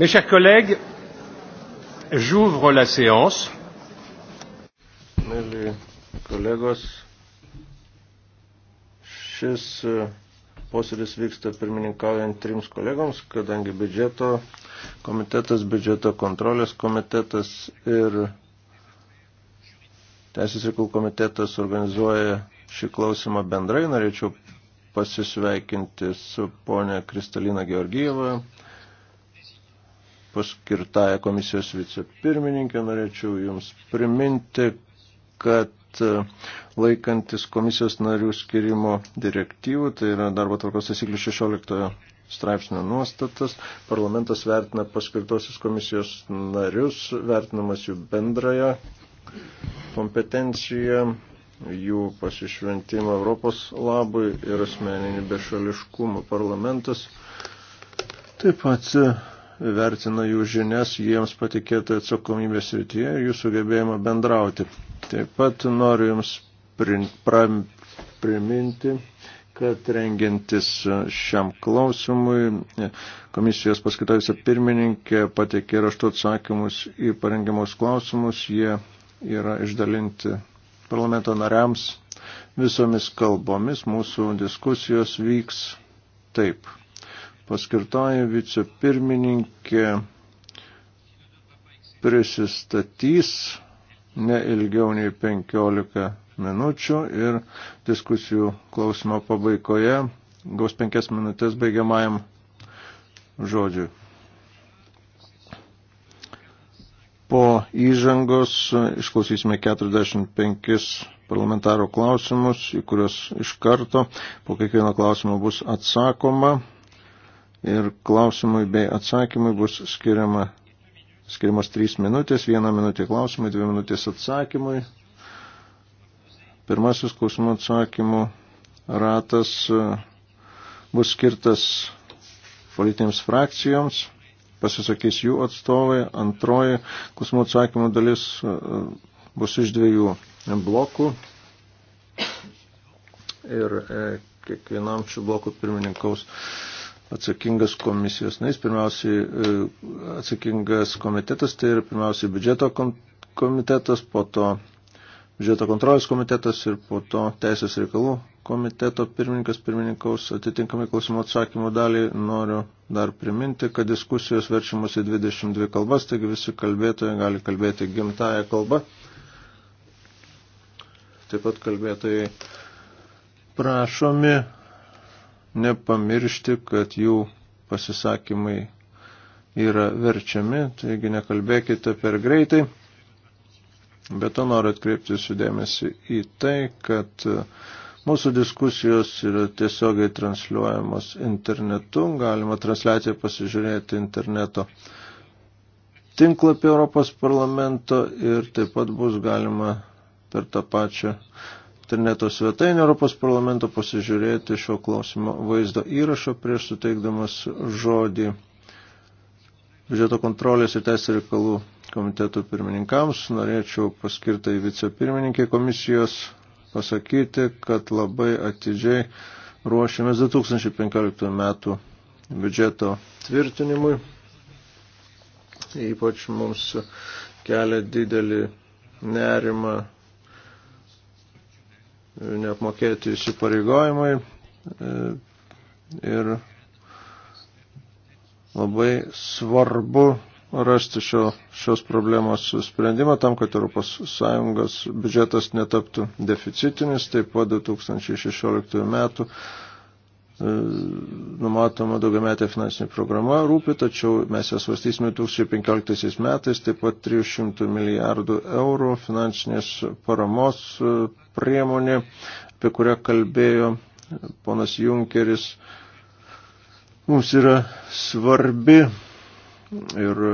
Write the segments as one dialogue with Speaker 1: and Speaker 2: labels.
Speaker 1: Mes chers collègues,
Speaker 2: j'ouvre la séance. Mėly kolegos, šis e, posėdis vyksta pirmininkaujant trims kolegoms, kadangi biudžeto komitetas, biudžeto kontrolės komitetas ir Teisės reikalų komitetas organizuoja šį klausimą bendrai. Norėčiau pasisveikinti su ponė Kristalina Georgijeva, paskirtąją komisijos vicepirmininkę norėčiau Jums priminti, kad e, laikantis komisijos narių skirimo direktyvų, tai yra darbo tvarkos taisyklių 16 straipsnio nuostatas, parlamentas vertina paskirtosius komisijos narius, vertinamas jų bendrąją kompetenciją, jų pasišventimą Europos labui ir asmeninį bešališkumą parlamentas. Taip pat e, vertina jų žinias, jiems patikėtą atsakomybės rytyje ir jų sugebėjimą bendrauti. Taip pat noriu Jums priminti, kad rengiantis šiam klausimui komisijos paskaitavusio pirmininkė pateikė raštų atsakymus į parengiamus klausimus. Jie yra išdalinti parlamento nariams visomis kalbomis. Mūsų diskusijos vyks taip paskirtoji vicepirmininkė prisistatys ne ilgiau nei 15 minučių ir diskusijų klausimo pabaigoje gaus 5 minutės baigiamajam žodžiui. Po įžangos išklausysime 45 parlamentaro klausimus, į kuriuos iš karto po kiekvieno klausimo bus atsakoma ir klausimui bei atsakymui bus skiriama, skiriamas 3 minutės, 1 minutė klausimui, 2 minutės atsakymui. Pirmasis klausimų atsakymų ratas e, bus skirtas politinėms frakcijoms, pasisakys jų atstovai. Antroji klausimų atsakymų dalis e, bus iš dviejų blokų. Ir e, kiekvienam šių blokų pirmininkaus atsakingas komisijos narys, pirmiausiai e, atsakingas komitetas, tai yra pirmiausiai biudžeto komitetas, po to biudžeto kontrolės komitetas ir po to teisės reikalų komiteto pirmininkas pirmininkaus atitinkamai klausimų atsakymų dalį. Noriu dar priminti, kad diskusijos verčiamos į 22 kalbas, taigi visi kalbėtojai gali kalbėti gimtają kalbą. Taip pat kalbėtojai prašomi nepamiršti, kad jų pasisakymai yra verčiami, taigi nekalbėkite per greitai. Bet to noriu atkreipti sudėmėsi į tai, kad mūsų diskusijos yra tiesiogiai transliuojamos internetu, galima transliaciją pasižiūrėti interneto tinklapį Europos parlamento ir taip pat bus galima per tą pačią interneto svetainę Europos parlamento pasižiūrėti šio klausimo vaizdo įrašo prieš suteikdamas žodį biudžeto kontrolės ir teisės reikalų komitetų pirmininkams. Norėčiau paskirtai vicepirmininkiai komisijos pasakyti, kad labai atidžiai ruošiamės 2015 metų biudžeto tvirtinimui. Ypač mums kelia didelį nerimą neapmokėti įsipareigojimai e, ir labai svarbu rasti šio, šios problemos sprendimą tam, kad ES biudžetas netaptų deficitinis, taip pat 2016 metų E, numatoma daugiametė finansinė programa rūpi, tačiau mes ją svastysime 2015 metais, taip pat 300 milijardų eurų finansinės paramos e, priemonė, apie kurią kalbėjo ponas Junkeris, mums yra svarbi ir e,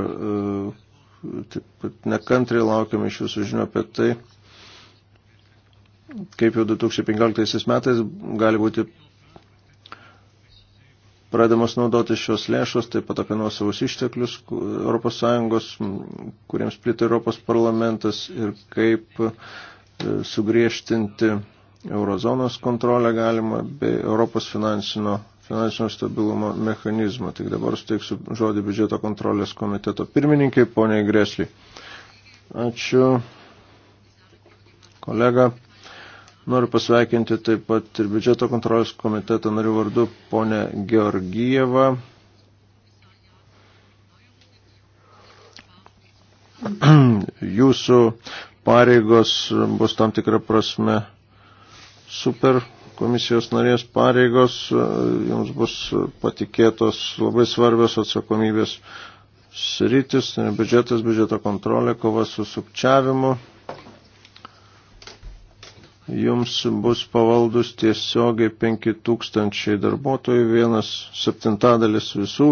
Speaker 2: taip pat nekantriai laukiame iš jūsų žinių apie tai, kaip jau 2015 metais gali būti pradamos naudoti šios lėšos, taip pat apie nuosavus išteklius ES, kuriems plito Europos parlamentas ir kaip e, sugriežtinti eurozonos kontrolę galima bei Europos finansinio, finansinio stabilumo mechanizmą. Tik dabar suteiksiu žodį biudžeto kontrolės komiteto pirmininkai, poniai Gresliai. Ačiū, kolega. Noriu pasveikinti taip pat ir biudžeto kontrolės komiteto narių vardu ponę Georgijevą. Jūsų pareigos bus tam tikrą prasme super komisijos narės pareigos, jums bus patikėtos labai svarbios atsakomybės sritis, biudžetas, biudžeto kontrolė, kova su sukčiavimu jums bus pavaldus tiesiogiai 5000 darbuotojų, vienas septintadalis visų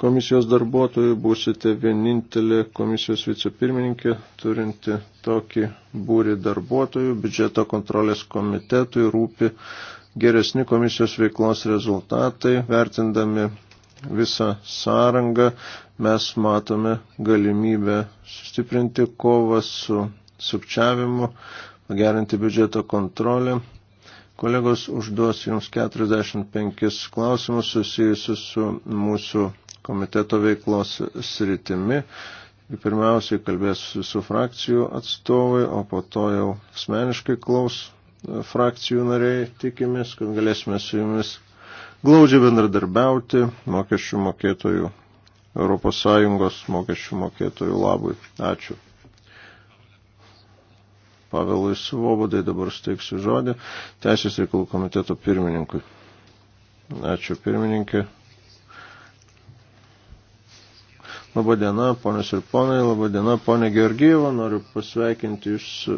Speaker 2: komisijos darbuotojų, būsite vienintelė komisijos vicepirmininkė, turinti tokį būrį darbuotojų, biudžeto kontrolės komitetui rūpi geresni komisijos veiklos rezultatai, vertindami visą sąrangą, mes matome galimybę sustiprinti kovą su sukčiavimu, gerinti biudžeto kontrolę. Kolegos užduos jums 45 klausimus susijusius su mūsų komiteto veiklos sritimi. Pirmiausiai kalbės su frakcijų atstovai, o po to jau asmeniškai klaus frakcijų nariai. Tikimės, kad galėsime su jumis glaudžiai bendradarbiauti mokesčių mokėtojų, ES mokesčių mokėtojų labui. Ačiū. Pavelui Svobodai dabar steiksiu žodį Teisės reikalų komiteto pirmininkui. Ačiū pirmininkė. Labą dieną, ponės ir ponai, labą dieną, ponė Georgijeva, noriu pasveikinti jūs e,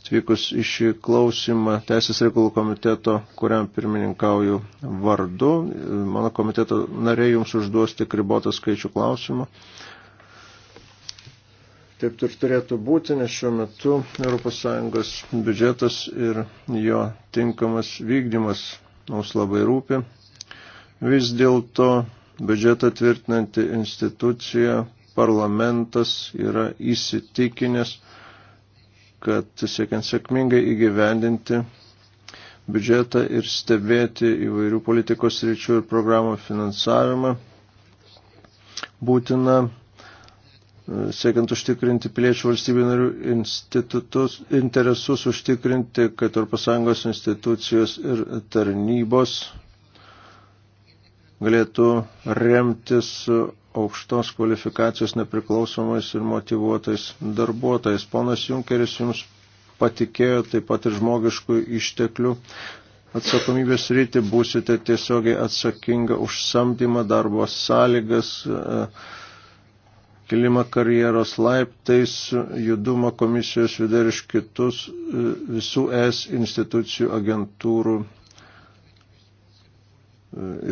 Speaker 2: atvykus į šį klausimą Teisės reikalų komiteto, kuriam pirmininkauju vardu. Mano komiteto nariai jums užduos tik ribotą skaičių klausimą. Taip ir turėtų būti, nes šiuo metu ES biudžetas ir jo tinkamas vykdymas mums labai rūpi. Vis dėlto biudžetą tvirtinanti institucija, parlamentas yra įsitikinęs, kad siekiant sėkmingai įgyvendinti biudžetą ir stebėti įvairių politikos ryčių ir programų finansavimą, būtina siekiant užtikrinti piliečių valstybių narių institutus, interesus, užtikrinti, kad ES institucijos ir tarnybos galėtų remtis aukštos kvalifikacijos nepriklausomais ir motivuotais darbuotojais. Ponas Junkeris jums patikėjo taip pat ir žmogiškų išteklių atsakomybės rytį, būsite tiesiogiai atsakinga už samdymą, darbo sąlygas, e, kilimą karjeros laiptais, judumą komisijos vidar iš kitus e, visų es institucijų agentūrų e,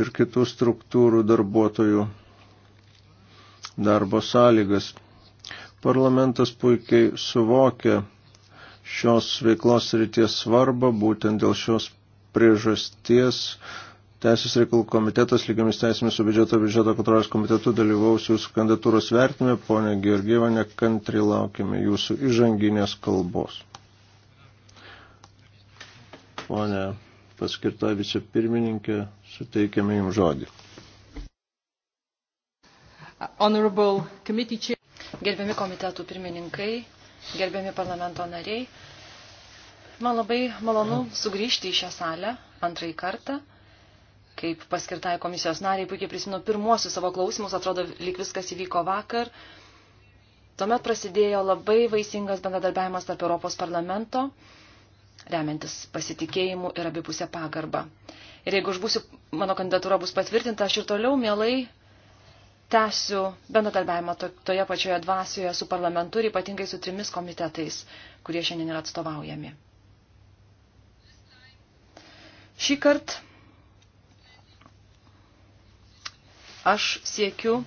Speaker 2: ir kitų struktūrų darbuotojų darbo sąlygas. Parlamentas puikiai suvokia šios veiklos ryties svarbą, būtent dėl šios priežasties Teisės reikalų komitetas lygiamis teisėmis su biudžeto biudžeto kontrolės komitetu dalyvaus jūsų kandidatūros vertinime. Pone Georgieva, nekantri laukime jūsų įžanginės kalbos. Pone paskirta vicepirmininkė, suteikiame jums žodį.
Speaker 3: Gerbiami komitetų pirmininkai, gerbiami parlamento nariai, man labai malonu sugrįžti į šią salę antrąjį kartą kaip paskirtai komisijos nariai, puikiai prisimenu pirmuosius savo klausimus, atrodo, lyg viskas įvyko vakar. Tuomet prasidėjo labai vaisingas bendradarbiavimas tarp Europos parlamento, remiantis pasitikėjimu ir abipusę pagarbą. Ir jeigu aš būsiu, mano kandidatūra bus patvirtinta, aš ir toliau mielai tęsiu bendradarbiavimą to, toje pačioje dvasioje su parlamentu ir ypatingai su trimis komitetais, kurie šiandien yra atstovaujami. Šį kartą Aš siekiu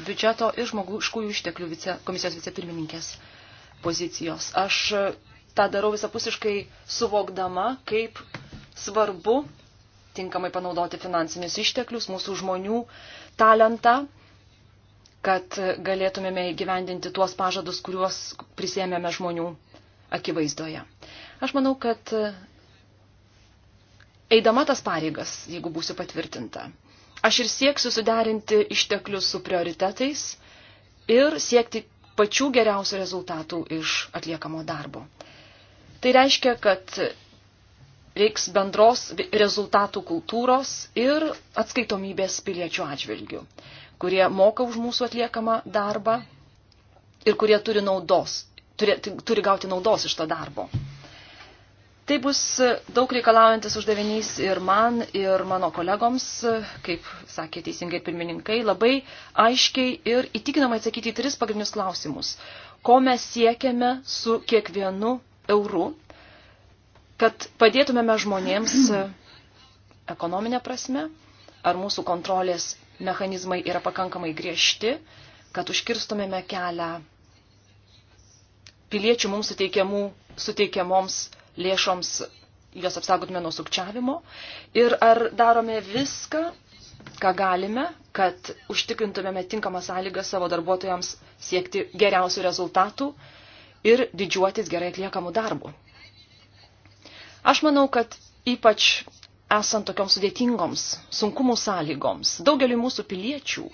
Speaker 3: biudžeto ir žmoguškųjų išteklių vice, komisijos vicepirmininkės pozicijos. Aš e, tą darau visapusiškai suvokdama, kaip svarbu tinkamai panaudoti finansinius išteklius, mūsų žmonių talentą, kad galėtumėme įgyvendinti tuos pažadus, kuriuos prisėmėme žmonių akivaizdoje. Aš manau, kad e, eidama tas pareigas, jeigu būsiu patvirtinta, Aš ir sieksiu suderinti išteklius su prioritetais ir siekti pačių geriausių rezultatų iš atliekamo darbo. Tai reiškia, kad reiks bendros rezultatų kultūros ir atskaitomybės piliečių atžvilgių, kurie moka už mūsų atliekamą darbą ir kurie turi, naudos, turi, turi gauti naudos iš to darbo. Tai bus daug reikalaujantis uždavinys ir man, ir mano kolegoms, kaip sakė teisingai pirmininkai, labai aiškiai ir įtikinamai atsakyti į tris pagrindinius klausimus. Ko mes siekiame su kiekvienu euru, kad padėtumėme žmonėms ekonominė prasme, ar mūsų kontrolės mechanizmai yra pakankamai griežti, kad užkirstumėme kelią piliečių mums suteikiamoms lėšoms, juos apsaugotume nuo sukčiavimo ir ar darome viską, ką galime, kad užtikrintumėme tinkamą sąlygą savo darbuotojams siekti geriausių rezultatų ir didžiuotis gerai atliekamų darbų. Aš manau, kad ypač esant tokioms sudėtingoms sunkumų sąlygoms, daugeliu mūsų piliečių,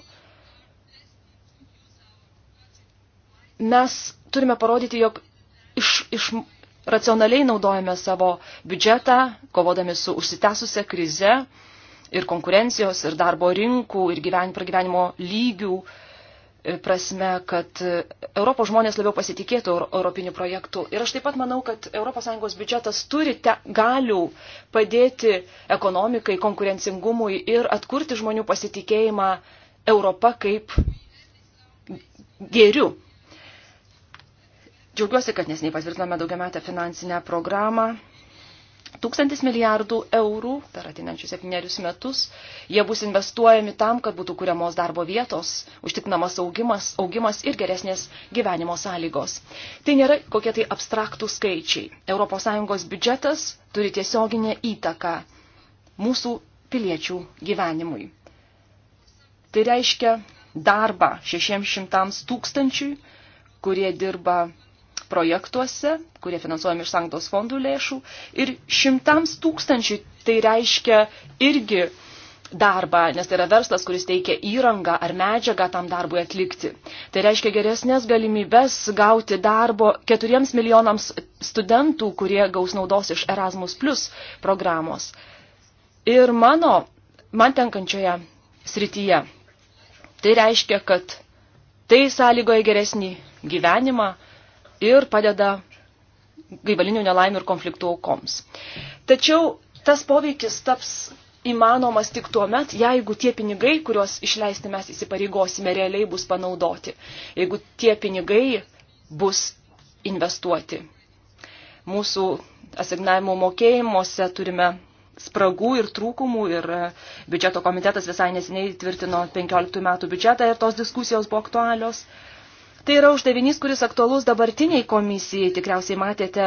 Speaker 3: mes turime parodyti, jog iš, iš racionaliai naudojame savo biudžetą, kovodami su užsitęsusią krize ir konkurencijos, ir darbo rinkų, ir gyven, pragyvenimo lygių e, prasme, kad Europos žmonės labiau pasitikėtų europinių projektų. Ir aš taip pat manau, kad ES biudžetas turi te, galių padėti ekonomikai, konkurencingumui ir atkurti žmonių pasitikėjimą Europą kaip geriu Džiaugiuosi, kad nesiniai patvirtinome daugiametę finansinę programą. Tūkstantis milijardų eurų per ateinančius septynerius metus jie bus investuojami tam, kad būtų kuriamos darbo vietos, užtikrinamas augimas, augimas ir geresnės gyvenimo sąlygos. Tai nėra kokie tai abstraktų skaičiai. ES biudžetas turi tiesioginę įtaką mūsų piliečių gyvenimui. Tai reiškia darbą 600 tūkstančių, kurie dirba projektuose, kurie finansuojami iš sankdos fondų lėšų. Ir šimtams tūkstančių tai reiškia irgi darbą, nes tai yra verslas, kuris teikia įrangą ar medžiagą tam darbui atlikti. Tai reiškia geresnės galimybės gauti darbo keturiems milijonams studentų, kurie gaus naudos iš Erasmus Plus programos. Ir mano, man tenkančioje srityje. Tai reiškia, kad tai sąlygoja geresnį gyvenimą, ir padeda gaivalinių nelaimių ir konfliktų aukoms. Tačiau tas poveikis taps įmanomas tik tuo met, jeigu tie pinigai, kuriuos išleisti mes įsipareigosime, realiai bus panaudoti. Jeigu tie pinigai bus investuoti. Mūsų asignavimo mokėjimuose turime spragų ir trūkumų ir e, biudžeto komitetas visai nesiniai tvirtino 15 metų biudžetą ir tos diskusijos buvo aktualios. Tai yra uždavinys, kuris aktualus dabartiniai komisijai. Tikriausiai matėte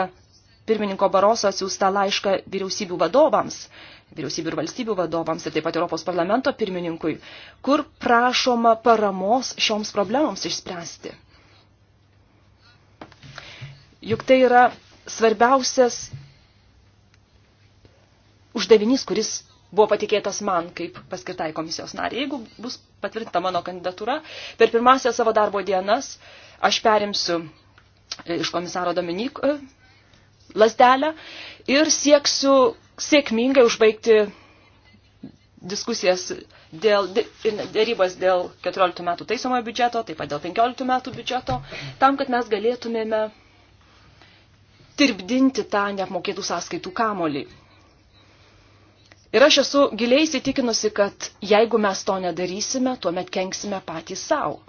Speaker 3: pirmininko Baroso atsiųstą laišką vyriausybių vadovams, vyriausybių ir valstybių vadovams ir taip pat Europos parlamento pirmininkui, kur prašoma paramos šioms problemams išspręsti. Juk tai yra svarbiausias uždavinys, kuris buvo patikėtas man kaip paskirtai komisijos nariai. Jeigu bus patvirtinta mano kandidatūra, per pirmąsią savo darbo dienas aš perimsiu e, iš komisaro Dominik e, lasdelę ir sieksiu sėkmingai užbaigti diskusijas dėl, dėrybas dėl 14 metų taisomojo biudžeto, taip pat dėl 15 metų biudžeto, tam, kad mes galėtumėme tirbdinti tą neapmokėtų sąskaitų kamolį. Ir aš esu giliai įsitikinusi, kad jeigu mes to nedarysime, tuomet kenksime patys savo.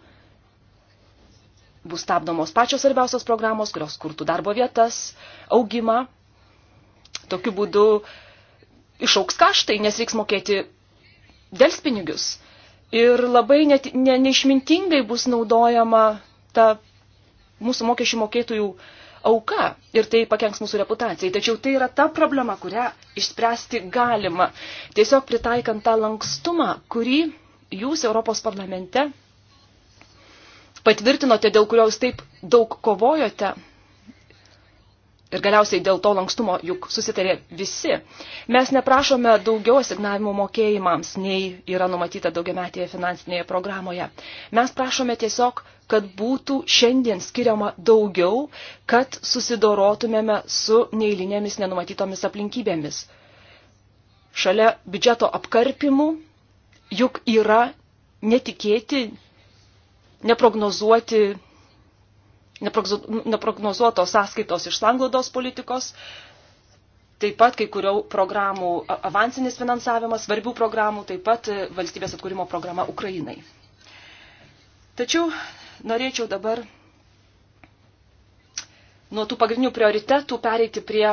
Speaker 3: Bus stabdomos pačios svarbiausios programos, kurios kurtų darbo vietas, augimą. Tokiu būdu išauks kaštai, nes reiks mokėti delspinigius. Ir labai net, ne, neišmintingai bus naudojama ta mūsų mokesčių mokėtojų uh, auka ir tai pakenks mūsų reputacijai. Tačiau tai yra ta problema, kurią išspręsti galima, tiesiog pritaikant tą lankstumą, kurį jūs Europos parlamente patvirtinote, dėl kurio jūs taip daug kovojote Ir galiausiai dėl to lankstumo juk susitarė visi. Mes neprašome daugiau asignavimų mokėjimams, nei yra numatyta daugiametėje finansinėje programoje. Mes prašome tiesiog, kad būtų šiandien skiriama daugiau, kad susidorotumėme su neįlinėmis nenumatytomis aplinkybėmis. Šalia biudžeto apkarpimų juk yra netikėti, neprognozuoti neprognozuotos sąskaitos iš sanglaudos politikos, taip pat kai kurių programų avansinis finansavimas, svarbių programų, taip pat e, valstybės atkūrimo programa Ukrainai. Tačiau norėčiau dabar nuo tų pagrindinių prioritetų pereiti prie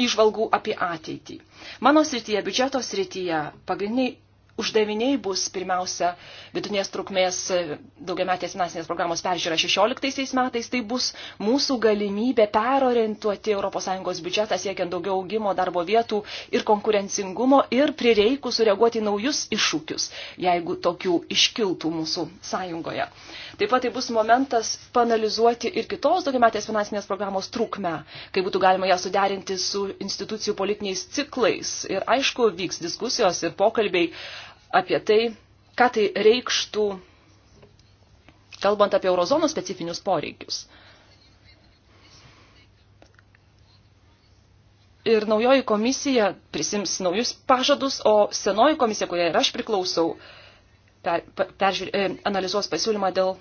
Speaker 3: išvalgų apie ateitį. Mano srityje, biudžeto srityje, pagrindiniai uždaviniai bus pirmiausia vidutinės trukmės e, daugiametės finansinės programos peržiūra 16 metais. Tai bus mūsų galimybė perorientuoti ES biudžetą siekiant daugiau augimo darbo vietų ir konkurencingumo ir prireikų sureaguoti naujus iššūkius, jeigu tokių iškiltų mūsų sąjungoje. Taip pat tai bus momentas panalizuoti ir kitos daugiametės finansinės programos trukmę, kai būtų galima ją suderinti su institucijų politiniais ciklais. Ir aišku, vyks diskusijos ir pokalbiai apie tai, ką tai reikštų, kalbant apie eurozonos specifinius poreikius. Ir naujoji komisija prisims naujus pažadus, o senoji komisija, kuriai ir aš priklausau, per, per, e, analizuos pasiūlymą dėl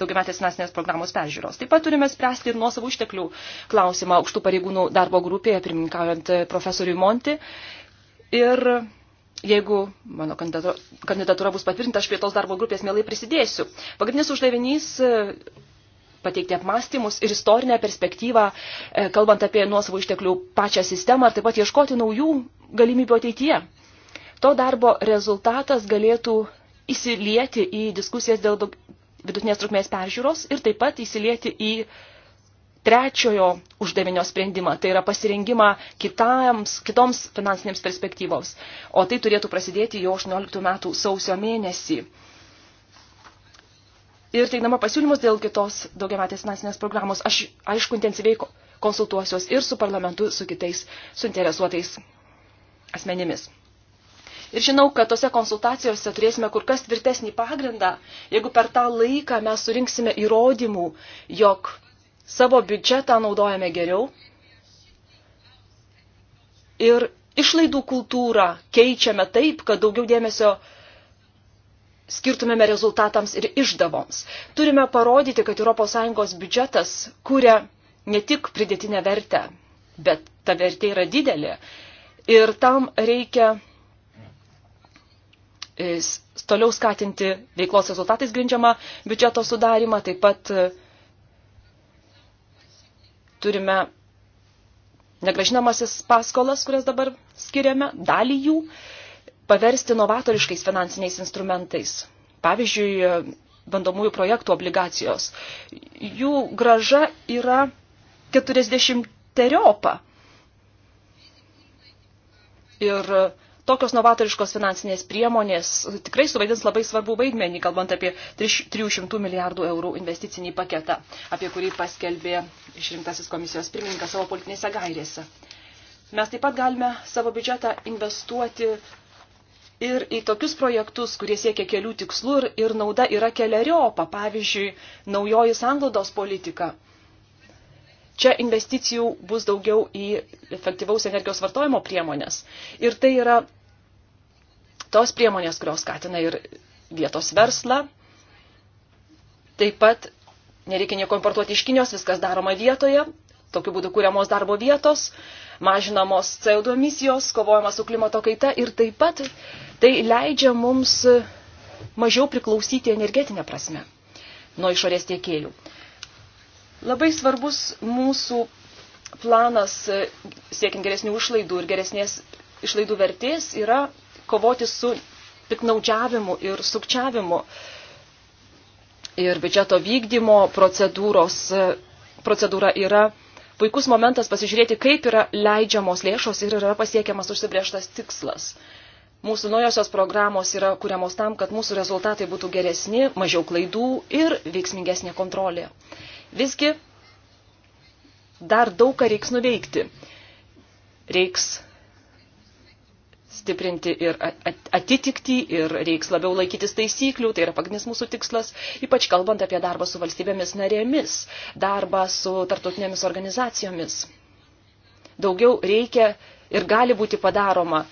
Speaker 3: daugiametės finansinės programos peržiūros. Taip pat turime spręsti ir nuosavų išteklių klausimą aukštų pareigūnų darbo grupėje, pirmininkaujant profesoriui Monti. Ir Jeigu mano kandidatūra bus patvirtinta, aš prie tos darbo grupės mielai prisidėsiu. Pagrindinis uždavinys e, pateikti apmąstymus ir istorinę perspektyvą, e, kalbant apie nuosavų išteklių pačią sistemą ir taip pat ieškoti naujų galimybių ateityje. To darbo rezultatas galėtų įsilieti į diskusijas dėl vidutinės trukmės peržiūros ir taip pat įsilieti į trečiojo uždavinio sprendimą, tai yra pasirengimą kitams, kitoms finansinėms perspektyvoms. O tai turėtų prasidėti jau 18 metų sausio mėnesį. Ir teikdama pasiūlymus dėl kitos daugiametės finansinės programos, aš aišku intensyviai konsultuosiuos ir su parlamentu, su kitais suinteresuotais asmenimis. Ir žinau, kad tose konsultacijose turėsime kur kas tvirtesnį pagrindą, jeigu per tą laiką mes surinksime įrodymų, jog savo biudžetą naudojame geriau ir išlaidų kultūrą keičiame taip, kad daugiau dėmesio skirtumėme rezultatams ir išdavoms. Turime parodyti, kad ES biudžetas kuria ne tik pridėtinę vertę, bet ta vertė yra didelė. Ir tam reikia e, toliau skatinti veiklos rezultatais grindžiamą biudžeto sudarimą, taip pat e, turime negražinamasis paskolas, kurias dabar skiriame, dalį jų, paversti novatoriškais finansiniais instrumentais. Pavyzdžiui, bandomųjų projektų obligacijos. Jų graža yra 40 teriopa. Ir tokios novatoriškos finansinės priemonės tikrai suvaidins labai svarbų vaidmenį, kalbant apie 300 milijardų eurų investicinį paketą, apie kurį paskelbė išrinktasis komisijos pirmininkas savo politinėse gairėse. Mes taip pat galime savo biudžetą investuoti ir į tokius projektus, kurie siekia kelių tikslų ir, ir nauda yra keliariopa, pavyzdžiui, naujoji sanglaudos politika. Čia investicijų bus daugiau į efektyvaus energijos vartojimo priemonės. Ir tai yra tos priemonės, kurios skatina ir vietos verslą. Taip pat nereikia nieko importuoti iš Kinijos, viskas daroma vietoje. Tokiu būdu kūriamos darbo vietos, mažinamos CO2 emisijos, kovojama su klimato kaita ir taip pat tai leidžia mums mažiau priklausyti energetinę prasme nuo išorės tiekėjų. Labai svarbus mūsų planas siekiant geresnių išlaidų ir geresnės išlaidų vertės yra kovoti su piknaudžiavimu ir sukčiavimu. Ir biudžeto vykdymo procedūros, procedūra yra puikus momentas pasižiūrėti, kaip yra leidžiamos lėšos ir yra pasiekiamas užsibrieštas tikslas. Mūsų naujosios programos yra kuriamos tam, kad mūsų rezultatai būtų geresni, mažiau klaidų ir veiksmingesnė kontrolė. Visgi dar daug ką reiks nuveikti. Reiks stiprinti ir atitikti ir reiks labiau laikytis taisyklių, tai yra pagrindinis mūsų tikslas, ypač kalbant apie darbą su valstybėmis narėmis, darbą su tartutinėmis organizacijomis. Daugiau reikia ir gali būti padaroma,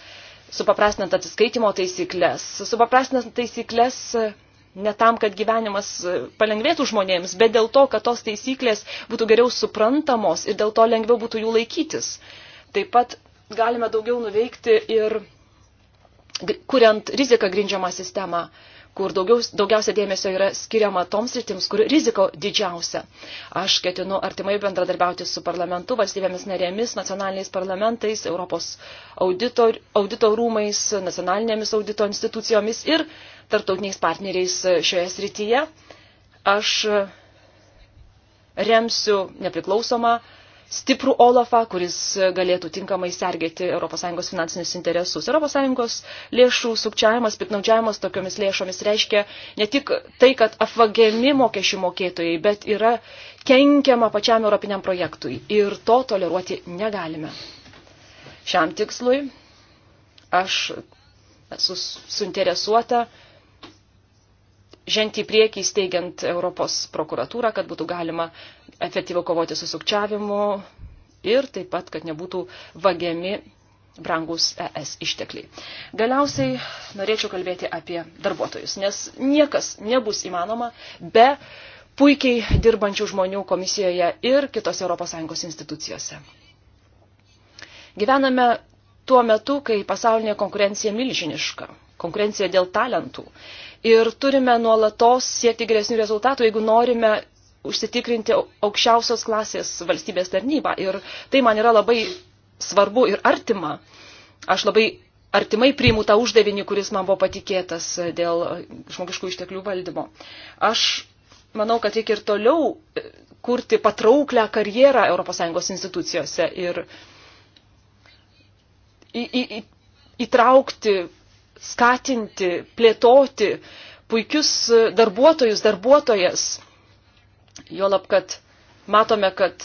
Speaker 3: supaprastinant atsiskaitimo taisyklės, supaprastinant taisyklės ne tam, kad gyvenimas palengvėtų žmonėms, bet dėl to, kad tos taisyklės būtų geriau suprantamos ir dėl to lengviau būtų jų laikytis. Taip pat galime daugiau nuveikti ir kuriant riziką grindžiamą sistemą, kur daugiau, daugiausia dėmesio yra skiriama toms rytims, kur riziko didžiausia. Aš ketinu artimai bendradarbiauti su parlamentu, valstybėmis narėmis, nacionaliniais parlamentais, Europos audito, audito rūmais, nacionalinėmis audito institucijomis ir tarptautiniais partneriais šioje srityje. Aš remsiu nepriklausomą stiprų Olafą, kuris galėtų tinkamai sergėti ES finansinius interesus. ES lėšų sukčiavimas, piknaudžiavimas tokiomis lėšomis reiškia ne tik tai, kad apvagiami mokesčių mokėtojai, bet yra kenkiama pačiam europiniam projektui. Ir to toleruoti negalime. Šiam tikslui aš esu suinteresuota su žengti į priekį steigiant Europos prokuratūrą, kad būtų galima efektyviau kovoti su sukčiavimu ir taip pat, kad nebūtų vagiami brangus ES ištekliai. Galiausiai norėčiau kalbėti apie darbuotojus, nes niekas nebus įmanoma be puikiai dirbančių žmonių komisijoje ir kitose ES institucijose. Gyvename tuo metu, kai pasaulinė konkurencija milžiniška, konkurencija dėl talentų, ir turime nuolatos siekti geresnių rezultatų, jeigu norime užsitikrinti aukščiausios klasės valstybės tarnybą. Ir tai man yra labai svarbu ir artima. Aš labai artimai priimu tą uždavinį, kuris man buvo patikėtas dėl žmogiškų išteklių valdymo. Aš manau, kad reikia ir toliau kurti patrauklę karjerą ES institucijose ir į, į, į, įtraukti skatinti, plėtoti puikius darbuotojus, darbuotojas. Juolab, kad matome, kad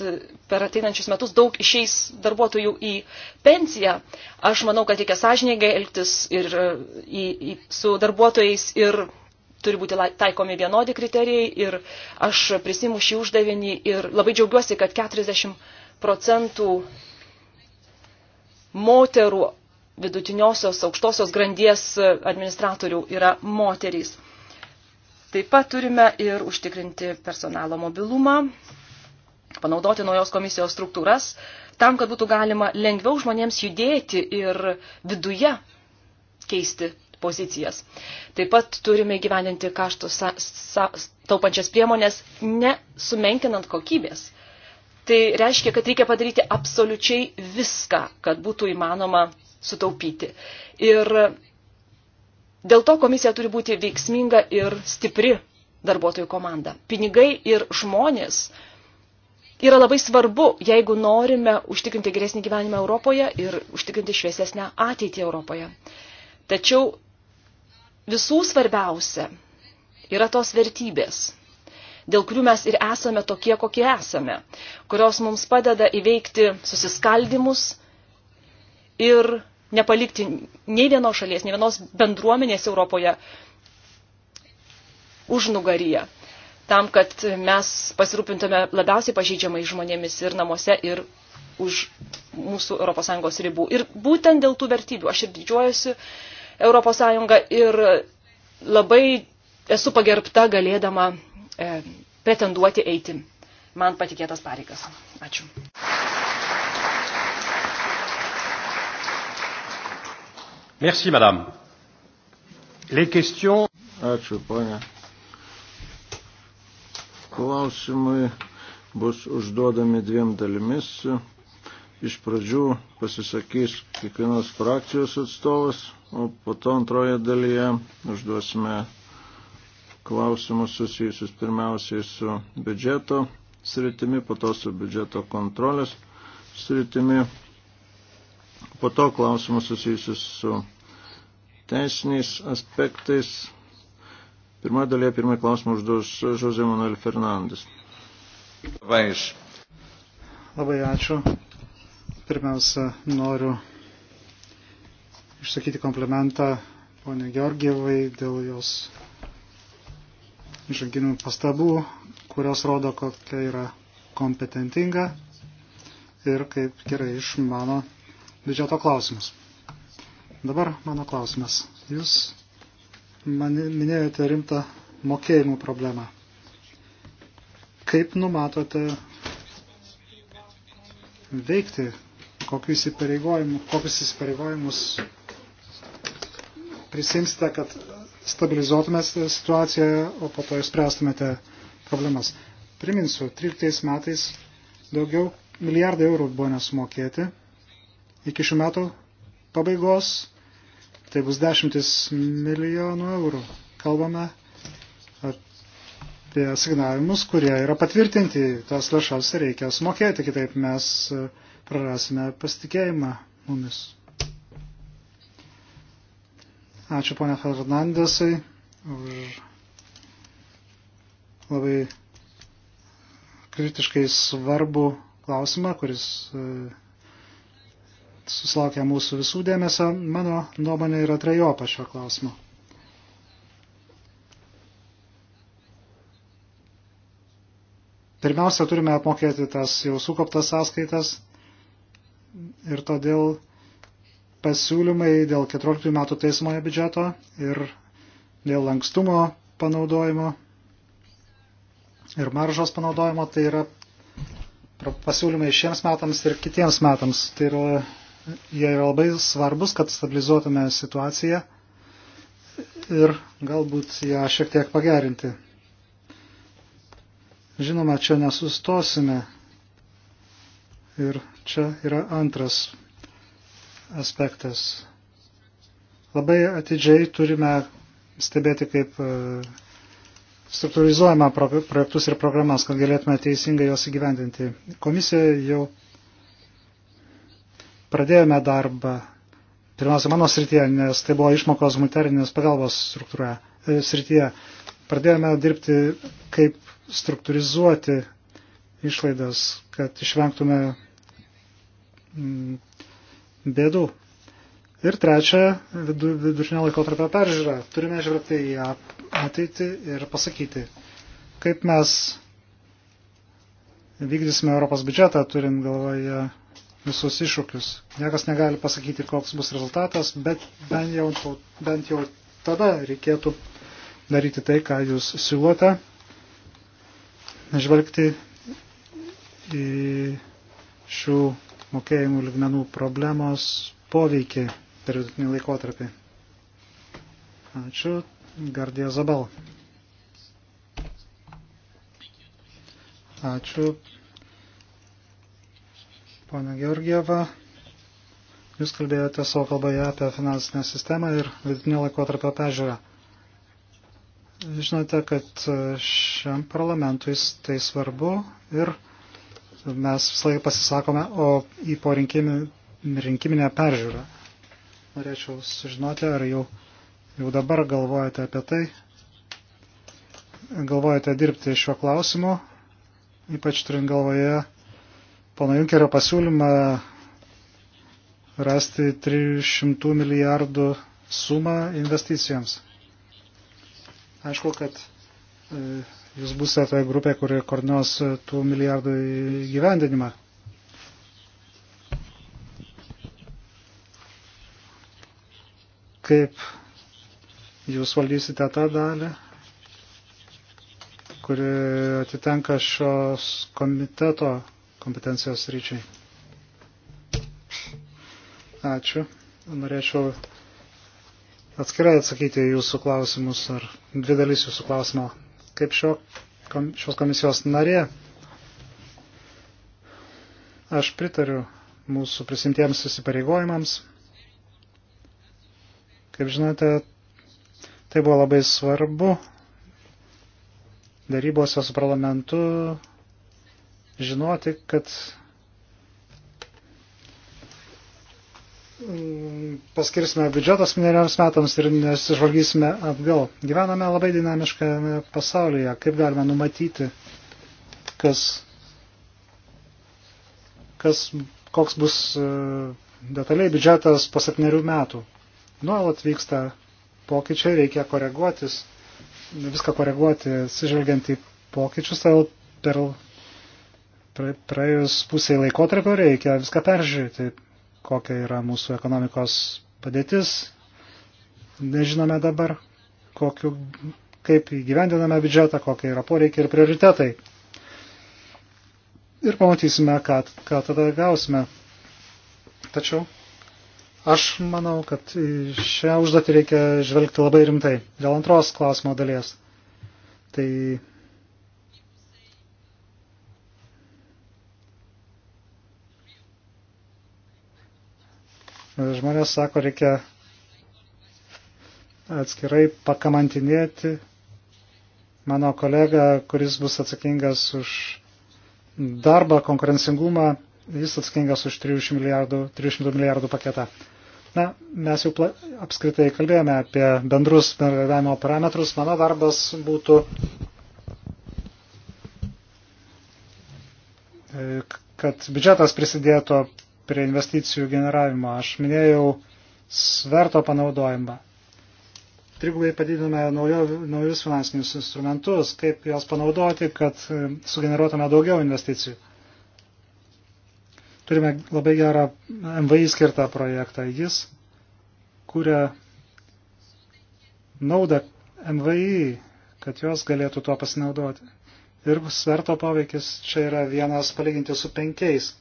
Speaker 3: per ateinančius metus daug išeis darbuotojų į pensiją. Aš manau, kad reikia sąžininkai elgtis ir e, į, į, su darbuotojais ir turi būti taikomi vienodi kriterijai ir aš prisimu šį uždavinį ir labai džiaugiuosi, kad 40 procentų moterų vidutiniosios aukštosios grandies administratorių yra moterys. Taip pat turime ir užtikrinti personalo mobilumą, panaudoti naujos komisijos struktūras, tam, kad būtų galima lengviau žmonėms judėti ir viduje keisti pozicijas. Taip pat turime gyveninti kaštų sa, sa, taupančias priemonės, nesumenkinant kokybės. Tai reiškia, kad reikia padaryti absoliučiai viską, kad būtų įmanoma sutaupyti. Ir dėl to komisija turi būti veiksminga ir stipri darbuotojų komanda. Pinigai ir žmonės yra labai svarbu, jeigu norime užtikrinti geresnį gyvenimą Europoje ir užtikrinti šviesesnę ateitį Europoje. Tačiau visų svarbiausia yra tos vertybės, dėl kurių mes ir esame tokie, kokie esame, kurios mums padeda įveikti susiskaldimus ir nepalikti nei vienos šalies, nei vienos bendruomenės Europoje užnugaryje, tam, kad mes pasirūpintume labiausiai pažeidžiamai žmonėmis ir namuose, ir už mūsų ES ribų. Ir būtent dėl tų vertybių aš ir didžiuojuosi ES ir labai esu pagerbta galėdama e, pretenduoti eiti man patikėtas pareigas. Ačiū.
Speaker 1: Merci, madame. Les questions. Ačiū, ponia.
Speaker 2: Klausimai bus užduodami dviem dalimis. Iš pradžių pasisakys kiekvienos frakcijos atstovas, o po to antroje dalyje užduosime klausimus susijusius pirmiausiai su biudžeto sritimi, po to su biudžeto kontrolės sritimi, po to klausimus susijusius su teisiniais aspektais. Pirma dalyje, pirmą klausimą užduos Žozė Manuel Fernandes. Vaiš.
Speaker 1: Labai ačiū. Pirmiausia, noriu išsakyti komplementą ponė Georgievai dėl jos žanginių pastabų, kurios rodo, kokia yra kompetentinga ir kaip gerai išmano biudžeto klausimus. Dabar mano klausimas. Jūs man minėjote rimtą mokėjimų problemą. Kaip numatote veikti, kokius įsipareigojimus, kokius įsipareigojimus prisimsite, kad stabilizuotumėte situaciją, o po to išspręstumėte problemas. Priminsiu, 13 metais daugiau milijardai eurų buvo nesumokėti. Iki šių metų pabaigos tai bus dešimtis milijonų eurų. Kalbame apie asignavimus, kurie yra patvirtinti, tas lėšas reikia sumokėti, kitaip mes e, prarasime pasitikėjimą mumis. Ačiū ponia Fernandesai už labai kritiškai svarbu klausimą, kuris e, susilaukia mūsų visų dėmesio. Mano nuomonė yra trejopa šio klausimo. Pirmiausia, turime apmokėti tas jau sukoptas sąskaitas ir todėl pasiūlymai dėl 14 metų teismoje biudžeto ir dėl lankstumo panaudojimo ir maržos panaudojimo, tai yra pasiūlymai šiems metams ir kitiems metams. Tai yra jie yra labai svarbus, kad stabilizuotume situaciją ir galbūt ją šiek tiek pagerinti. Žinoma, čia nesustosime. Ir čia yra antras aspektas. Labai atidžiai turime stebėti, kaip e, struktūrizuojame projektus ir programas, kad galėtume teisingai juos įgyvendinti. Komisija jau pradėjome darbą, pirmiausia, mano srityje, nes tai buvo išmokos humanitarinės pagalbos struktūra e, srityje, pradėjome dirbti kaip struktūrizuoti išlaidas, kad išvengtume mm, bėdų. Ir trečia, vidu, vidurinio laikotarpio peržiūra. Turime žvelgti į ateitį ir pasakyti, kaip mes vykdysime Europos biudžetą, turint galvoje visus iššūkius. Niekas negali pasakyti, koks bus rezultatas, bet bent jau, bent jau tada reikėtų daryti tai, ką jūs siūlote, žvelgti į šių mokėjimų ligmenų problemos poveikį per vidutinį laikotarpį. Ačiū, Gardija Zabal. Ačiū, Pone Georgieva, jūs kalbėjote savo kalboje apie finansinę sistemą ir vidutinio laikotarpio pežiūrą. Žinote, kad šiam parlamentui tai svarbu ir mes visą laiką pasisakome o į porinkiminę peržiūrą. Norėčiau sužinoti, ar jau, jau dabar galvojate apie tai, galvojate dirbti šiuo klausimu, ypač turint galvoje pono Junkerio pasiūlymą rasti 300 milijardų sumą investicijoms. Aišku, kad e, jūs būsite toje grupė, kuri koordinuos tų milijardų įgyvendinimą. Kaip jūs valdysite tą dalį, kuri atitenka šios komiteto kompetencijos ryčiai. Ačiū. Norėčiau atskirai atsakyti jūsų klausimus ar dvi dalis jūsų klausimo. Kaip šio, kom, šios komisijos narė, aš pritariu mūsų prisimtiems įsipareigojimams. Kaip žinote, tai buvo labai svarbu darybose su parlamentu žinoti, kad mm, paskirsime biudžetas mineriams metams ir nesižvalgysime atgal. Gyvename labai dinamiškame pasaulyje. Kaip galime numatyti, kas, kas, koks bus e, detaliai biudžetas po septynerių metų. Nuolat vyksta pokyčiai, reikia koreguotis, viską koreguoti, sižvelgiant į pokyčius, tai per praėjus pusiai laikotarpio reikia viską peržiūrėti, kokia yra mūsų ekonomikos padėtis. Nežinome dabar, kokiu, kaip įgyvendiname biudžetą, kokie yra poreikiai ir prioritetai. Ir pamatysime, ką, ką tada gausime. Tačiau aš manau, kad šią užduotį reikia žvelgti labai rimtai. Dėl antros klausimo dalies. Tai žmonės sako, reikia atskirai pakamantinėti mano kolega, kuris bus atsakingas už darbą, konkurencingumą, jis atsakingas už 300 milijardų, 300 milijardų paketą. Na, mes jau pla, apskritai kalbėjome apie bendrus bendradavimo parametrus. Mano darbas būtų e, kad biudžetas prisidėtų prie investicijų generavimo. Aš minėjau sverto panaudojimą. Trigubai padidiname naujo, naujus finansinius instrumentus, kaip juos panaudoti, kad e, sugeneruotume daugiau investicijų. Turime labai gerą MVI skirtą projektą. Jis kuria naudą MVI, kad jos galėtų tuo pasinaudoti. Ir sverto poveikis čia yra vienas palyginti su penkiais.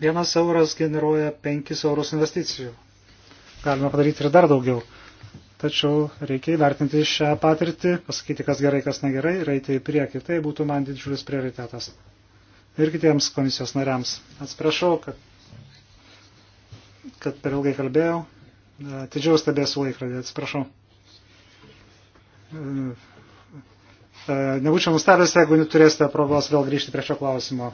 Speaker 1: Vienas euras generuoja 5 eurus investicijų. Galima padaryti ir dar daugiau. Tačiau reikia įvertinti šią patirtį, pasakyti, kas gerai, kas negerai ir eiti į priekį. Tai būtų man didžiulis prioritetas. Ir kitiems komisijos nariams. Atsiprašau, kad, kad per ilgai kalbėjau. Tidžiau stebėsiu laikrodį, atsiprašau. E, e, nebūčiau nustebęs, jeigu neturėsite progos vėl grįžti prie šio klausimo.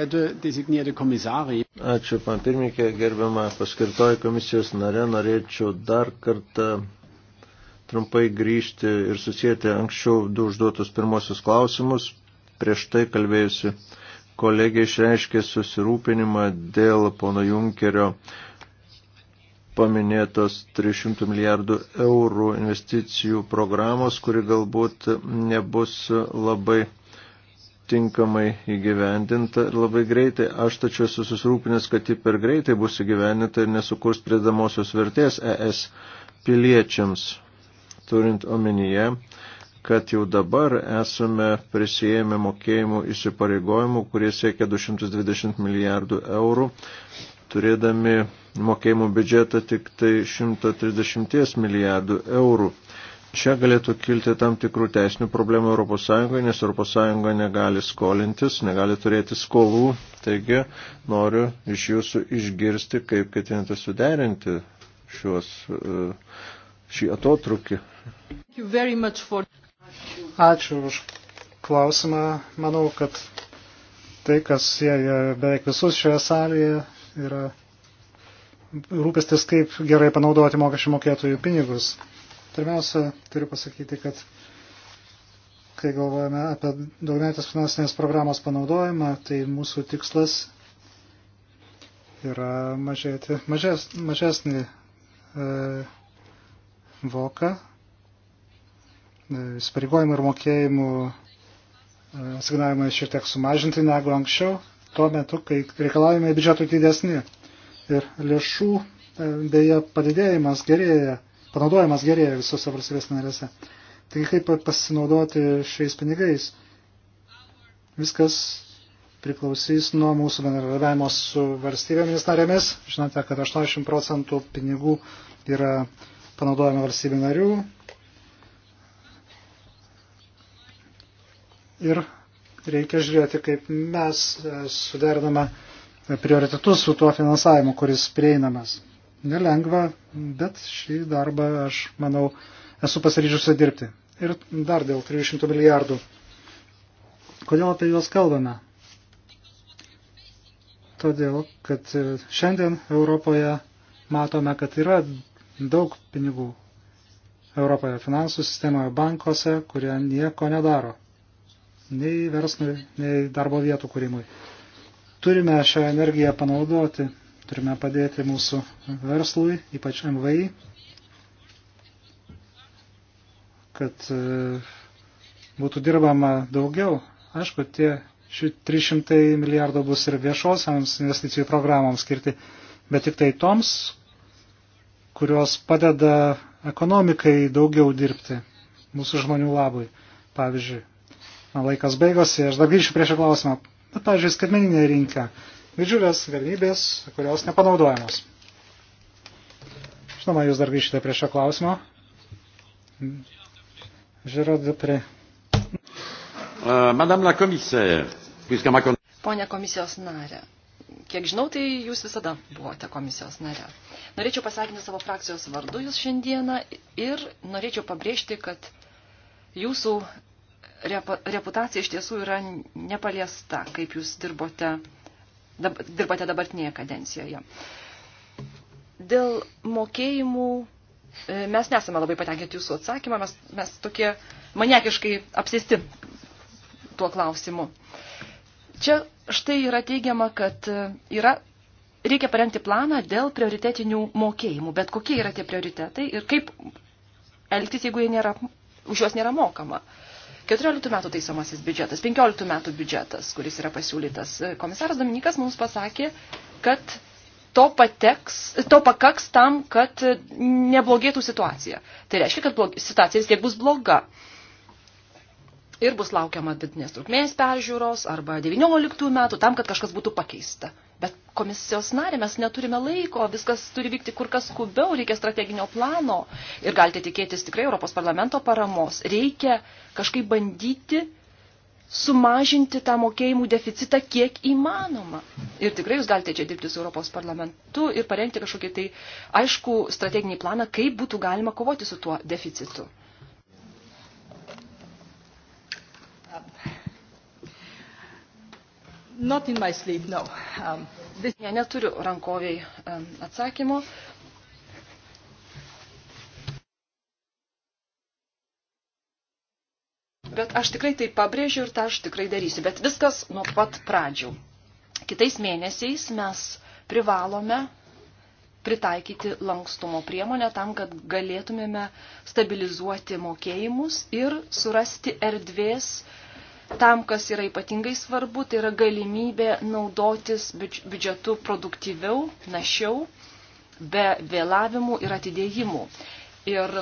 Speaker 2: Ačiū, pan pirmininkė, gerbiama paskirtoji komisijos nare, norėčiau dar kartą trumpai grįžti ir susijęti anksčiau du užduotus pirmosius klausimus. Prieš tai kalbėjusi kolegė išreiškė susirūpinimą dėl pono Junkerio paminėtos 300 milijardų eurų investicijų programos, kuri galbūt nebus labai tinkamai įgyvendinta ir labai greitai. Aš tačiau esu susirūpinęs, kad ji per greitai bus įgyvendinta ir nesukurs pridamosios vertės ES piliečiams, turint omenyje, kad jau dabar esame prisijėmę mokėjimų įsipareigojimų, kurie siekia 220 milijardų eurų, turėdami mokėjimų biudžetą tik tai 130 milijardų eurų. Čia galėtų kilti tam tikrų teisinių problemų ES, nes ES negali skolintis, negali turėti skolų. Taigi noriu iš jūsų išgirsti, kaip ketinate suderinti šios, e, šį atotrukį.
Speaker 3: For...
Speaker 1: Ačiū už klausimą. Manau, kad tai, kas sieja beveik visus šioje salėje, yra rūpestis, kaip gerai panaudoti mokesčių mokėtojų pinigus. Pirmiausia, turiu pasakyti, kad kai galvojame apie daugiametės finansinės programos panaudojimą, tai mūsų tikslas yra mažėti, mažes, mažesnį e, voką, e, įsipareigojimų e, ir mokėjimų e, signavimą šiek tiek sumažinti negu anksčiau, tuo metu, kai reikalavimai biudžeto didesni ir lėšų e, dėja padidėjimas gerėja panaudojimas gerėja visose valstybės narėse. Taigi kaip pasinaudoti šiais pinigais? Viskas priklausys nuo mūsų bendradarbiavimo su valstybėmis narėmis. Žinote, kad 80 procentų pinigų yra panaudojama valstybių narių. Ir reikia žiūrėti, kaip mes suderiname prioritetus su tuo finansavimu, kuris prieinamas. Nelengva, bet šį darbą aš, manau, esu pasiryžusi dirbti. Ir dar dėl 300 milijardų. Kodėl apie juos kalbame? Todėl, kad šiandien Europoje matome, kad yra daug pinigų Europoje finansų sistemoje bankuose, kurie nieko nedaro. Nei verslui, nei darbo vietų kūrimui. Turime šią energiją panaudoti Turime padėti mūsų verslui, ypač MVI, kad e, būtų dirbama daugiau. Aišku, tie 300 milijardų bus ir viešosiams investicijų programoms skirti, bet tik tai toms, kurios padeda ekonomikai daugiau dirbti mūsų žmonių labui. Pavyzdžiui, man laikas baigosi, aš dar grįšiu prie šio klausimą. Bet, pavyzdžiui, skaitmeninė rinka didžiulės galimybės, kurios nepanaudojamos. Žinoma, jūs dar grįžite prie šio klausimo. Žiūrėjau, Dupri. Euh, Madame la commissaire,
Speaker 3: puisque ma Pone komisijos narė, kiek žinau, tai jūs visada buvote komisijos narė. Norėčiau pasakinti savo frakcijos vardu jūs šiandieną ir norėčiau pabrėžti, kad jūsų reputacija iš tiesų yra nepaliesta, kaip jūs dirbote dab, dirbate dabartinėje kadencijoje. Dėl mokėjimų e, mes nesame labai patenkinti jūsų atsakymą, mes, mes tokie maniakiškai apsėsti tuo klausimu. Čia štai yra teigiama, kad e, yra, reikia parengti planą dėl prioritetinių mokėjimų, bet kokie yra tie prioritetai ir kaip elgtis, jeigu nėra, už juos nėra mokama. Uh, 14 metų taisomasis biudžetas, 15 metų biudžetas, kuris yra pasiūlytas. Komisaras Dominikas mums pasakė, kad to, pateks, to pakaks tam, kad neblogėtų situacija. Tai reiškia, kad blog, situacija vis tiek bus bloga. Ir bus laukiama didinės trukmės peržiūros arba 19 metų tam, kad kažkas būtų pakeista. Bet komisijos narė, mes neturime laiko, viskas turi vykti kur kas skubiau, reikia strateginio plano ir galite tikėtis tikrai Europos parlamento paramos. Reikia kažkaip bandyti sumažinti tą mokėjimų deficitą kiek įmanoma. Ir tikrai jūs galite čia dirbti su Europos parlamentu ir parengti kažkokį tai aišku strateginį planą, kaip būtų galima kovoti su tuo deficitu. Not in my sleep, no. Um, this... ne, neturiu rankoviai um, atsakymo. Bet aš tikrai tai pabrėžiu ir tą aš tikrai darysiu. Bet viskas nuo pat pradžių. Kitais mėnesiais mes privalome pritaikyti lankstumo priemonę tam, kad galėtumėme stabilizuoti mokėjimus ir surasti erdvės uh, tam, kas yra ypatingai svarbu, tai yra galimybė naudotis biudžetu produktyviau, našiau, be vėlavimų ir atidėjimų. Ir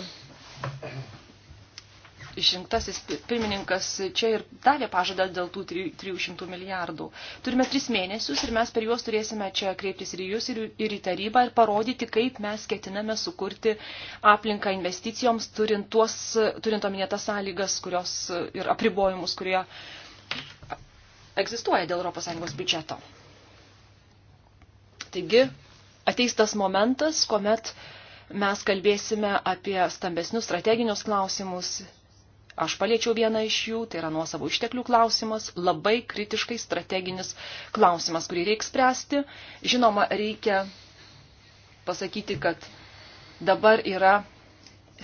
Speaker 3: išrinktasis pirmininkas čia ir davė pažadą dėl tų 300 milijardų. Turime tris mėnesius ir mes per juos turėsime čia kreiptis ir jūs, ir, ir į tarybą ir parodyti, kaip mes ketiname sukurti aplinką investicijoms, turint, tuos, turint omenyje tas sąlygas kurios, ir apribojimus, kurie egzistuoja dėl ES biudžeto. Taigi, ateis tas momentas, kuomet mes kalbėsime apie stambesnius strateginius klausimus Aš paliečiau vieną iš jų, tai yra nuosavų išteklių klausimas, labai kritiškai strateginis klausimas, kurį reikia spręsti. Žinoma, reikia pasakyti, kad dabar yra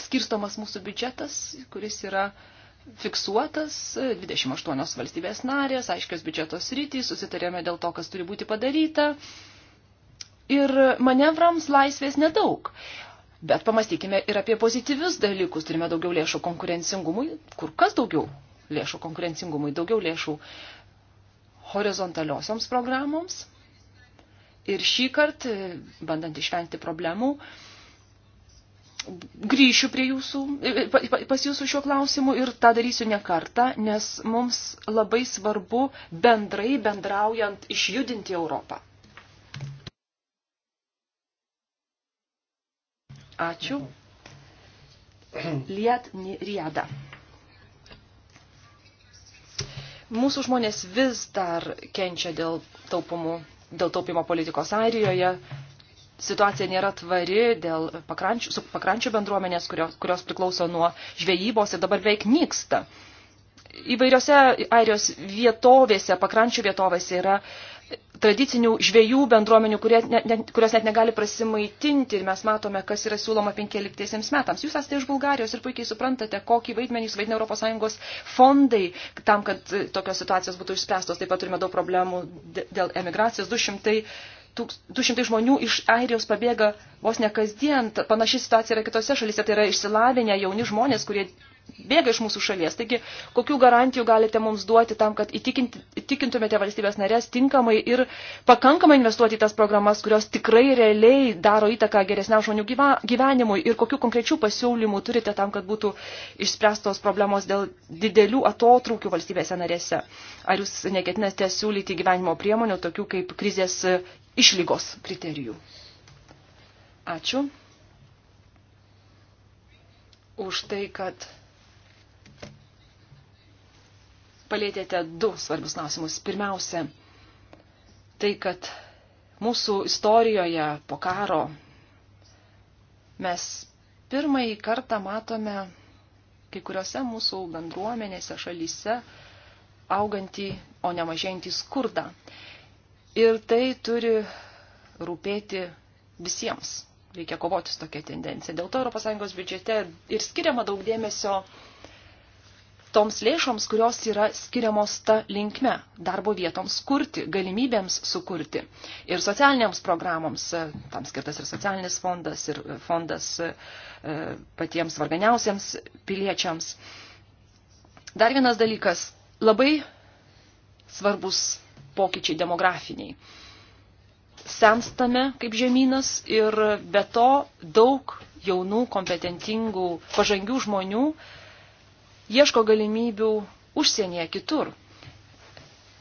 Speaker 3: skirstomas mūsų biudžetas, kuris yra fiksuotas, 28 valstybės narės, aiškios biudžeto sritys, susitarėme dėl to, kas turi būti padaryta. Ir manevrams laisvės nedaug. Bet pamastykime ir apie pozityvius dalykus. Turime daugiau lėšų konkurencingumui, kur kas daugiau lėšų konkurencingumui, daugiau lėšų horizontaliosioms programoms. Ir šį kartą, bandant išvengti problemų, grįšiu prie jūsų, pas jūsų šiuo klausimu ir tą darysiu ne kartą, nes mums labai svarbu bendrai bendraujant išjudinti Europą. Ačiū. Liet Riada. Mūsų žmonės vis dar kenčia dėl, taupumų, dėl taupimo politikos Airijoje. Situacija nėra tvari dėl pakrančių, su pakrančių bendruomenės, kurios, kurios priklauso nuo žvejybos ir dabar veik nyksta. Įvairiose Airijos vietovėse, pakrančių vietovėse yra uh, tradicinių žvėjų bendruomenių, kurie, ne, ne, kurios net negali prasimaitinti ir mes matome, kas yra siūloma 15 metams. Jūs esate iš Bulgarijos ir puikiai suprantate, kokį vaidmenį jūs vaidina ES fondai tam, kad e, tokios situacijos būtų išspręstos. Taip pat turime daug problemų dėl emigracijos. 200, 200 žmonių iš Airijos pabėga vos ne kasdien. Panaši situacija yra kitose šalyse. Tai yra išsilavinę jauni žmonės, kurie bėga iš mūsų šalies. Taigi, kokių garantijų galite mums duoti tam, kad įtikint, įtikintumėte valstybės narės tinkamai ir pakankamai investuoti į tas programas, kurios tikrai realiai daro įtaką geresniam žmonių gyva, gyvenimui ir kokių konkrečių pasiūlymų turite tam, kad būtų išspręstos problemos dėl didelių atotrūkių valstybėse narėse. Ar jūs neketinate siūlyti gyvenimo priemonių, tokių kaip krizės išlygos kriterijų? Ačiū už tai, kad palėtėte du svarbius klausimus. Pirmiausia, tai, kad mūsų istorijoje po karo mes pirmąjį kartą matome kai kuriuose mūsų bendruomenėse, šalyse augantį, o ne mažėjantį skurdą. Ir tai turi rūpėti visiems. Reikia kovoti su tokia tendencija. Dėl to ES biudžete ir skiriama daug dėmesio uh, toms lėšoms, kurios yra skiriamos ta linkme - darbo vietoms kurti, galimybėms sukurti ir socialiniams programoms, e, tam skirtas ir socialinis fondas, ir e, fondas e, patiems varganiausiems piliečiams. Dar vienas dalykas - labai svarbus pokyčiai demografiniai. Senstame kaip žemynas ir be to daug jaunų, kompetentingų, pažangių žmonių ieško galimybių užsienyje kitur.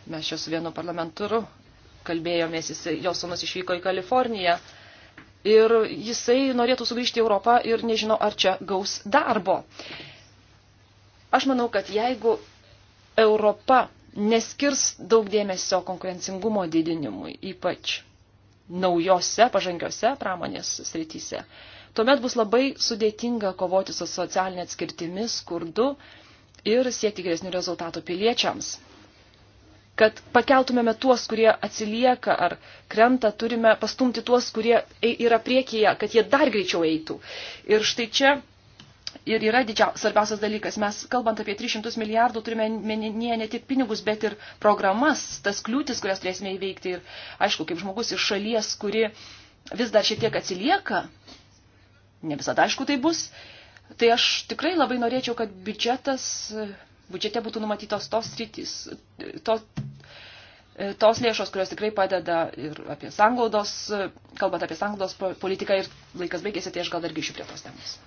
Speaker 3: Mes čia su vienu parlamentaru kalbėjomės, jis, jos sonas išvyko į Kaliforniją ir jisai norėtų sugrįžti į Europą ir nežino, ar čia gaus darbo. Aš manau, kad jeigu Europa neskirs daug dėmesio konkurencingumo didinimui, ypač naujose pažangiose pramonės srityse, tuomet bus labai sudėtinga kovoti su socialinė atskirtimi, skurdu ir siekti geresnių rezultatų piliečiams. Kad pakeltumėme tuos, kurie atsilieka ar krenta, turime pastumti tuos, kurie yra priekyje, kad jie dar greičiau eitų. Ir štai čia ir yra didžia, svarbiausias dalykas. Mes, kalbant apie 300 milijardų, turime meninėje ne tik pinigus, bet ir programas, tas kliūtis, kurias turėsime įveikti. Ir aišku, kaip žmogus iš šalies, kuri vis dar šiek tiek atsilieka ne visada aišku tai bus, tai aš tikrai labai norėčiau, kad biudžetas, biudžete būtų numatytos tos rytis, to, tos lėšos, kurios tikrai padeda ir apie sanglaudos, kalbant apie sanglaudos politiką ir laikas baigėsi, tai aš gal dar grįšiu prie tos temos.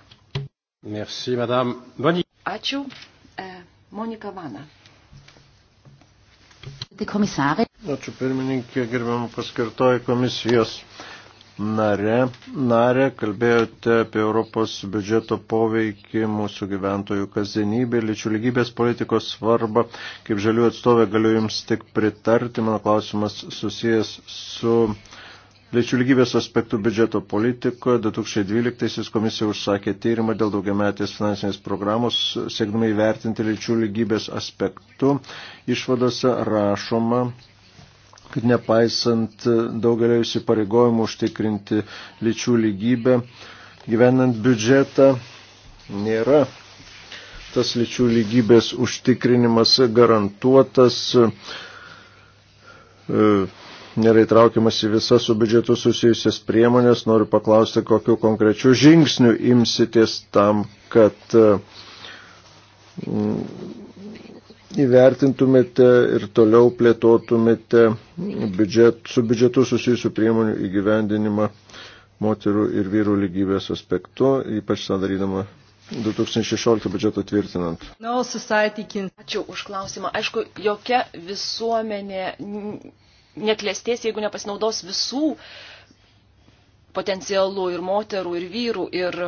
Speaker 2: Merci, madame. Boni.
Speaker 3: Ačiū. E, Monika Vana.
Speaker 2: Komisarė. Ačiū pirmininkė, gerbiamų paskirtoji komisijos nare. Nare, kalbėjote apie Europos biudžeto poveikį mūsų gyventojų kasdienybė, lyčių lygybės politikos svarbą. Kaip žalių atstovė galiu Jums tik pritarti. Mano klausimas susijęs su lyčių lygybės aspektų biudžeto politikoje. 2012 komisija užsakė tyrimą dėl daugiametės finansinės programos, siekdami įvertinti lyčių lygybės aspektų. Išvadose rašoma kad nepaisant daugelio įsipareigojimų užtikrinti lyčių lygybę, gyvenant biudžetą nėra tas lyčių lygybės užtikrinimas garantuotas, e, nėra įtraukiamas į visas su biudžetu susijusias priemonės. Noriu paklausti, kokiu konkrečiu žingsniu imsitės tam, kad e, įvertintumėte ir toliau plėtotumėte biudžet, su biudžetu susijusių priemonių įgyvendinimą moterų ir vyrų lygybės aspektu, ypač tą darydama 2016 biudžeto tvirtinant.
Speaker 3: No, can... Ačiū už klausimą. Aišku, jokia visuomenė neklėstės, jeigu nepasinaudos visų potencialų ir moterų, ir vyrų, ir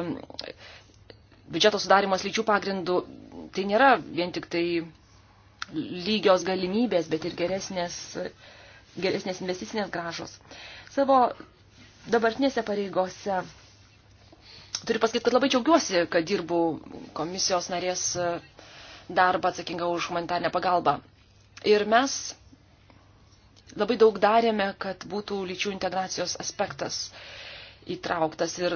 Speaker 3: biudžeto sudarimas lyčių pagrindų. Tai nėra vien tik tai lygios galimybės, bet ir geresnės, geresnės investicinės gražos. Savo dabartinėse pareigose turiu pasakyti, kad labai džiaugiuosi, kad dirbu komisijos narės darbą atsakingą už humanitarnę pagalbą. Ir mes labai daug darėme, kad būtų lyčių integracijos aspektas įtrauktas. Ir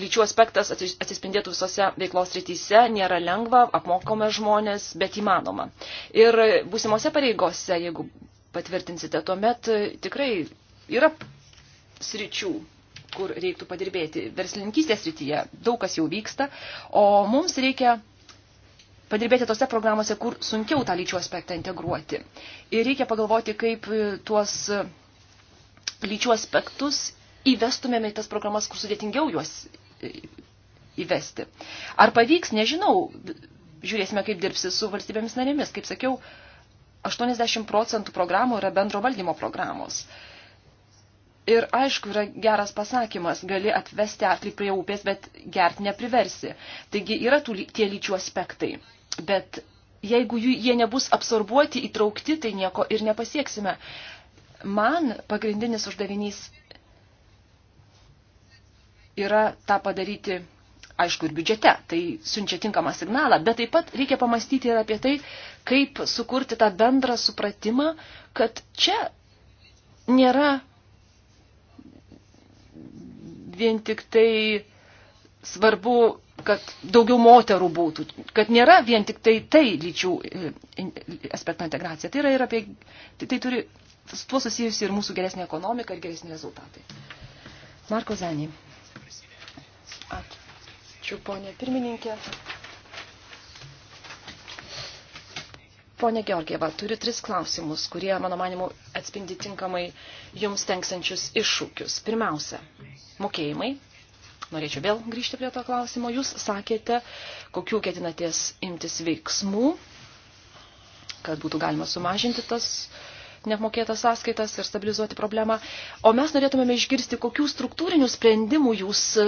Speaker 3: lyčių aspektas atsispindėtų visose veiklos rytise, nėra lengva, apmokome žmonės, bet įmanoma. Ir būsimose pareigose, jeigu patvirtinsite, tuomet e, tikrai yra sričių, kur reiktų padirbėti. Verslininkystės srityje daug kas jau vyksta, o mums reikia padirbėti tose programuose, kur sunkiau tą lyčių aspektą integruoti. Ir reikia pagalvoti, kaip e, tuos e, lyčių aspektus įvestumėme į tas programas, kur sudėtingiau juos įvesti. Ar pavyks, nežinau, žiūrėsime, kaip dirbsi su valstybėmis narėmis. Kaip sakiau, 80 procentų programų yra bendro valdymo programos. Ir aišku, yra geras pasakymas, gali atvesti arklį prie upės, bet gert nepriversi. Taigi yra tų, tie lyčių aspektai. Bet jeigu jų, jie nebus absorbuoti, įtraukti, tai nieko ir nepasieksime. Man pagrindinis uždavinys yra tą padaryti, aišku, ir biudžete. Tai siunčia tinkamą signalą, bet taip pat reikia pamastyti ir apie tai, kaip sukurti tą bendrą supratimą, kad čia nėra vien tik tai svarbu, kad daugiau moterų būtų, kad nėra vien tik tai tai lyčių aspekto integracija. Tai yra ir apie, tai, tai turi su tuo susijusi ir mūsų geresnė ekonomika ir geresni rezultatai. Marko Zanį. Ačiū, ponė pirmininkė. Pone Georgieva, turiu tris klausimus, kurie, mano manimu, atspindi tinkamai jums tenksančius iššūkius. Pirmiausia, mokėjimai. Norėčiau vėl grįžti prie to klausimo. Jūs sakėte, kokių ketinaties imtis veiksmų, kad būtų galima sumažinti tas uh, neapmokėtas sąskaitas ir stabilizuoti problemą. O mes norėtumėme išgirsti, kokių struktūrinių sprendimų jūs e,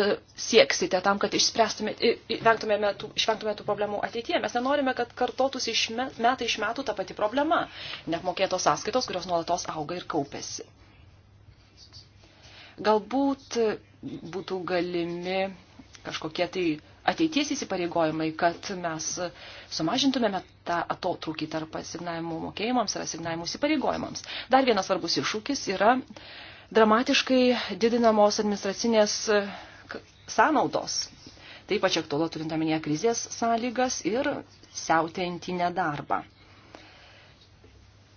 Speaker 3: sieksite tam, kad išvengtumėme tų, išvengtumėme tų problemų ateityje. Mes nenorime, kad kartotųsi iš metai iš metų ta pati problema - neapmokėtos sąskaitos, kurios nuolatos auga ir kaupėsi. Galbūt būtų galimi kažkokie tai ateities įsipareigojimai, kad mes sumažintumėme tą atotrūkį tarp asignavimų mokėjimams ir asignavimų įsipareigojimams. Dar vienas svarbus iššūkis yra dramatiškai didinamos administracinės sąnaudos. Taip pat aktualu turint omenyje krizės sąlygas ir siautėjantį nedarbą.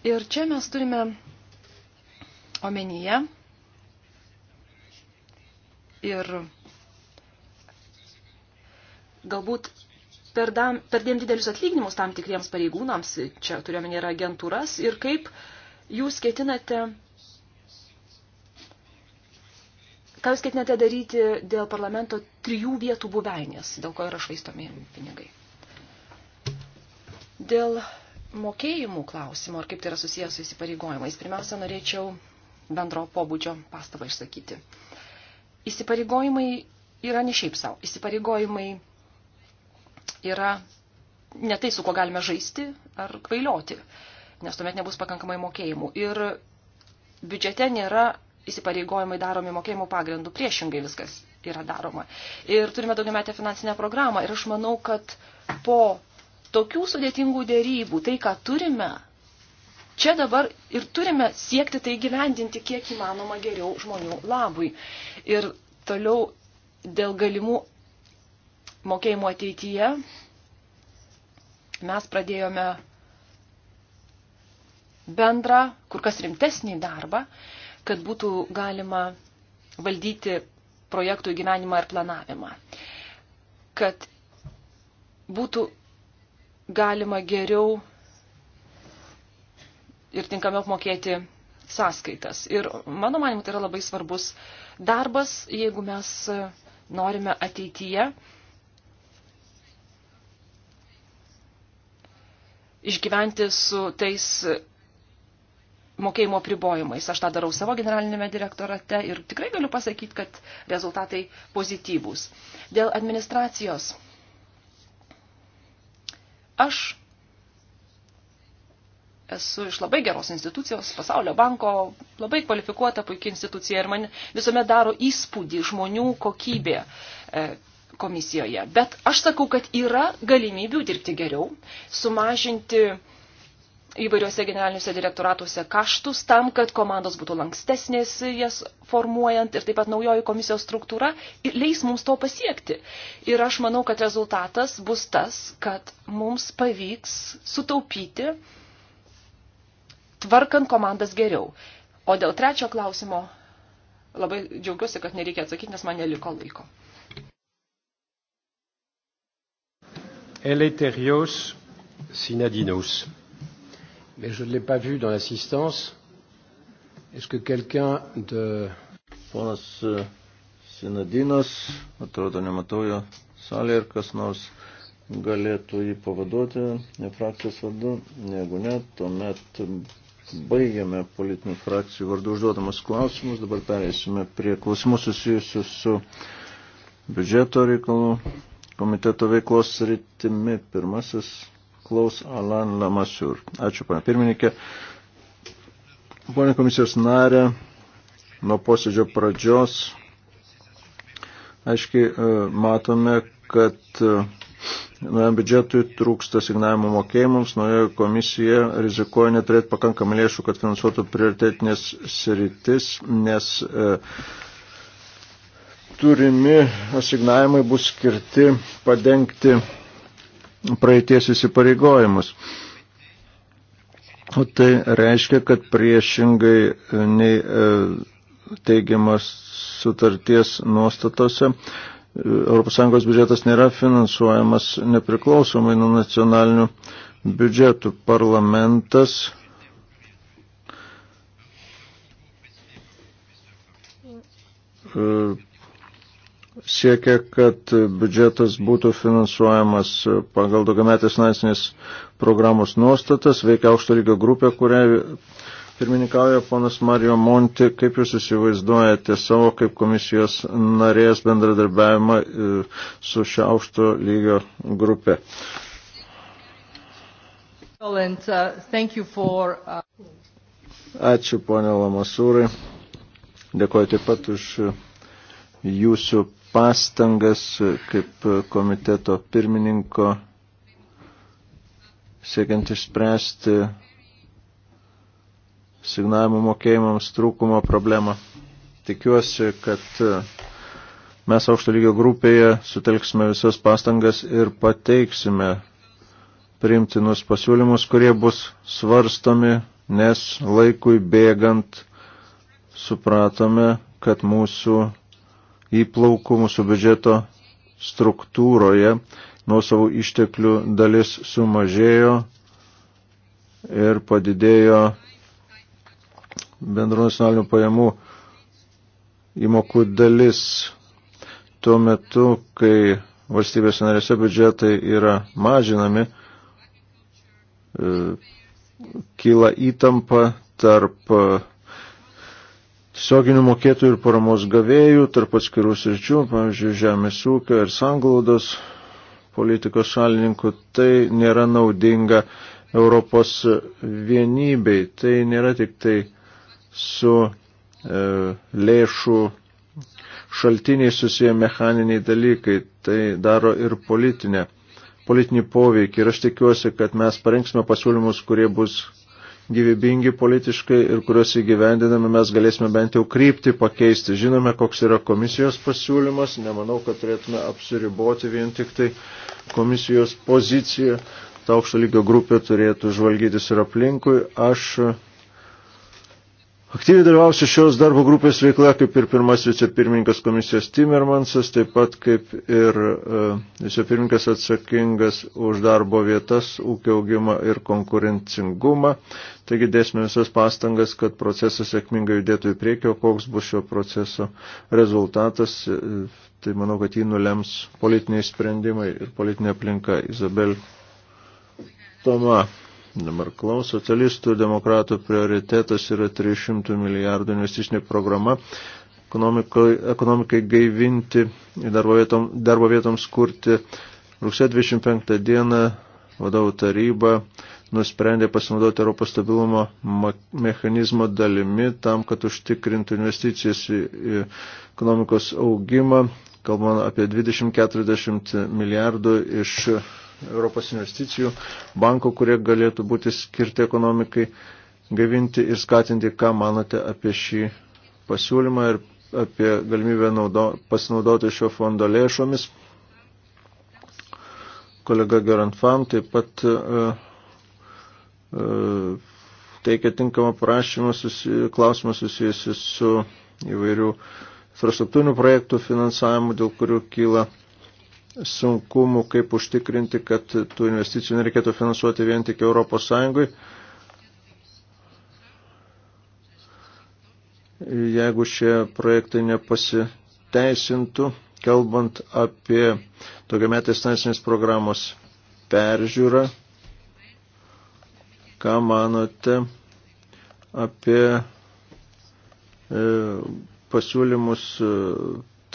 Speaker 3: Ir čia mes turime omenyje ir galbūt per, dam, per dėm didelius atlyginimus tam tikriems pareigūnams, čia turiuomenė yra agentūras, ir kaip jūs ketinate, ką jūs ketinate daryti dėl parlamento trijų vietų buveinės, dėl ko yra švaistomi pinigai. Dėl mokėjimų klausimo, ar kaip tai yra susijęs su įsipareigojimais, pirmiausia, norėčiau bendro pobūdžio pastabą išsakyti. Įsipareigojimai yra ne šiaip savo. Įsipareigojimai yra ne tai, su kuo galime žaisti ar kvailioti, nes tuomet nebus pakankamai mokėjimų. Ir biudžete nėra įsipareigojimai daromi mokėjimų pagrindų, priešingai viskas yra daroma. Ir turime daugiametę finansinę programą ir aš manau, kad po tokių sudėtingų dėrybų tai, ką turime, čia dabar ir turime siekti tai gyvendinti kiek įmanoma geriau žmonių labui. Ir toliau dėl galimų mokėjimų ateityje mes pradėjome bendrą, kur kas rimtesnį darbą, kad būtų galima valdyti projektų įgyvenimą ir planavimą. Kad būtų galima geriau ir tinkamiau apmokėti sąskaitas. Ir mano manimu, tai yra labai svarbus darbas, jeigu mes norime ateityje išgyventi su tais mokėjimo pribojimais. Aš tą darau savo generalinėme direktorate ir tikrai galiu pasakyti, kad rezultatai pozityvūs. Dėl administracijos. Aš esu iš labai geros institucijos, pasaulio banko, labai kvalifikuota, puikia institucija ir man visuomet daro įspūdį žmonių kokybė, e, komisijoje. Bet aš sakau, kad yra galimybių dirbti geriau, sumažinti įvairiuose generaliniuose direktoratuose kaštus tam, kad komandos būtų lankstesnės jas formuojant ir taip pat naujoji komisijos struktūra leis mums to pasiekti. Ir aš manau, kad rezultatas bus tas, kad mums pavyks sutaupyti, tvarkant komandas geriau. O dėl trečio klausimo labai džiaugiuosi, kad nereikia atsakyti, nes man neliko laiko.
Speaker 1: Eletherios Sinadinos. Mais je ne l'ai pas vu dans l'assistance.
Speaker 2: Est-ce que quelqu'un de... Ponas e, Sinadinas, atrodo, nematau jo salėje, ar kas nors galėtų jį pavaduoti ne frakcijos vardu. Jeigu ne, tuomet baigiame politinių frakcijų vardu užduodamas klausimus. Dabar perėsime prie klausimų susijusių su biudžeto reikalų komiteto veiklos rytimi. Pirmasis klaus Alan Lamasiur. Ačiū, pana pirmininkė. Pone komisijos narė, nuo posėdžio pradžios aiškiai e, matome, kad e, naujam biudžetui trūksta signavimo mokėjimams, naujoje komisija rizikuoja neturėti pakankamai lėšų, kad finansuotų prioritetinės sritis, nes e, turimi asignavimai bus skirti padengti praeities įsipareigojimus. O tai reiškia, kad priešingai nei e, teigiamas sutarties nuostatose e, ES biudžetas nėra finansuojamas nepriklausomai nuo nacionalinių biudžetų. Parlamentas e, siekia, kad biudžetas būtų finansuojamas pagal daugiametės finansinės programos nuostatas, veikia aukšto lygio grupė, kuriai pirmininkauja ponas Mario Monti. Kaip jūs įsivaizduojate savo kaip komisijos narės bendradarbiavimą e, su šia aukšto lygio grupė?
Speaker 3: Uh, uh,
Speaker 2: Ačiū, ponė Lamasūrai. Dėkuoju taip pat už jūsų pastangas kaip komiteto pirmininko siekiant išspręsti signavimo mokėjimams trūkumo problemą. Tikiuosi, kad mes aukšto lygio grupėje sutelksime visas pastangas ir pateiksime priimtinus pasiūlymus, kurie bus svarstomi, nes laikui bėgant supratome, kad mūsų įplaukų mūsų biudžeto struktūroje nuo savo išteklių dalis sumažėjo ir padidėjo bendrų nacionalinių pajamų įmokų dalis tuo metu, kai valstybės narėse biudžetai yra mažinami, e, kyla įtampa tarp e, tiesioginių mokėtojų ir paramos gavėjų tarp atskirų sričių, pavyzdžiui, žemės ūkio ir sanglaudos politikos šalininkų, tai nėra naudinga Europos vienybei. Tai nėra tik tai su e, lėšų šaltiniai susiję mechaniniai dalykai, tai daro ir politinė, politinį poveikį. Ir aš tikiuosi, kad mes parinksime pasiūlymus, kurie bus gyvybingi politiškai ir kuriuos įgyvendiname mes galėsime bent jau krypti pakeisti. Žinome, koks yra komisijos pasiūlymas, nemanau, kad turėtume apsiriboti vien tik tai komisijos poziciją. Ta aukšto lygio grupė turėtų žvalgytis ir aplinkui. Aš Aktyviai dalyvausiu šios darbo grupės veikla, kaip ir pirmasis vicepirmininkas komisijos Timermansas, taip pat kaip ir e, vicepirmininkas atsakingas už darbo vietas, ūkio augimą ir konkurencingumą. Taigi dėsime visas pastangas, kad procesas sėkmingai judėtų į priekį, o koks bus šio proceso rezultatas, e, tai manau, kad jį nulems politiniai sprendimai ir politinė aplinka. Izabel Toma dabar klauso. Socialistų demokratų prioritetas yra 300 milijardų investicinė programa ekonomikai gaivinti, darbo, vietom, darbo vietoms kurti. Rūksė 25 dieną vadovų taryba nusprendė pasinaudoti Europos stabilumo mechanizmo dalimi tam, kad užtikrintų investicijas į, į ekonomikos augimą, kalbant apie 20-40 milijardų iš Europos investicijų banko, kurie galėtų būti skirti ekonomikai gavinti ir skatinti, ką manote apie šį pasiūlymą ir apie galimybę naudo, pasinaudoti šio fondo lėšomis. Kolega Garantfam taip pat uh, uh, teikia tinkamą prašymą, susi, klausimą susijusi su įvairių infrastruktūrinių projektų finansavimu, dėl kurių kyla uh, sunkumų, kaip užtikrinti, kad tų investicijų nereikėtų finansuoti vien tik Europos Sąjungui. Jeigu šie projektai nepasiteisintų, kalbant apie tokiametės finansinės programos peržiūrą, ką manote apie e, pasiūlymus e,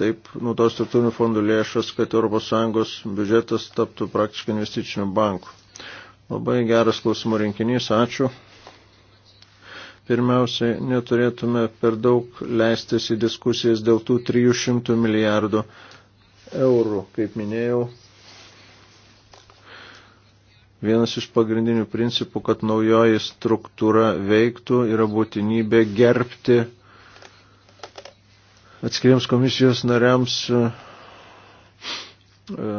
Speaker 2: taip naudos struktūrinių fondų lėšas, kad ES biudžetas taptų praktiškai investicinių bankų. Labai geras klausimų rinkinys, ačiū. Pirmiausiai, neturėtume per daug leistis į diskusijas dėl tų 300 milijardų eurų, kaip minėjau. Vienas iš pagrindinių principų, kad naujoji struktūra veiktų, yra būtinybė gerbti atskiriems komisijos nariams e, e,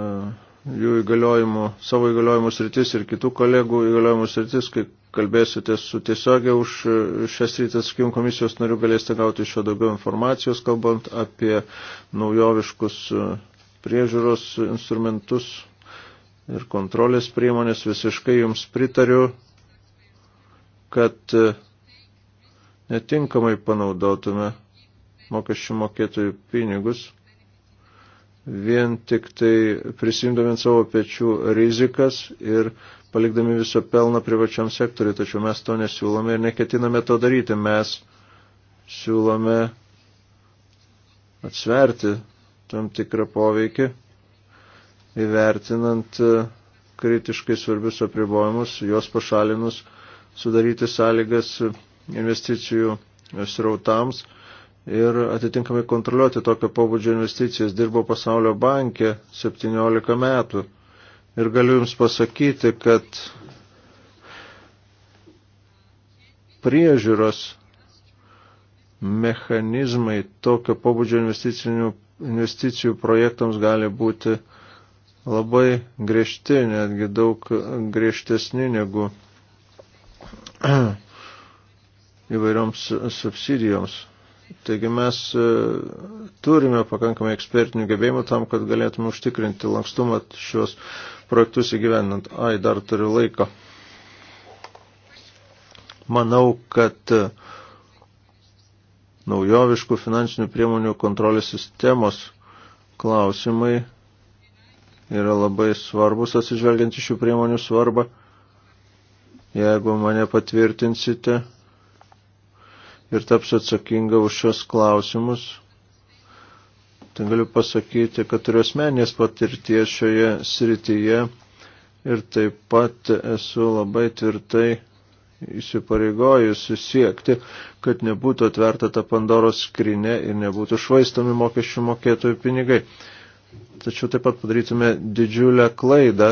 Speaker 2: jų įgaliojimų, savo įgaliojimų sritis ir kitų kolegų įgaliojimų sritis, kai kalbėsite su tiesiogiai už e, šias rytas skim komisijos narių, galėsite gauti iš jo daugiau informacijos, kalbant apie naujoviškus priežiūros instrumentus ir kontrolės priemonės. Visiškai jums pritariu, kad netinkamai panaudotume mokesčių mokėtojų pinigus, vien tik tai prisimdami savo pečių rizikas ir palikdami viso pelną privačiam sektoriui, tačiau mes to nesiūlome ir neketiname to daryti. Mes siūlome atsverti tam tikrą poveikį, įvertinant e, kritiškai svarbius apribojimus, juos pašalinus, sudaryti sąlygas investicijų srautams ir atitinkamai kontroliuoti tokio pobūdžio investicijas. Dirbo pasaulio bankė 17 metų ir galiu Jums pasakyti, kad priežiūros mechanizmai tokio pobūdžio investicijų projektams gali būti labai griežti, netgi daug griežtesni negu įvairioms subsidijoms. Taigi mes e, turime pakankamai ekspertinių gebėjimų tam, kad galėtume užtikrinti lankstumą šios projektus įgyvendant. Ai, dar turiu laiko. Manau, kad e, naujoviškų finansinių priemonių kontrolės sistemos klausimai yra labai svarbus atsižvelgiant į šių priemonių svarbą. Jeigu mane patvirtinsite, ir taps atsakinga už šios klausimus. Ten galiu pasakyti, kad turiu asmenės patirties šioje srityje ir taip pat esu labai tvirtai įsipareigojusi siekti, kad nebūtų atverta ta Pandoros skrinė ir nebūtų švaistomi mokesčių mokėtojų pinigai. Tačiau taip pat padarytume didžiulę klaidą,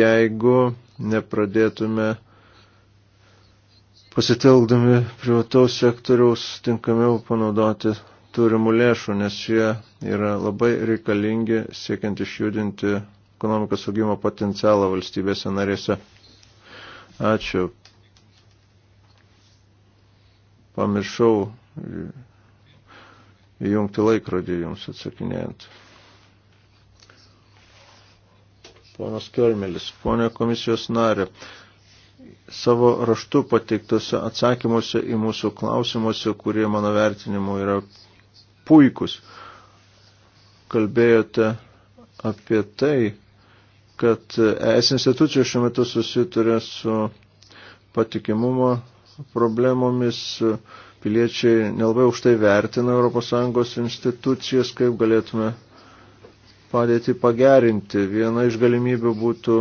Speaker 2: jeigu nepradėtume pasitelkdami privataus sektoriaus tinkamiau panaudoti turimų lėšų, nes jie yra labai reikalingi siekiant išjudinti ekonomikos augimo potencialą valstybėse narėse. Ačiū. Pamiršau įjungti laikrodį jums atsakinėjant. Ponas Kermelis, ponė komisijos narė savo raštu pateiktose atsakymuose į mūsų klausimuose, kurie mano vertinimu yra puikus. Kalbėjote apie tai, kad ES institucijos šiuo metu susituria su patikimumo problemomis, piliečiai nelabai aukštai vertina ES institucijas, kaip galėtume padėti pagerinti. Viena iš galimybių būtų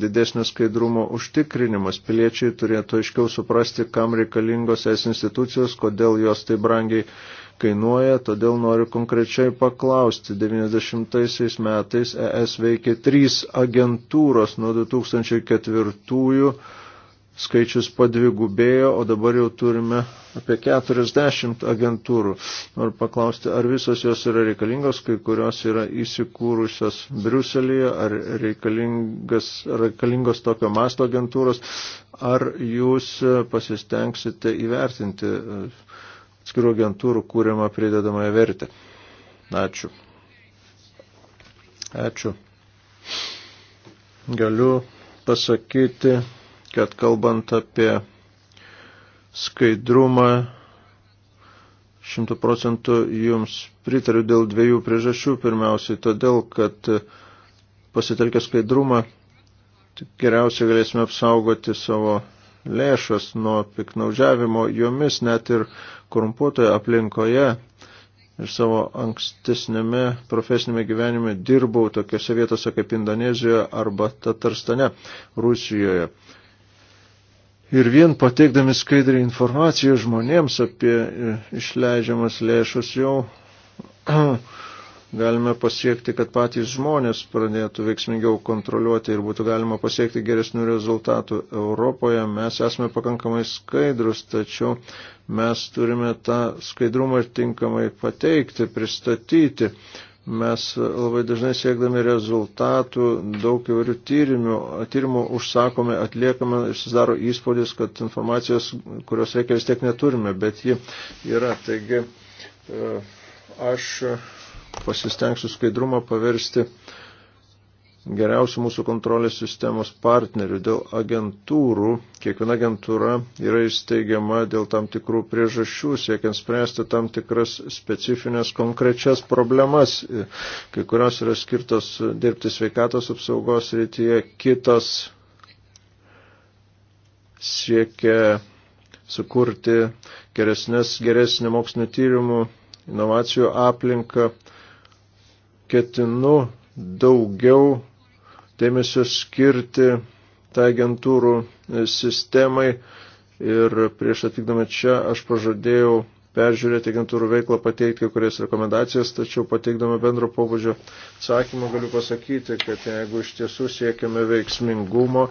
Speaker 2: didesnio skaidrumo užtikrinimas. Piliečiai turėtų aiškiau suprasti, kam reikalingos es institucijos, kodėl jos tai brangiai kainuoja, todėl noriu konkrečiai paklausti. 90 metais ES veikė trys agentūros nuo 2004 skaičius padvigubėjo, o dabar jau turime apie 40 agentūrų. Noriu paklausti, ar visos jos yra reikalingos, kai kurios yra įsikūrusios Briuselėje, ar reikalingos tokio masto agentūros, ar jūs pasistengsite įvertinti e, atskirų agentūrų kūriamą pridedamąją vertę. Ačiū. Ačiū. Galiu pasakyti kad kalbant apie skaidrumą, šimtų procentų jums pritariu dėl dviejų priežasčių. Pirmiausiai todėl, kad pasitelkę skaidrumą geriausiai galėsime apsaugoti savo lėšas nuo piknaudžiavimo jomis net ir korumpuotoje aplinkoje. Ir savo ankstesnėme profesinėme gyvenime dirbau tokiose vietose kaip Indonezijoje arba Tatarstane, Rusijoje. Ir vien pateikdami skaidrį informaciją žmonėms apie e, išleidžiamas lėšas jau galime pasiekti, kad patys žmonės pradėtų veiksmingiau kontroliuoti ir būtų galima pasiekti geresnių rezultatų. Europoje mes esame pakankamai skaidrus, tačiau mes turime tą skaidrumą ir tinkamai pateikti, pristatyti. Mes labai dažnai siekdami rezultatų daug įvairių tyrimų, tyrimų užsakome, atliekame ir susidaro įspūdis, kad informacijos, kurios reikia, vis tiek neturime, bet ji yra. Taigi e, aš pasistengsiu skaidrumą paversti uh, geriausių mūsų kontrolės sistemos partnerių, dėl agentūrų. Kiekviena agentūra yra įsteigiama dėl tam tikrų priežasčių, siekiant spręsti tam tikras specifines konkrečias problemas. Kai kurios yra skirtos dirbti sveikatos apsaugos rytyje, kitos siekia sukurti geresnės, geresnį mokslinio tyrimų, inovacijų aplinką. Ketinu daugiau dėmesio skirti tą tai agentūrų e, sistemai ir prieš atvykdama čia aš pažadėjau peržiūrėti agentūrų veiklą, pateikti kai kurias rekomendacijas, tačiau pateikdama bendro pobūdžio atsakymą galiu pasakyti, kad jeigu iš tiesų siekiame veiksmingumo,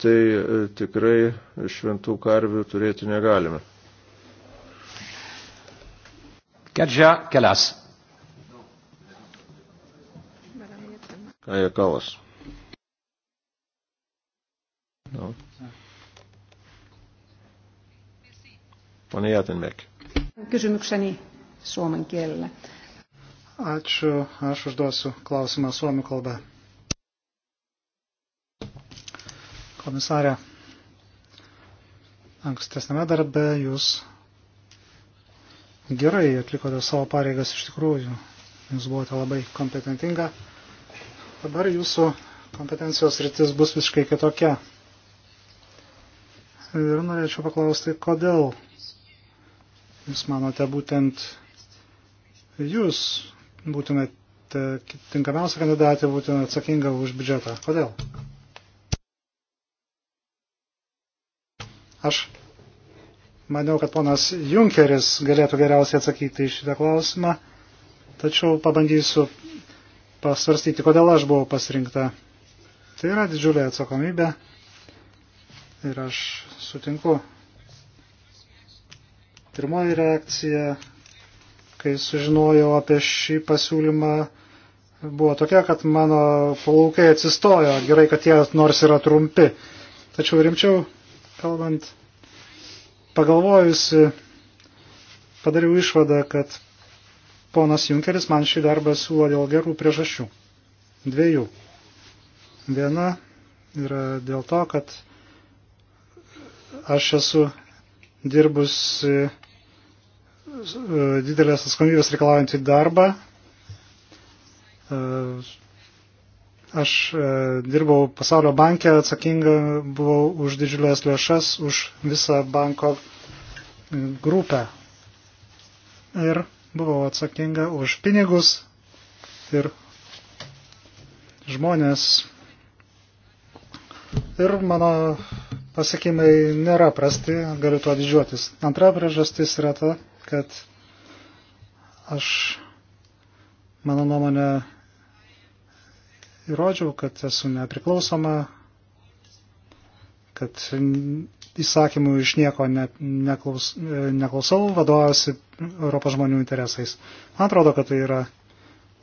Speaker 2: tai e, tikrai šventų karvių turėti negalime.
Speaker 1: Kedžia kelias. Kaja Kalas. No.
Speaker 2: Pane Jatenbek.
Speaker 1: Kysymykseni suomen kielellä. Ačiū, aš užduosiu klausimą suomių kalbą. Komisarė, ankstesnėme darbe jūs gerai atlikote savo pareigas iš tikrųjų. Jūs buvote labai kompetentinga. Dabar jūsų kompetencijos rytis bus visiškai kitokia. Ir norėčiau paklausti, kodėl jūs manote būtent jūs būtumėte tinkamiausia kandidatė būtent atsakinga už biudžetą. Kodėl? Aš maniau, kad ponas Junkeris galėtų geriausiai atsakyti į šitą klausimą, tačiau pabandysiu pasvarstyti, kodėl aš buvau pasirinkta. Tai yra didžiulė atsakomybė. Ir aš sutinku. Pirmoji reakcija, kai sužinojau apie šį pasiūlymą, buvo tokia, kad mano plaukai atsistojo. Gerai, kad jie nors yra trumpi. Tačiau rimčiau kalbant, pagalvojusi, padariau išvadą, kad ponas Junkeris man šį darbą siūlo dėl gerų priežasčių. Dviejų. Viena yra dėl to, kad aš esu dirbus e, didelės atsakomybės reikalaujantį darbą. E, aš e, dirbau pasaulio banke, atsakinga buvau už didžiulės lėšas, už visą banko grupę. Ir buvau atsakinga už pinigus ir žmonės. Ir mano pasiekimai nėra prasti, galiu tuo didžiuotis. Antra priežastis yra ta, kad aš, mano nuomonė, įrodžiau, kad esu nepriklausoma, kad įsakymų iš nieko ne, neklaus, neklausau, vadovausi Europos žmonių interesais. Man atrodo, kad tai yra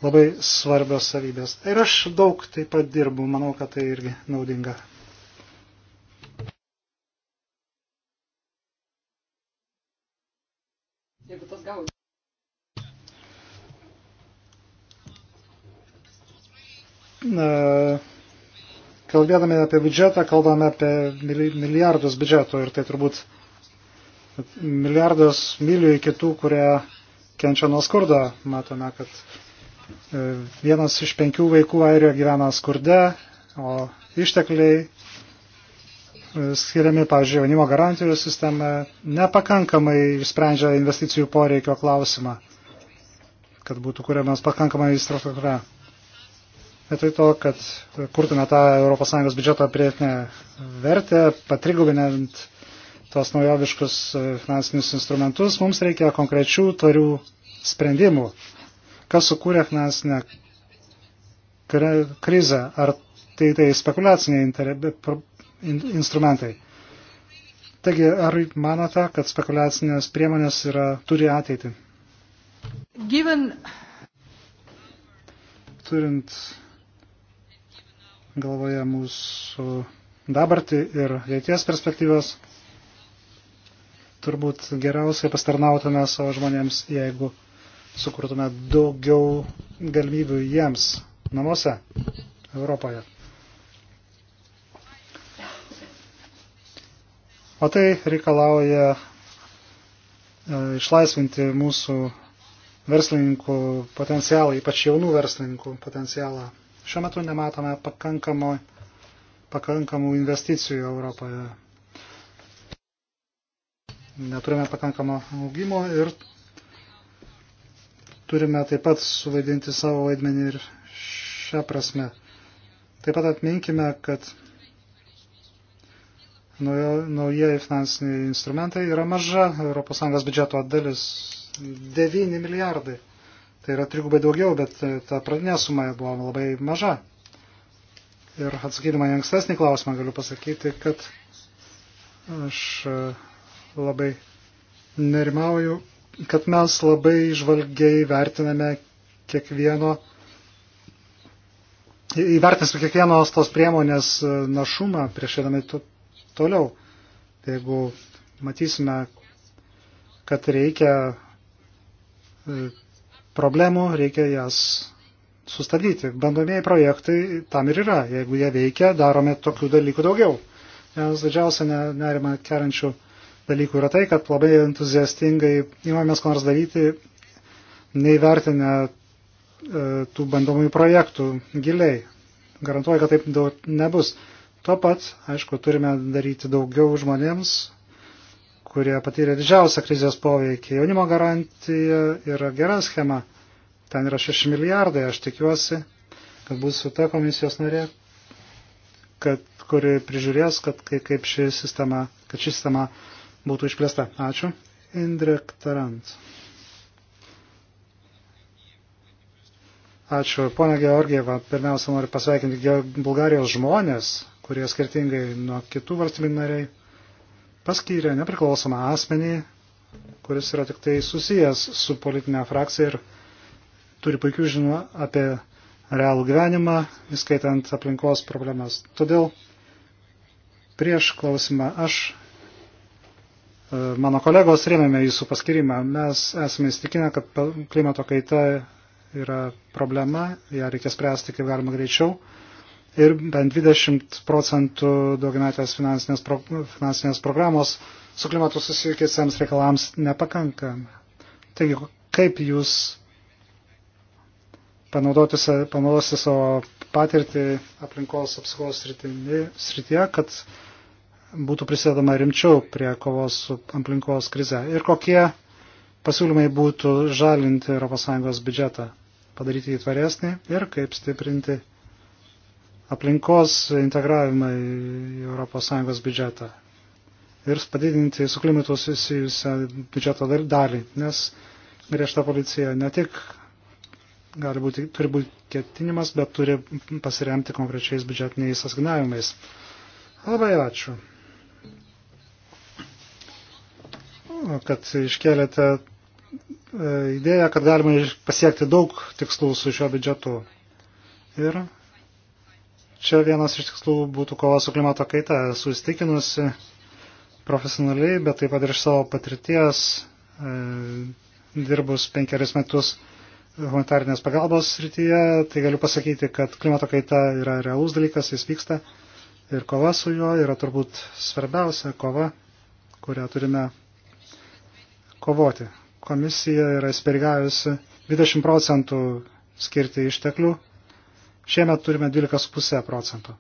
Speaker 1: labai svarbios savybės. Ir aš daug taip pat dirbu, manau, kad tai irgi naudinga. Kalbėdami apie biudžetą, kalbame apie milijardus biudžeto ir tai turbūt milijardas mylių iki tų, kurie kenčia nuo skurdo. Matome, kad e, vienas iš penkių vaikų Airijoje gyvena skurde, o ištekliai skiriami, pavyzdžiui, jaunimo garantijų sistema nepakankamai išsprendžia investicijų poreikio klausimą, kad būtų kuriamas pakankamai infrastruktūra. Vietoj to, kad kurtume tą ES biudžeto prietinę vertę, patrigubinant tos naujoviškus e, finansinius instrumentus, mums reikia konkrečių tvarių sprendimų. Kas sukūrė finansinę krizę? Ar tai tai spekuliaciniai instrumentai. Taigi, ar manote, kad spekulacinės priemonės yra, turi ateitį? Given... Turint galvoje mūsų dabartį ir ateities perspektyvas, turbūt geriausiai pastarnautume savo žmonėms, jeigu sukurtume daugiau galimybių jiems namuose Europoje. O tai reikalauja e, išlaisvinti mūsų verslininkų potencialą, ypač jaunų verslininkų potencialą. Šiuo metu nematome pakankamo, pakankamų investicijų Europoje. Neturime pakankamo augimo ir turime taip pat suvaidinti savo vaidmenį ir šią prasme. Taip pat atminkime, kad naujieji finansiniai instrumentai yra maža ES biudžeto dalis - 9 milijardai. Tai yra trigubai daugiau, bet e, ta pradinė suma buvo labai maža. Ir atsakydama į ankstesnį klausimą galiu pasakyti, kad aš e, labai nerimauju, kad mes labai žvalgiai vertiname kiekvieno, įvertinsime kiekvienos tos priemonės e, našumą prieš eidami toliau. Tai jeigu matysime, kad reikia e, problemų, reikia jas sustabdyti. Bandomieji projektai tam ir yra. Jeigu jie veikia, darome tokių dalykų daugiau. Nes didžiausia nerima keliančių dalykų yra tai, kad labai entuziastingai įmamės ko nors daryti, neįvertinę e, tų bandomųjų projektų giliai. Garantuoju, kad taip nebus. To pat, aišku, turime daryti daugiau žmonėms, kurie patyrė didžiausią krizės poveikį. Jaunimo garantija yra gera schema. Ten yra 6 milijardai. Aš tikiuosi, kad būsiu ta komisijos narė, kad, kuri prižiūrės, kad kaip ši sistema, kad ši sistema būtų išplėsta. Ačiū. Indrek Tarant. Ačiū, ponia Georgieva. Pirmiausia, noriu pasveikinti Bulgarijos žmonės, kurie skirtingai nuo kitų valstybių nariai paskyrė nepriklausomą asmenį, kuris yra tik tai susijęs su politinė frakcija ir turi puikių žinių apie realų gyvenimą, įskaitant aplinkos problemas. Todėl prieš klausimą aš, e, mano kolegos, rėmėme jūsų paskirimą. Mes esame įstikinę, kad klimato kaita yra problema, ją reikia spręsti kaip galima greičiau ir bent 20 procentų daugiametės finansinės, pro, finansinės programos su klimatu susijusiems reikalams nepakanka. Taigi, kaip jūs panaudosite savo patirtį aplinkos apsaugos srityje, kad būtų prisidedama rimčiau prie kovos su aplinkos krize ir kokie pasiūlymai būtų žalinti ES biudžetą, padaryti jį tvaresnį ir kaip stiprinti aplinkos integravimą į ES biudžetą ir padidinti su klimatu susijusią biudžeto dalį, nes griežta policija ne tik gali būti, turi būti ketinimas, bet turi pasiremti konkrečiais biudžetiniais asignavimais. Labai ačiū, kad iškėlėte e, idėją, kad galima pasiekti daug tikslų su šiuo biudžetu. Ir Čia vienas iš tikslų būtų kova su klimato kaita. Esu įstikinusi profesionaliai, bet taip pat ir iš savo patirties, e, dirbus penkeris metus humanitarnės pagalbos srityje, tai galiu pasakyti, kad klimato kaita yra realus dalykas, jis vyksta ir kova su juo yra turbūt svarbiausia kova, kurią turime kovoti. Komisija yra įspergavusi 20 procentų skirti išteklių Šiemet turime 12,5 procentų.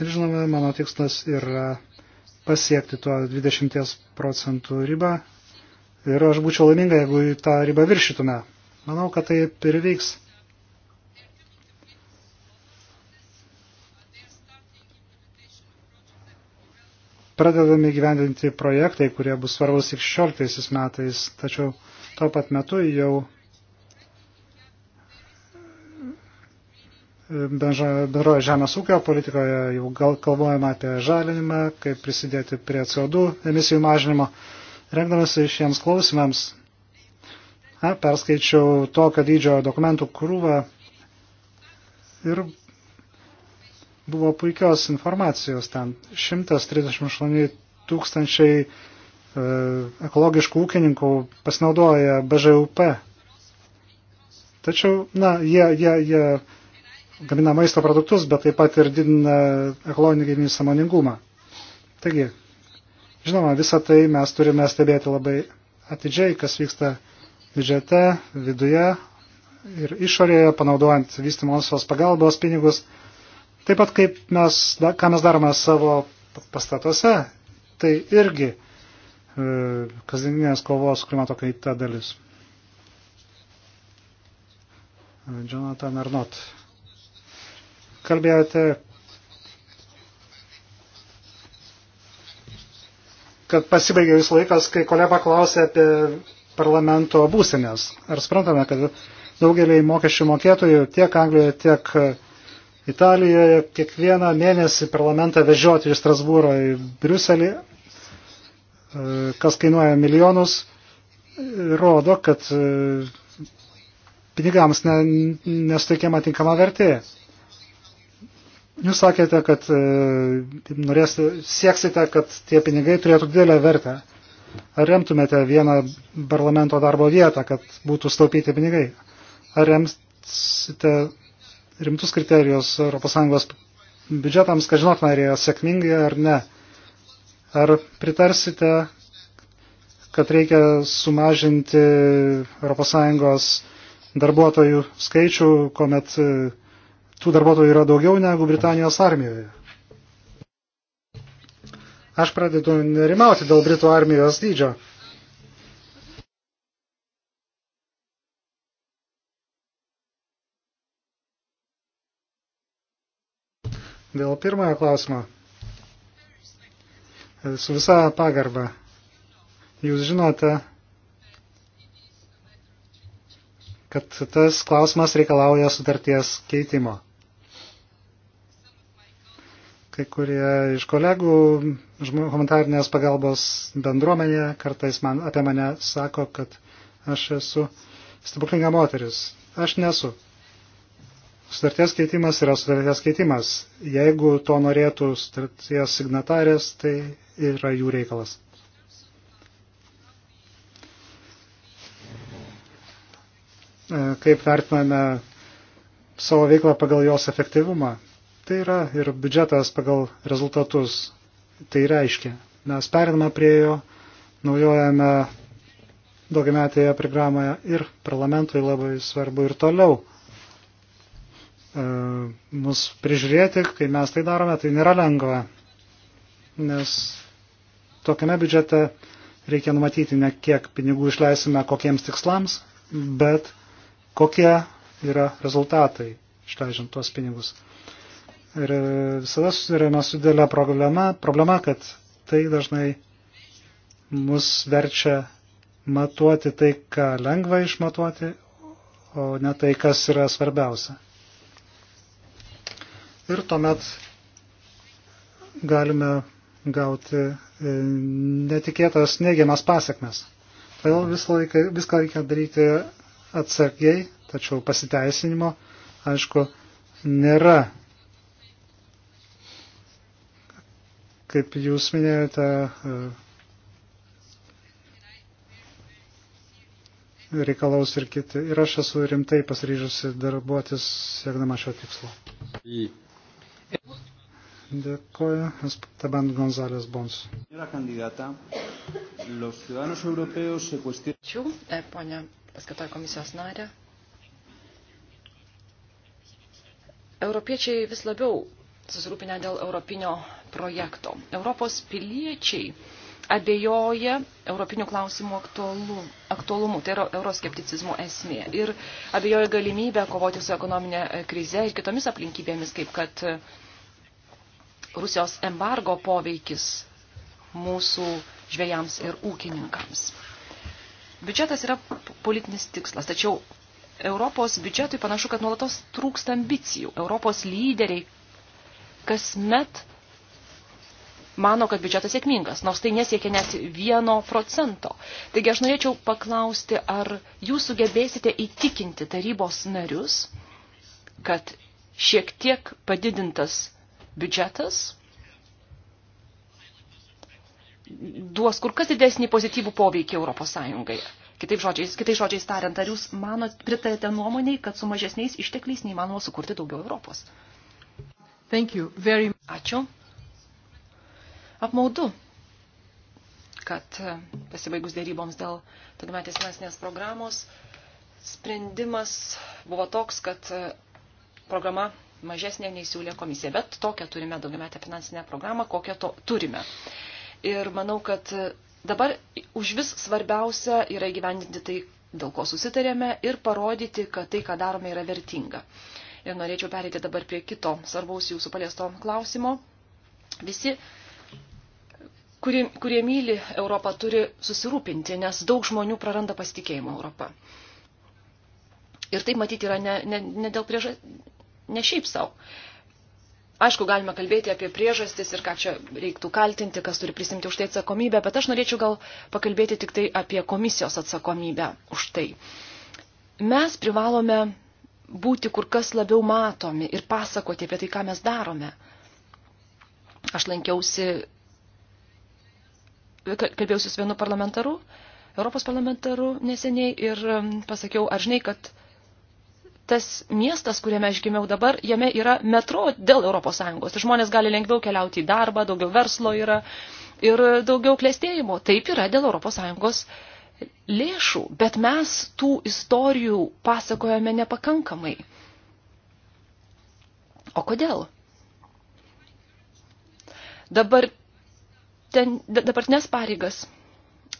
Speaker 1: Ir žinoma, mano tikslas yra pasiekti tuo 20 procentų ribą. Ir aš būčiau laiminga, jeigu tą ribą viršytume. Manau, kad taip ir vyks. Pradedami gyvendinti projektai, kurie bus svarbus tik 16 metais, tačiau tuo pat metu jau bendroje žemės ūkio politikoje jau gal kalbojama apie žalinimą, kaip prisidėti prie CO2 emisijų mažinimo. Rengdamasi šiems klausimams, a, perskaičiau tokio dydžio dokumentų krūvą ir buvo puikios informacijos ten. 138 tūkstančiai e, ekologiškų ūkininkų pasinaudoja BŽUP. Tačiau, na, jie, jie, jie gamina maisto produktus, bet taip pat ir didina ekologinį samoningumą. Taigi, žinoma, visą tai mes turime stebėti labai atidžiai, kas vyksta biudžete, viduje ir išorėje, panaudojant vystimosios pagalbos pinigus. Taip pat, kaip mes, ką mes darome savo pastatuose, tai irgi e, kasdieninės kovos klimato kaita dalis. Jonathan Arnott kalbėjote, kad pasibaigė jūs laikas, kai kolega klausė apie parlamento būsinės. Ar suprantame, kad daugeliai mokesčių mokėtojų tiek Anglijoje, tiek Italijoje kiekvieną mėnesį parlamentą vežioti iš Strasbūro į Briuselį, e, kas kainuoja milijonus, rodo, kad e, pinigams ne, nesuteikiama tinkama vertė. Jūs sakėte, kad e, norės, sieksite, kad tie pinigai turėtų didelę vertę. Ar remtumėte vieną parlamento darbo vietą, kad būtų staupyti pinigai? Ar remsite rimtus kriterijus ES biudžetams, kad žinotume, ar jie sėkmingi ar ne? Ar pritarsite, kad reikia sumažinti ES darbuotojų skaičių, kuomet uh, tų darbuotojų yra daugiau negu Britanijos armijoje. Aš pradedu nerimauti dėl Britų armijos dydžio. Dėl pirmojo klausimo. Su visa pagarba. Jūs žinote, kad tas klausimas reikalauja sutarties keitimo. Kai kurie iš kolegų humanitarnės pagalbos bendruomenėje kartais man, apie mane sako, kad aš esu stebuklinga moteris. Aš nesu. Sutarties keitimas yra sutarties keitimas. Jeigu to norėtų sutarties signatarės, tai yra jų reikalas. E, kaip vertiname savo veiklą pagal jos efektyvumą? Tai yra ir biudžetas pagal rezultatus. Tai reiškia, mes periname prie jo, naujojame daugiametėje programoje ir parlamentui labai svarbu ir toliau e, mus prižiūrėti, kai mes tai darome, tai nėra lengva, nes tokiame biudžete reikia numatyti ne kiek pinigų išleisime kokiems tikslams, bet kokie yra rezultatai išleidžiant tuos pinigus. Ir visada susidurėme su didelė problema, problema, kad tai dažnai mus verčia matuoti tai, ką lengva išmatuoti, o ne tai, kas yra svarbiausia. Ir tuomet galime gauti e, netikėtas neigiamas pasiekmes. Todėl visą laiką, viską reikia daryti atsargiai, tačiau pasiteisinimo, aišku, nėra Kaip jūs minėjote, e, reikalaus ir kiti. Ir aš esu rimtai pasiryžusi darbuotis siekdama šio tikslo. Dėkuoju, Esteban Gonzalės Bons. Ačiū,
Speaker 3: e, ponia paskatoja komisijos narė. Europiečiai vis labiau susirūpinę dėl europinio projekto. Europos piliečiai abejoja europinių klausimų aktualu, aktualumu, tai yra euroskepticizmo esmė. Ir abejoja galimybę kovoti su ekonominė krize ir kitomis aplinkybėmis, kaip kad Rusijos embargo poveikis mūsų žvėjams ir ūkininkams. Biudžetas yra politinis tikslas, tačiau Europos biudžetui panašu, kad nuolatos trūksta ambicijų. Europos lyderiai kasmet mano, kad biudžetas sėkmingas, nors tai nesiekia net vieno procento. Taigi aš norėčiau paklausti, ar jūs sugebėsite įtikinti tarybos narius, kad šiek tiek padidintas biudžetas duos kur kas didesnį pozityvų poveikį Europos Sąjungai. Kitaip žodžiais, kitai žodžiais tariant, ar jūs manot, pritarėte nuomoniai, kad su mažesniais ištekliais neįmanoma sukurti daugiau Europos? Thank you very much. Ačiū apmaudu, kad e, pasibaigus dėryboms dėl tagmetės finansinės programos sprendimas buvo toks, kad e, programa mažesnė nei siūlė komisija, bet tokią turime daugiametę finansinę programą, kokią to turime. Ir manau, kad e, dabar už vis svarbiausia yra įgyvendinti tai, dėl ko susitarėme ir parodyti, kad tai, ką darome, yra vertinga. Ir norėčiau perėti dabar prie kito svarbaus jūsų paliesto klausimo. Visi kurie, kurie myli Europą, turi susirūpinti, nes daug žmonių praranda pasitikėjimą Europą. Ir tai matyti yra ne, ne, ne dėl priežas, ne šiaip savo. Aišku, galime kalbėti apie priežastis ir ką čia reiktų kaltinti, kas turi prisimti už tai atsakomybę, bet aš norėčiau gal pakalbėti tik tai apie komisijos atsakomybę už tai. Mes privalome būti kur kas labiau matomi ir pasakoti apie tai, ką mes darome. Aš lankiausi kalbėjausi su vienu parlamentaru, Europos parlamentaru neseniai ir um, pasakiau, ar žinai, kad tas miestas, kuriame aš gimiau dabar, jame yra metro dėl Europos Sąjungos. Ir žmonės gali lengviau keliauti į darbą, daugiau verslo yra ir daugiau klėstėjimo. Taip yra dėl Europos Sąjungos lėšų, bet mes tų istorijų pasakojame nepakankamai. O kodėl? Dabar ten dabartinės pareigas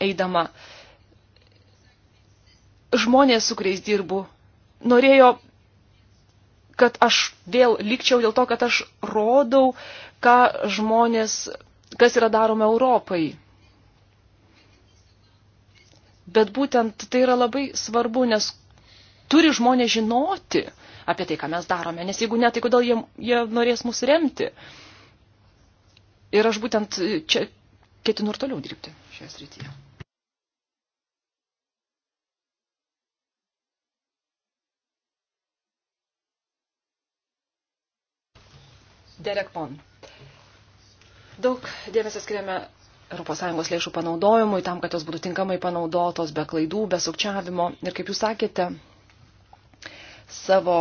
Speaker 3: eidama. Žmonės, su kuriais dirbu, norėjo, kad aš vėl likčiau dėl to, kad aš rodau, ką žmonės, kas yra daroma Europai. Bet būtent tai yra labai svarbu, nes turi žmonės žinoti apie tai, ką mes darome, nes jeigu ne, tai kodėl jie, jie norės mus remti. Ir aš būtent čia ketinu ir toliau dirbti šioje srityje. Derek Pon. Daug dėmesio skiriame ES lėšų panaudojimui, tam, kad jos būtų tinkamai panaudotos, be klaidų, be sukčiavimo. Ir kaip jūs sakėte, savo,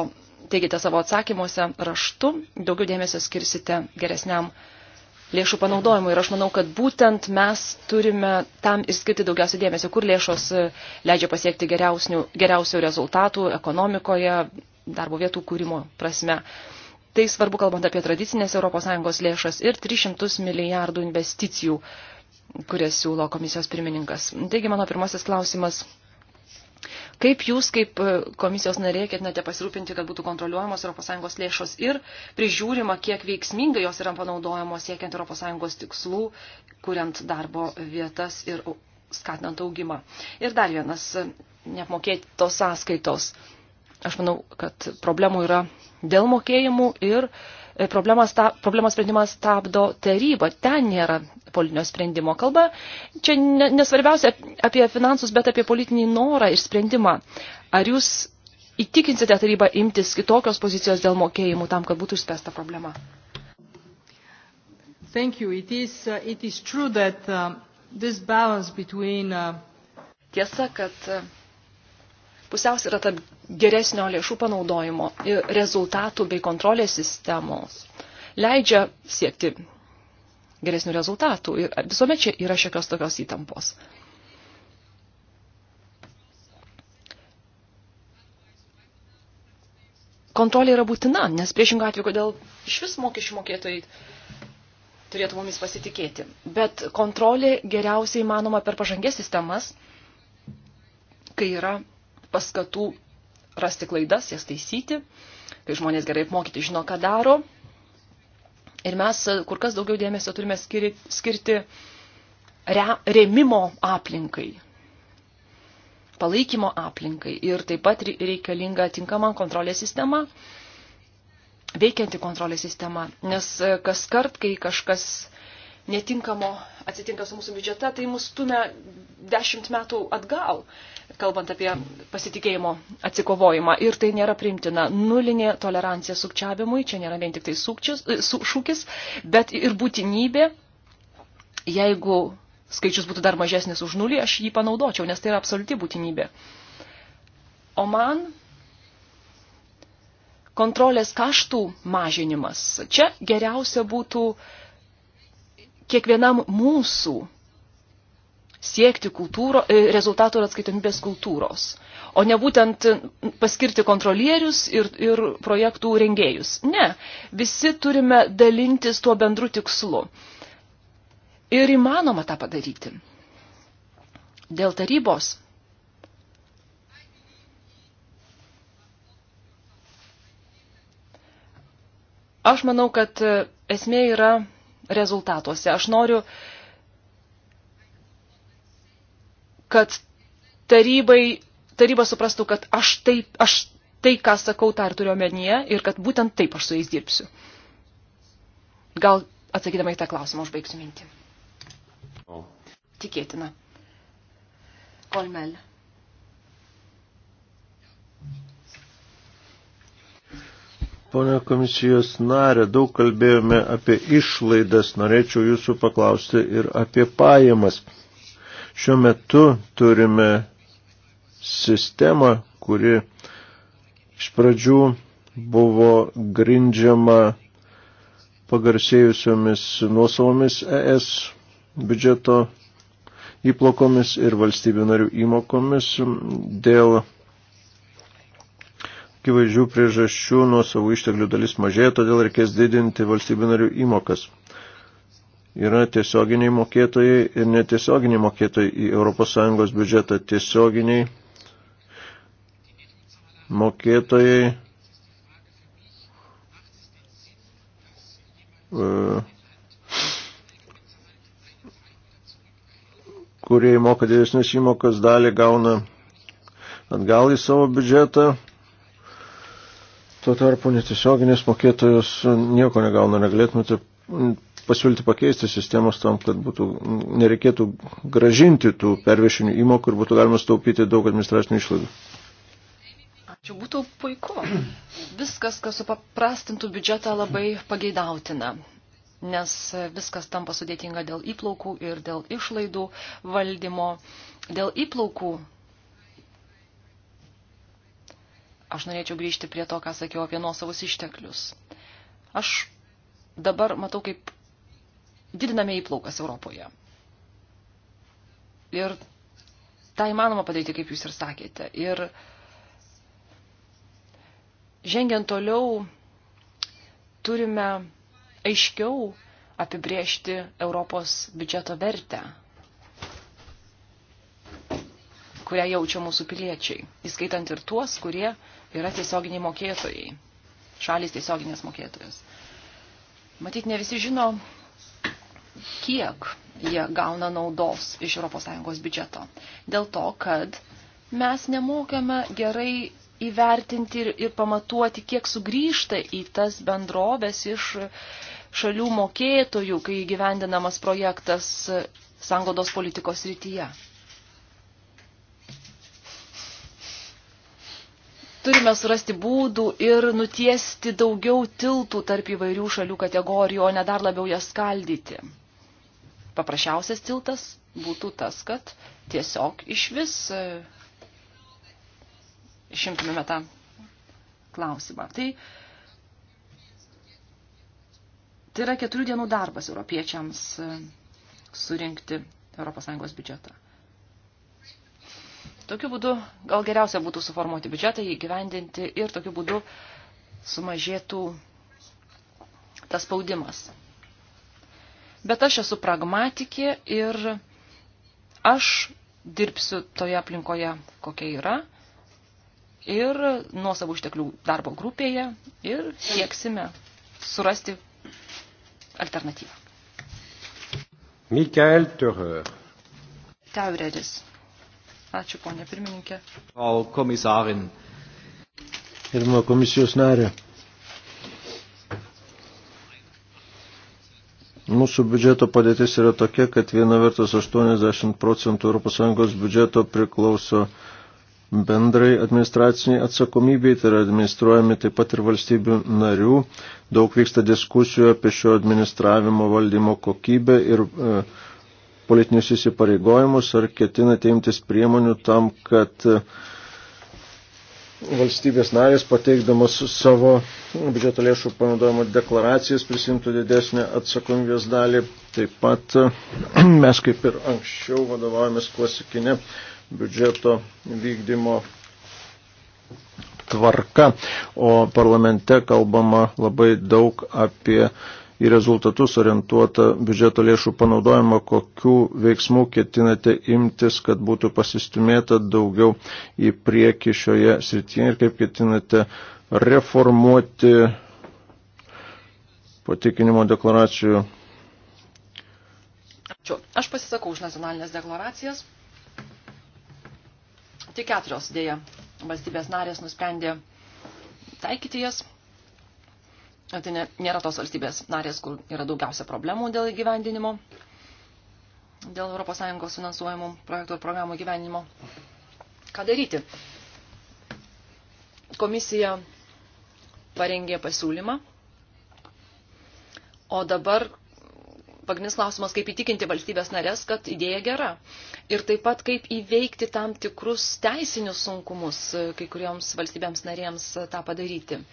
Speaker 3: teigite savo atsakymuose raštu, daugiau dėmesio skirsite geresniam lėšų panaudojimui. Ir aš manau, kad būtent mes turime tam ir skirti daugiausia dėmesio, kur lėšos e, leidžia pasiekti geriausių rezultatų ekonomikoje, darbo vietų kūrimo prasme. Tai svarbu, kalbant apie tradicinės ES lėšas ir 300 milijardų investicijų, kurias siūlo komisijos pirmininkas. Taigi mano pirmasis klausimas Kaip jūs, kaip e, komisijos narė, ketinate pasirūpinti, kad būtų kontroliuojamos ES lėšos ir prižiūrima, kiek veiksmingai jos yra panaudojamos siekiant ES tikslų, kuriant darbo vietas ir skatinant augimą. Ir dar vienas e, neapmokėtos sąskaitos. Aš manau, kad problemų yra dėl mokėjimų ir problemos, ta, problemos sprendimas stabdo taryba. Ten nėra politinio sprendimo. Kalba čia nesvarbiausia apie finansus, bet apie politinį norą ir sprendimą. Ar jūs įtikinsite tarybą imtis kitokios pozicijos dėl mokėjimų tam, kad būtų išspręsta problema? Thank you. It is, uh, it is true that uh, this balance between uh... Tiesa, kad uh, pusiausvyrą tarp geresnio lėšų panaudojimo ir rezultatų bei kontrolės sistemos leidžia siekti geresnių rezultatų ir visuomet čia yra šiokios tokios įtampos. Kontrolė yra būtina, nes priešingą atveju, kodėl iš vis mokesčių mokėtojai turėtų mumis pasitikėti. Bet kontrolė geriausiai įmanoma per pažangės sistemas, kai yra paskatų rasti klaidas, jas taisyti, kai žmonės gerai apmokyti žino, ką daro. Ir mes e, kur kas daugiau dėmesio turime skiri, skirti re, remimo aplinkai, palaikymo aplinkai ir taip pat reikalinga tinkama kontrolės sistema, veikianti kontrolės sistema, nes e, kas kart, kai kažkas netinkamo atsitinka su mūsų biudžete, tai mus stumia dešimt metų atgal, kalbant apie pasitikėjimo atsikovojimą. Ir tai nėra primtina. Nulinė tolerancija sukčiavimui, čia nėra vien tik tai sukčius, e, su, šūkis, bet ir būtinybė, jeigu skaičius būtų dar mažesnis už nulį, aš jį panaudočiau, nes tai yra absoliuti būtinybė. O man kontrolės kaštų mažinimas. Čia geriausia būtų uh, kiekvienam mūsų siekti kultūro, e, rezultatų ir atskaitomybės kultūros, o ne būtent paskirti kontrolierius ir, ir projektų rengėjus. Ne, visi turime dalintis tuo bendru tikslu. Ir įmanoma tą padaryti. Dėl tarybos. Aš manau, kad e, esmė yra rezultatuose. Aš noriu, kad tarybai, taryba suprastų, kad aš, taip, aš tai, ką sakau, tą ir turiu omenyje ir kad būtent taip aš su jais dirbsiu. Gal atsakydama į tą klausimą užbaigsiu mintį. O. Tikėtina. Kolmelė.
Speaker 2: Pone komisijos narė, daug kalbėjome apie išlaidas, norėčiau jūsų paklausti ir apie pajamas. Šiuo metu turime sistemą, kuri iš pradžių buvo grindžiama pagarsėjusiomis nuosavomis ES biudžeto įplokomis ir valstybių narių įmokomis dėl akivaizdžių priežasčių nuo savo išteklių dalis mažėja, todėl reikės didinti valstybių narių įmokas. Yra tiesioginiai mokėtojai ir netiesioginiai mokėtojai į ES biudžetą. Tiesioginiai mokėtojai e, kurie įmoka didesnės įmokas dalį gauna atgal į savo biudžetą, Tuo tarpu netiesioginės mokėtojos nieko negauna, negalėtumėte mm, pasiūlyti pakeisti sistemos tam, kad būtų, mm, nereikėtų gražinti tų pervešinių įmokų ir būtų galima staupyti daug administracinių išlaidų.
Speaker 3: Ačiū, būtų puiku. Viskas, kas supaprastintų biudžetą, labai pageidautina, nes viskas tampa sudėtinga dėl įplaukų ir dėl išlaidų valdymo. Dėl įplaukų Aš norėčiau grįžti prie to, ką sakiau apie nuosavus išteklius. Aš dabar matau, kaip didiname įplaukas Europoje. Ir tą įmanoma padaryti, kaip jūs ir sakėte. Ir žengiant toliau, turime aiškiau apibriežti Europos biudžeto vertę, kurią jaučia mūsų piliečiai, įskaitant ir tuos, kurie yra tiesioginiai mokėtojai, šalis tiesioginės mokėtojos. Matyt, ne visi žino, kiek jie gauna naudos iš ES biudžeto. Dėl to, kad mes nemokame gerai įvertinti ir, ir pamatuoti, kiek sugrįžta į tas bendrovės iš šalių mokėtojų, kai gyvendinamas projektas sangodos politikos rytyje. turime surasti būdų ir nutiesti daugiau tiltų tarp įvairių šalių kategorijų, o ne dar labiau jas skaldyti. Paprasčiausias tiltas būtų tas, kad tiesiog iš vis e, išimtumėme tą klausimą. Tai, tai yra keturių dienų darbas europiečiams e, surinkti ES biudžetą. Tokiu būdu gal geriausia būtų suformuoti biudžetą, jį gyvendinti ir tokiu būdu sumažėtų tas spaudimas. Bet aš esu pragmatikė ir aš dirbsiu toje aplinkoje, kokia yra, ir nuosavų išteklių darbo grupėje ir sieksime surasti alternatyvą.
Speaker 1: Mikael Törer.
Speaker 3: Taureris. Ačiū, ponė pirmininkė.
Speaker 1: Frau komisarin.
Speaker 2: Pirmo komisijos narė. Mūsų biudžeto padėtis yra tokia, kad viena vertus 80 procentų ES biudžeto priklauso bendrai administraciniai atsakomybei, tai yra administruojami taip pat ir valstybių narių. Daug vyksta diskusijų apie šio administravimo valdymo kokybę ir e, politinius įsipareigojimus, ar ketinate imtis priemonių tam, kad e, valstybės narės pateikdamas savo biudžeto lėšų panaudojimo deklaracijas prisimtų didesnę atsakomybės dalį. Taip pat e, mes kaip ir anksčiau vadovavomės klasikinė biudžeto vykdymo tvarka, o parlamente kalbama labai daug apie į rezultatus orientuotą biudžeto lėšų panaudojimą, kokių veiksmų ketinate imtis, kad būtų pasistumėta daugiau į priekį šioje srityje ir kaip ketinate reformuoti patikinimo deklaracijų.
Speaker 3: Ačiū. Aš pasisakau už nacionalinės deklaracijas. Tik keturios dėja valstybės narės nusprendė taikyti jas. Tai ne, nėra tos valstybės narės, kur yra daugiausia problemų dėl įgyvendinimo, dėl ES finansuojamų projektų ir programų gyvenimo. Ką daryti? Komisija parengė pasiūlymą, o dabar pagrindinis klausimas, kaip įtikinti valstybės narės, kad idėja gera. Ir taip pat, kaip įveikti tam tikrus teisinius sunkumus kai kurioms valstybėms narėms tą padaryti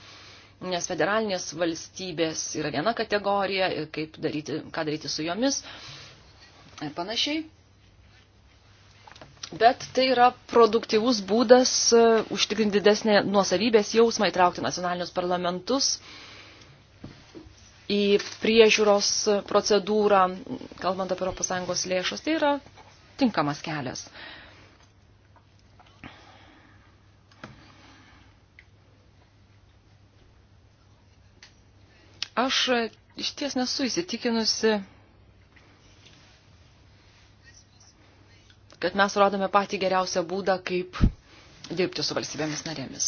Speaker 3: nes federalinės valstybės yra viena kategorija ir kaip daryti, ką daryti su jomis ir panašiai. Bet tai yra produktyvus būdas e, užtikrinti didesnį nuosavybės jausmą, įtraukti nacionalinius parlamentus į priežiūros procedūrą, kalbant apie ES lėšas. Tai yra tinkamas kelias. Uh, Aš iš ties nesu įsitikinusi, kad mes rodome patį geriausią būdą, kaip dirbti su valstybėmis narėmis.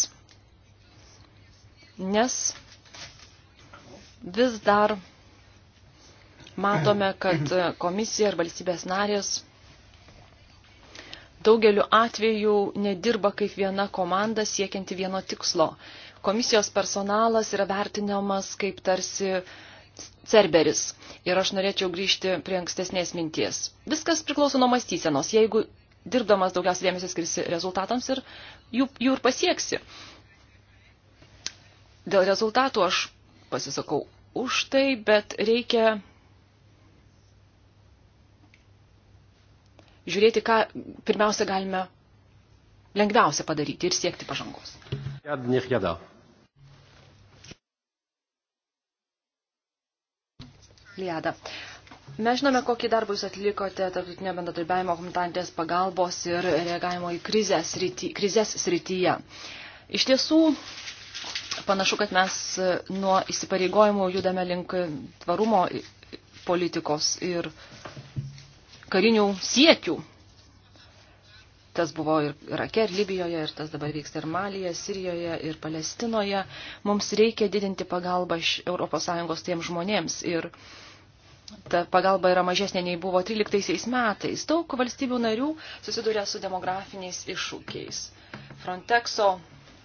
Speaker 3: Nes vis dar matome, kad komisija ir valstybės narės daugeliu atveju nedirba kaip viena komanda siekianti vieno tikslo komisijos personalas yra vertinamas kaip tarsi cerberis. Ir aš norėčiau grįžti prie ankstesnės minties. Viskas priklauso nuo mąstysenos. Jeigu dirbdamas daugiausiai dėmesio skirsi rezultatams ir jų, jų ir pasieksi. Dėl rezultatų aš pasisakau už tai, bet reikia žiūrėti, ką pirmiausia galime lengviausia padaryti ir siekti pažangos. Liada. Mes žinome, kokį darbą jūs atlikote tarptautinio bendradarbiavimo komitantės pagalbos ir reagavimo į krizės, srity, krizės srityje. Iš tiesų, panašu, kad mes nuo įsipareigojimų judame link tvarumo politikos ir karinių siekių Tas buvo ir Irake, ir Libijoje, ir tas dabar vyksta ir Malyje, Sirijoje, ir Palestinoje. Mums reikia didinti pagalbą iš ES tiems žmonėms. Ir ta pagalba yra mažesnė nei buvo 13 metais. Daug valstybių narių susiduria su demografiniais iššūkiais. Frontexo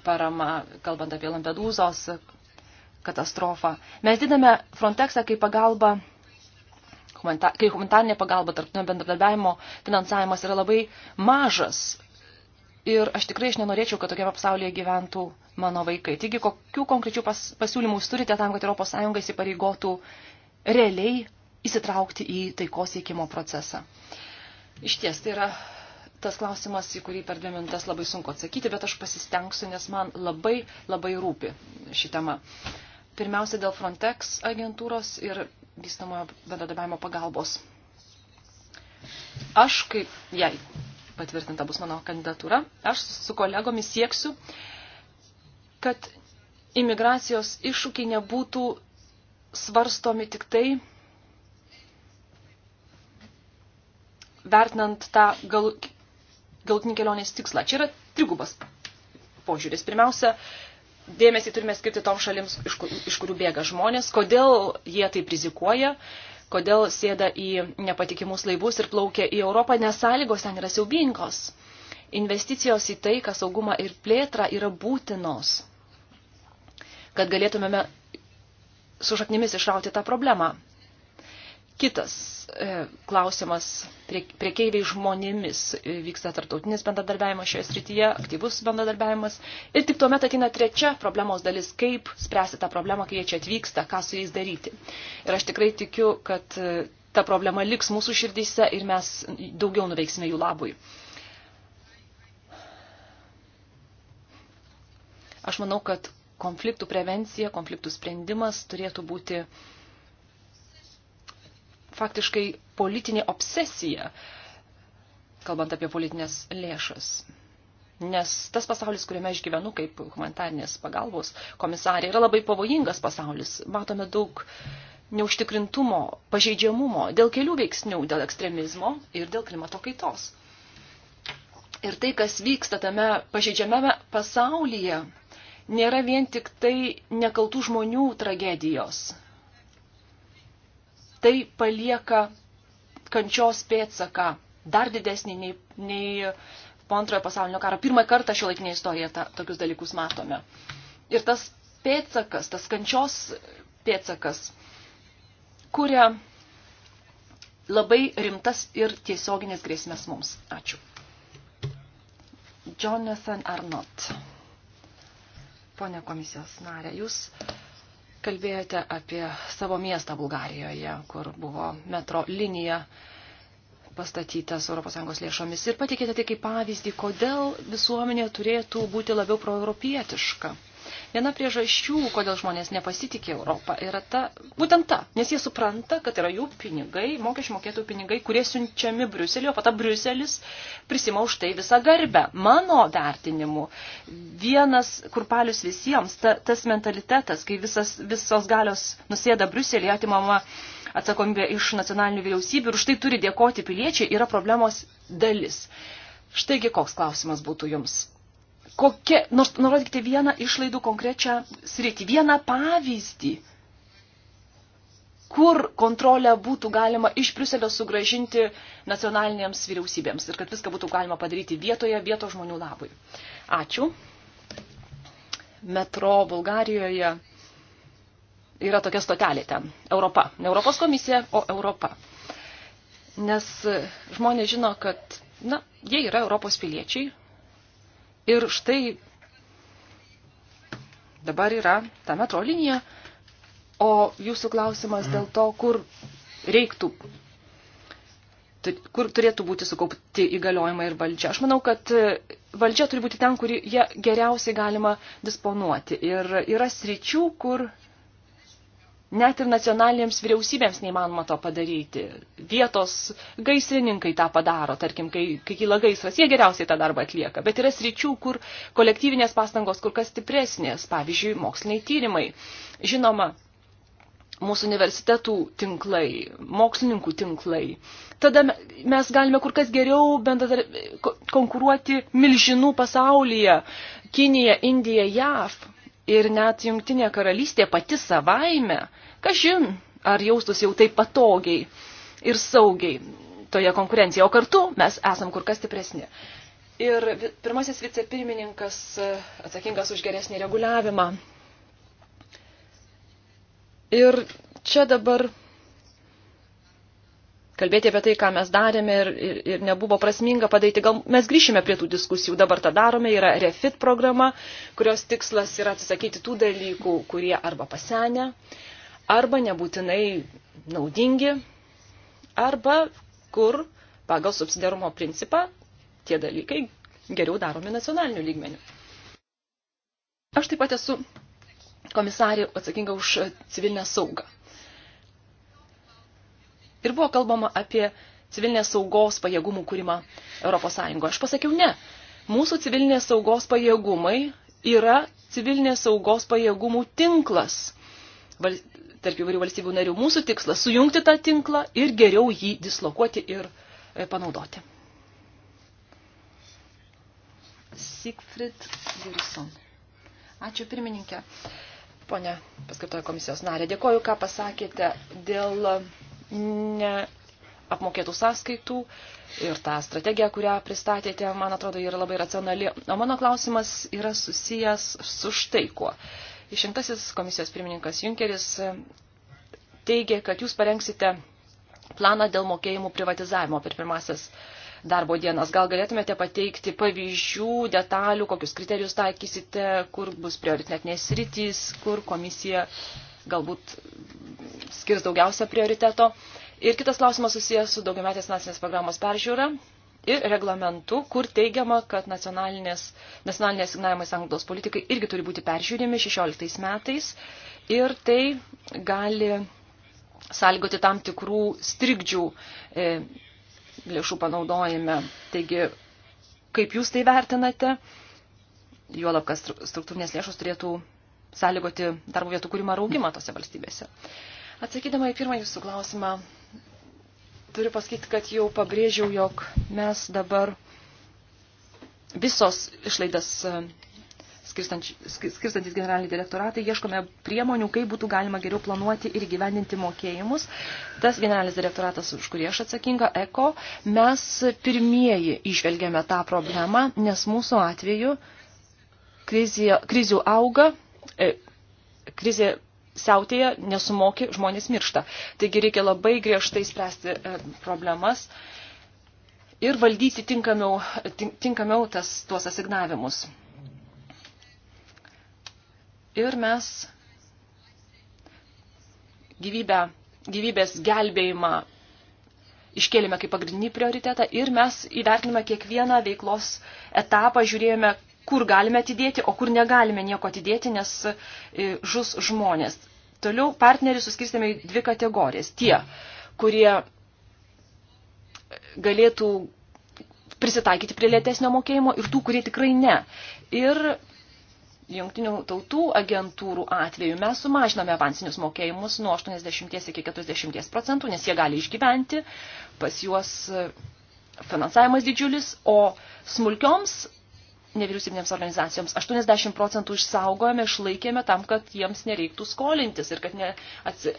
Speaker 3: parama, kalbant apie Lampedūzos katastrofą. Mes didame Frontexą kaip pagalbą humanitar, kai humanitarinė pagalba, tarptinio bendradarbiavimo finansavimas yra labai mažas. Ir aš tikrai aš nenorėčiau, kad tokiame pasaulyje gyventų mano vaikai. Taigi, kokių konkrečių pas, pasiūlymų jūs turite tam, kad ES įsipareigotų realiai įsitraukti į taikos siekimo procesą? Iš ties, tai yra tas klausimas, į kurį per dvi minutės labai sunku atsakyti, bet aš pasistengsiu, nes man labai labai rūpi ši tema. Pirmiausia, dėl Frontex agentūros ir vystamojo bendradarbiavimo pagalbos. Aš, kaip jai patvirtinta bus mano kandidatūra, aš su kolegomis sieksiu, kad imigracijos iššūkiai nebūtų svarstomi tik tai, vertinant tą gal, galutinį kelionės tikslą. Čia yra trigubas požiūris. Pirmiausia, dėmesį turime skirti tom šalims, iš, kur, iš kurių bėga žmonės, kodėl jie taip rizikuoja, kodėl sėda į nepatikimus laivus ir plaukia į Europą, nes sąlygos ten yra siaubingos. Investicijos į tai, kas saugumą ir plėtrą yra būtinos, kad galėtumėme su šaknimis išrauti tą problemą. Kitas e, klausimas prie, priekeiviai žmonėmis e, vyksta tartautinis bendradarbiavimas šioje srityje, aktyvus bendradarbiavimas. Ir tik tuomet ateina trečia problemos dalis, kaip spręsti tą problemą, kai jie čia atvyksta, ką su jais daryti. Ir aš tikrai tikiu, kad e, ta problema liks mūsų širdyse ir mes daugiau nuveiksime jų labui. Aš manau, kad konfliktų prevencija, konfliktų sprendimas turėtų būti uh, faktiškai politinė obsesija, kalbant apie politinės lėšas. Nes tas pasaulis, kuriame aš gyvenu kaip humanitarnės pagalbos komisarė, yra labai pavojingas pasaulis. Matome daug neužtikrintumo, pažeidžiamumo dėl kelių veiksnių, dėl ekstremizmo ir dėl klimato kaitos. Ir tai, kas vyksta tame pažeidžiamame pasaulyje, nėra vien tik tai nekaltų žmonių tragedijos, tai palieka kančios pėtsaką dar didesnį nei, nei po antrojo pasaulinio karo. Pirmą kartą šio laikinėje istorijoje ta, tokius dalykus matome. Ir tas pėtsakas, tas kančios pėtsakas, kuria labai rimtas ir tiesioginės grėsmės mums. Ačiū. Jonathan Arnott. Pone komisijos narė, jūs Kalbėjote apie savo miestą Bulgarijoje, kur buvo metro linija pastatytas ES lėšomis ir patikėte tai kaip pavyzdį, kodėl visuomenė turėtų būti labiau proeuropietiška. europietiška Viena priežasčių, kodėl žmonės nepasitikė Europą, yra ta, būtent ta, nes jie supranta, kad yra jų pinigai, mokesčių mokėtų pinigai, kurie siunčiami Briuselį, o pata Briuselis prisima už tai visą garbę. Mano vertinimu, vienas kurpalius visiems, ta, tas mentalitetas, kai visas, visos galios nusėda Briuselį, atimama atsakomybė iš nacionalinių vyriausybių ir už tai turi dėkoti piliečiai, yra problemos dalis. Štaigi koks klausimas būtų jums kokia, nors nurodykite vieną išlaidų konkrečią sritį, vieną pavyzdį, kur kontrolę būtų galima iš Briuselio sugražinti nacionalinėms vyriausybėms ir kad viską būtų galima padaryti vietoje, vietos žmonių labui. Ačiū. Metro Bulgarijoje yra tokia stotelė ten. Europa. Ne Europos komisija, o Europa. Nes žmonės žino, kad, na, jie yra Europos piliečiai, Ir štai dabar yra ta metro linija, o jūsų klausimas dėl to, kur reiktų, kur turėtų būti sukaupti įgaliojimai ir valdžia. Aš manau, kad e, valdžia turi būti ten, kur jie geriausiai galima disponuoti. Ir yra sričių, kur Net ir nacionalinėms vyriausybėms neįmanoma to padaryti. Vietos gaisrininkai tą padaro, tarkim, kai, kai kyla gaisras, jie geriausiai tą darbą atlieka. Bet yra sričių, kur kolektyvinės pastangos kur kas stipresnės, pavyzdžiui, moksliniai tyrimai. Žinoma, mūsų universitetų tinklai, mokslininkų tinklai. Tada mes galime kur kas geriau bendradarb... konkuruoti milžinų pasaulyje - Kinija, Indija, JAV ir net jungtinė karalystė pati savaime, kažin, ar jaustus jau taip patogiai ir saugiai toje konkurencijoje, o kartu mes esam kur kas stipresni. Ir pirmasis vicepirmininkas e, atsakingas už geresnį reguliavimą. Ir čia dabar kalbėti apie tai, ką mes darėme ir, ir, ir nebuvo prasminga padaryti. Gal mes grįšime prie tų diskusijų, dabar tą darome, yra refit programa, kurios tikslas yra atsisakyti tų dalykų, kurie arba pasenę, arba nebūtinai naudingi, arba kur pagal subsidiarumo principą tie dalykai geriau daromi nacionaliniu lygmeniu. Aš taip pat esu komisarė atsakinga už civilinę saugą ir buvo kalbama apie civilinės saugos pajėgumų kūrimą ES. Aš pasakiau ne. Mūsų civilinės saugos pajėgumai yra civilinės saugos pajėgumų tinklas val, tarp įvairių valstybių narių. Mūsų tikslas sujungti tą tinklą ir geriau jį dislokuoti ir e, panaudoti. Sigfrid Wilson. Ačiū pirmininkė. Pone paskirtojo komisijos narė, dėkoju, ką pasakėte dėl neapmokėtų sąskaitų ir ta strategija, kurią pristatėte, man atrodo, yra labai racionali. O mano klausimas yra susijęs su štai kuo. Išrinktasis komisijos pirmininkas Junkeris teigia, kad jūs parengsite planą dėl mokėjimų privatizavimo per pirmasis darbo dienas. Gal galėtumėte pateikti pavyzdžių, detalių, kokius kriterijus taikysite, kur bus prioritetinės rytys, kur komisija galbūt skirs daugiausia prioriteto. Ir kitas klausimas susijęs su daugiametės nacinės programos peržiūra ir reglamentu, kur teigiama, kad nacionalinės, nacionalinės signavimai sanglaus politikai irgi turi būti peržiūrimi 16 metais ir tai gali sąlygoti tam tikrų strikdžių e, lėšų panaudojime. Taigi, kaip jūs tai vertinate? Juolab, kad struktūrinės lėšos turėtų sąlygoti darbo vietų kūrimą ir augimą tose valstybėse. Atsakydama į pirmą jūsų klausimą, turiu pasakyti, kad jau pabrėžiau, jog mes dabar visos išlaidas e, skirstantis generaliniai direktoratai ieškome priemonių, kaip būtų galima geriau planuoti ir gyvendinti mokėjimus. Tas generalinis direktoratas, už kurį aš atsakinga, ECO, mes pirmieji išvelgėme tą problemą, nes mūsų atveju krizė, krizių auga, E, krizė siautėja, nesumoki, žmonės miršta. Taigi reikia labai griežtai spręsti e, problemas ir valdyti tinkamiau, tinkamiau tas, tuos asignavimus. Ir mes gyvybę, gyvybės gelbėjimą iškėlėme kaip pagrindinį prioritetą ir mes įvertinime kiekvieną veiklos etapą, žiūrėjome, kur galime atidėti, o kur negalime nieko atidėti, nes e, žus žmonės. Toliau partnerį suskirstėme į dvi kategorijas. Tie, kurie galėtų prisitaikyti prie lėtesnio mokėjimo ir tų, kurie tikrai ne. Ir jungtinių tautų agentūrų atveju mes sumažiname avansinius mokėjimus nuo 80 iki 40 procentų, nes jie gali išgyventi, pas juos finansavimas didžiulis, o smulkioms nevyriausybinėms organizacijoms. 80 procentų išsaugojame, išlaikėme tam, kad jiems nereiktų skolintis ir kad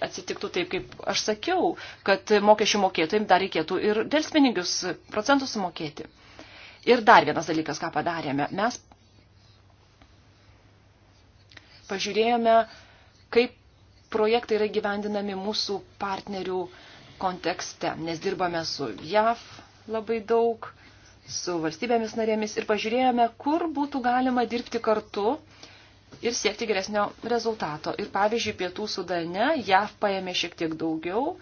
Speaker 3: atsitiktų taip, kaip aš sakiau, kad mokesčių mokėtojim dar reikėtų ir delspinigius procentus sumokėti. Ir dar vienas dalykas, ką padarėme. Mes pažiūrėjome, kaip projektai yra gyvendinami mūsų partnerių kontekste, nes dirbame su JAV labai daug, su valstybėmis narėmis ir pažiūrėjome, kur būtų galima dirbti kartu ir siekti geresnio rezultato. Ir pavyzdžiui, pietų sudane JAV paėmė šiek tiek daugiau,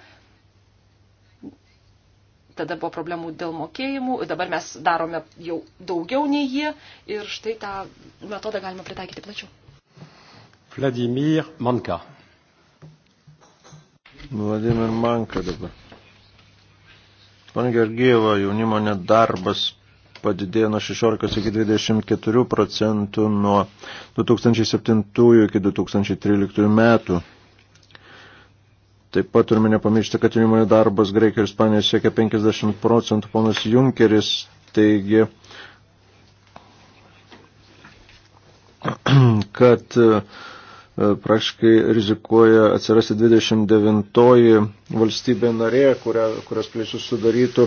Speaker 3: tada buvo problemų dėl mokėjimų, dabar mes darome jau daugiau nei jie ir štai tą metodą galima pritaikyti plačiau.
Speaker 2: Vladimir Manka. Vladimir Manka dabar. Man Gergieva jaunimo nedarbas padidėjo nuo 16 iki 24 procentų nuo 2007 iki 2013 metų. Taip pat turime nepamiršti, kad jaunimo darbas Graikijoje ir Ispanijoje siekia 50 procentų. Ponas Junkeris teigė, kad uh, E, praktiškai rizikuoja atsirasti 29 valstybė narė, kurią, kurios plėčius sudarytų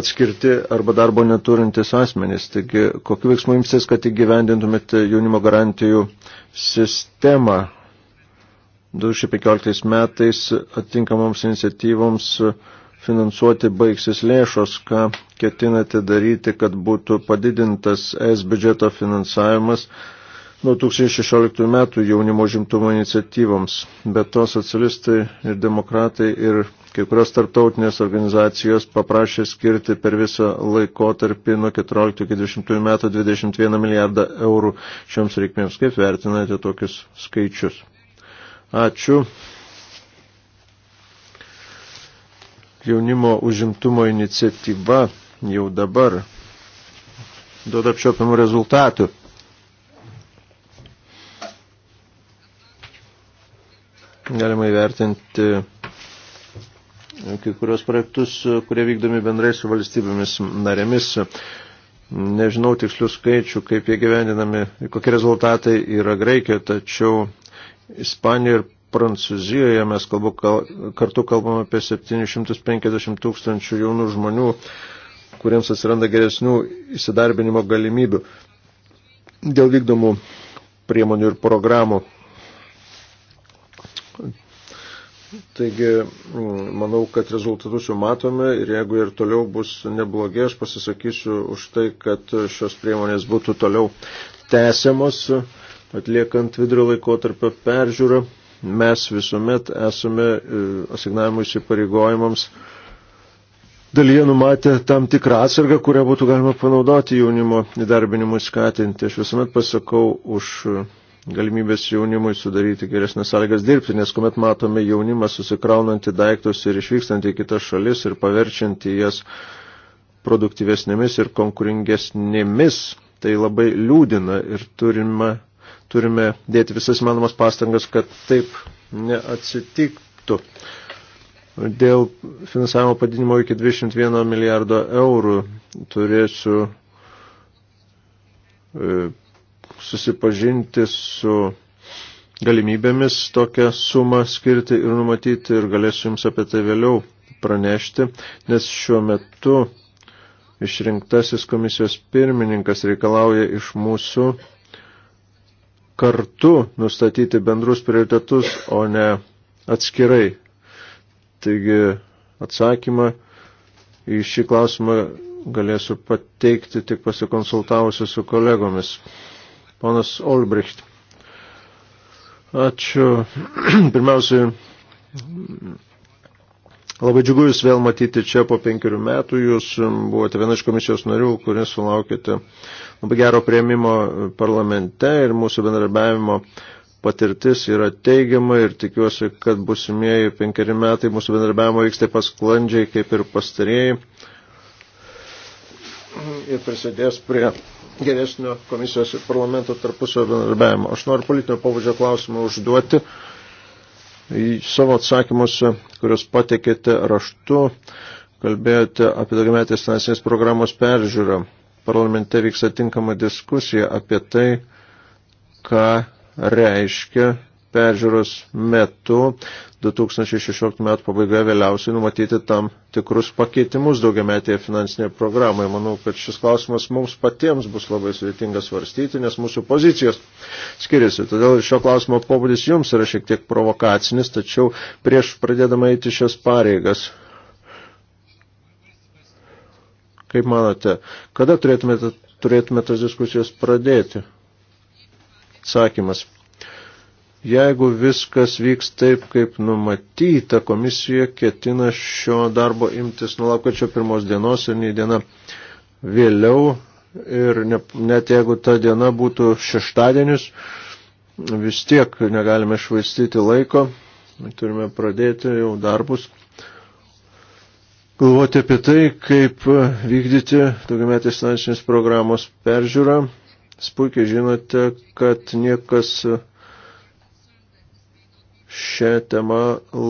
Speaker 2: atskirti arba darbo neturintys asmenys. Taigi, kokiu veiksmu imsės, kad įgyvendintumėte jaunimo garantijų sistemą 2015 metais atinkamoms iniciatyvoms finansuoti baigsis lėšos, ką ketinate daryti, kad būtų padidintas es biudžeto finansavimas nuo 2016 metų jaunimo žimtumo iniciatyvoms. Be to socialistai ir demokratai ir kai kurios tarptautinės organizacijos paprašė skirti per visą laikotarpį nuo 14 iki 20 metų 21 milijardą eurų šioms reikmėms. Kaip vertinate tokius skaičius? Ačiū. jaunimo užimtumo iniciatyva jau dabar duoda apčiopiamų rezultatų. galima įvertinti kai kurios projektus, kurie vykdomi bendrai su valstybėmis narėmis. Nežinau tikslių skaičių, kaip jie gyvendinami, kokie rezultatai yra Graikijoje, tačiau Ispanijoje ir Prancūzijoje mes kalbu, kal, kartu kalbam apie 750 tūkstančių jaunų žmonių, kuriems atsiranda geresnių įsidarbinimo galimybių dėl vykdomų priemonių ir programų. Taigi, mm, manau, kad rezultatus jau matome ir jeigu ir toliau bus neblogi, aš pasisakysiu už tai, kad šios priemonės būtų toliau tęsiamos, atliekant vidurio laikotarpio peržiūrą. Mes visuomet esame e, asignavimų įsipareigojimams dalyje numatę tam tikrą atsargą, kurią būtų galima panaudoti jaunimo įdarbinimui skatinti. Aš visuomet pasakau už galimybės jaunimui sudaryti geresnės sąlygas dirbti, nes kuomet matome jaunimą susikraunantį daiktus ir išvykstantį į kitas šalis ir paverčiantį jas produktyvesnėmis ir konkuringesnėmis, tai labai liūdina ir turime, turime dėti visas manomas pastangas, kad taip neatsitiktų. Dėl finansavimo padinimo iki 21 milijardo eurų turėsiu e, susipažinti su galimybėmis tokią sumą skirti ir numatyti ir galėsiu Jums apie tai vėliau pranešti, nes šiuo metu išrinktasis komisijos pirmininkas reikalauja iš mūsų kartu nustatyti bendrus prioritetus, o ne atskirai. Taigi atsakymą į šį klausimą galėsiu pateikti tik pasikonsultavusiu su kolegomis. Ponas Olbricht. Ačiū. Pirmiausiai, labai džiugu Jūs vėl matyti čia po penkerių metų. Jūs buvote viena iš komisijos narių, kuris sulaukėte labai gero prieimimo parlamente ir mūsų bendrabiavimo patirtis yra teigiama ir tikiuosi, kad busimieji penkeri metai mūsų bendrabiavimo vyks taip pasklandžiai kaip ir pastarėjai ir prisidės prie geresnio komisijos ir parlamento tarpusio bendarbiavimo. Aš noriu politinio pavadžio klausimą užduoti. Į savo atsakymuose, kuriuos patekėte raštu, kalbėjote apie daugiametės finansinės programos peržiūrą. Parlamente vyksta tinkama diskusija apie tai, ką reiškia peržiūros metu 2016 metų pabaigoje vėliausiai numatyti tam tikrus pakeitimus daugiametėje finansinėje programoje. Manau, kad šis klausimas mums patiems bus labai sudėtingas svarstyti, nes mūsų pozicijos skiriasi. Todėl šio klausimo pobūdis jums yra šiek tiek provokacinis, tačiau prieš pradėdama eiti šias pareigas. Kaip manote, kada turėtumėte, turėtume tas diskusijas pradėti? Atsakymas Jeigu viskas vyks taip, kaip numatyta, komisija ketina šio darbo imtis nuo lapkačio pirmos dienos ir nei diena vėliau. Ir ne, net jeigu ta diena būtų šeštadienis, vis tiek negalime švaistyti laiko. Turime pradėti jau darbus. Galvoti apie tai, kaip vykdyti daugiametės finansinės programos peržiūrą. Jūs puikiai žinote, kad niekas šią temą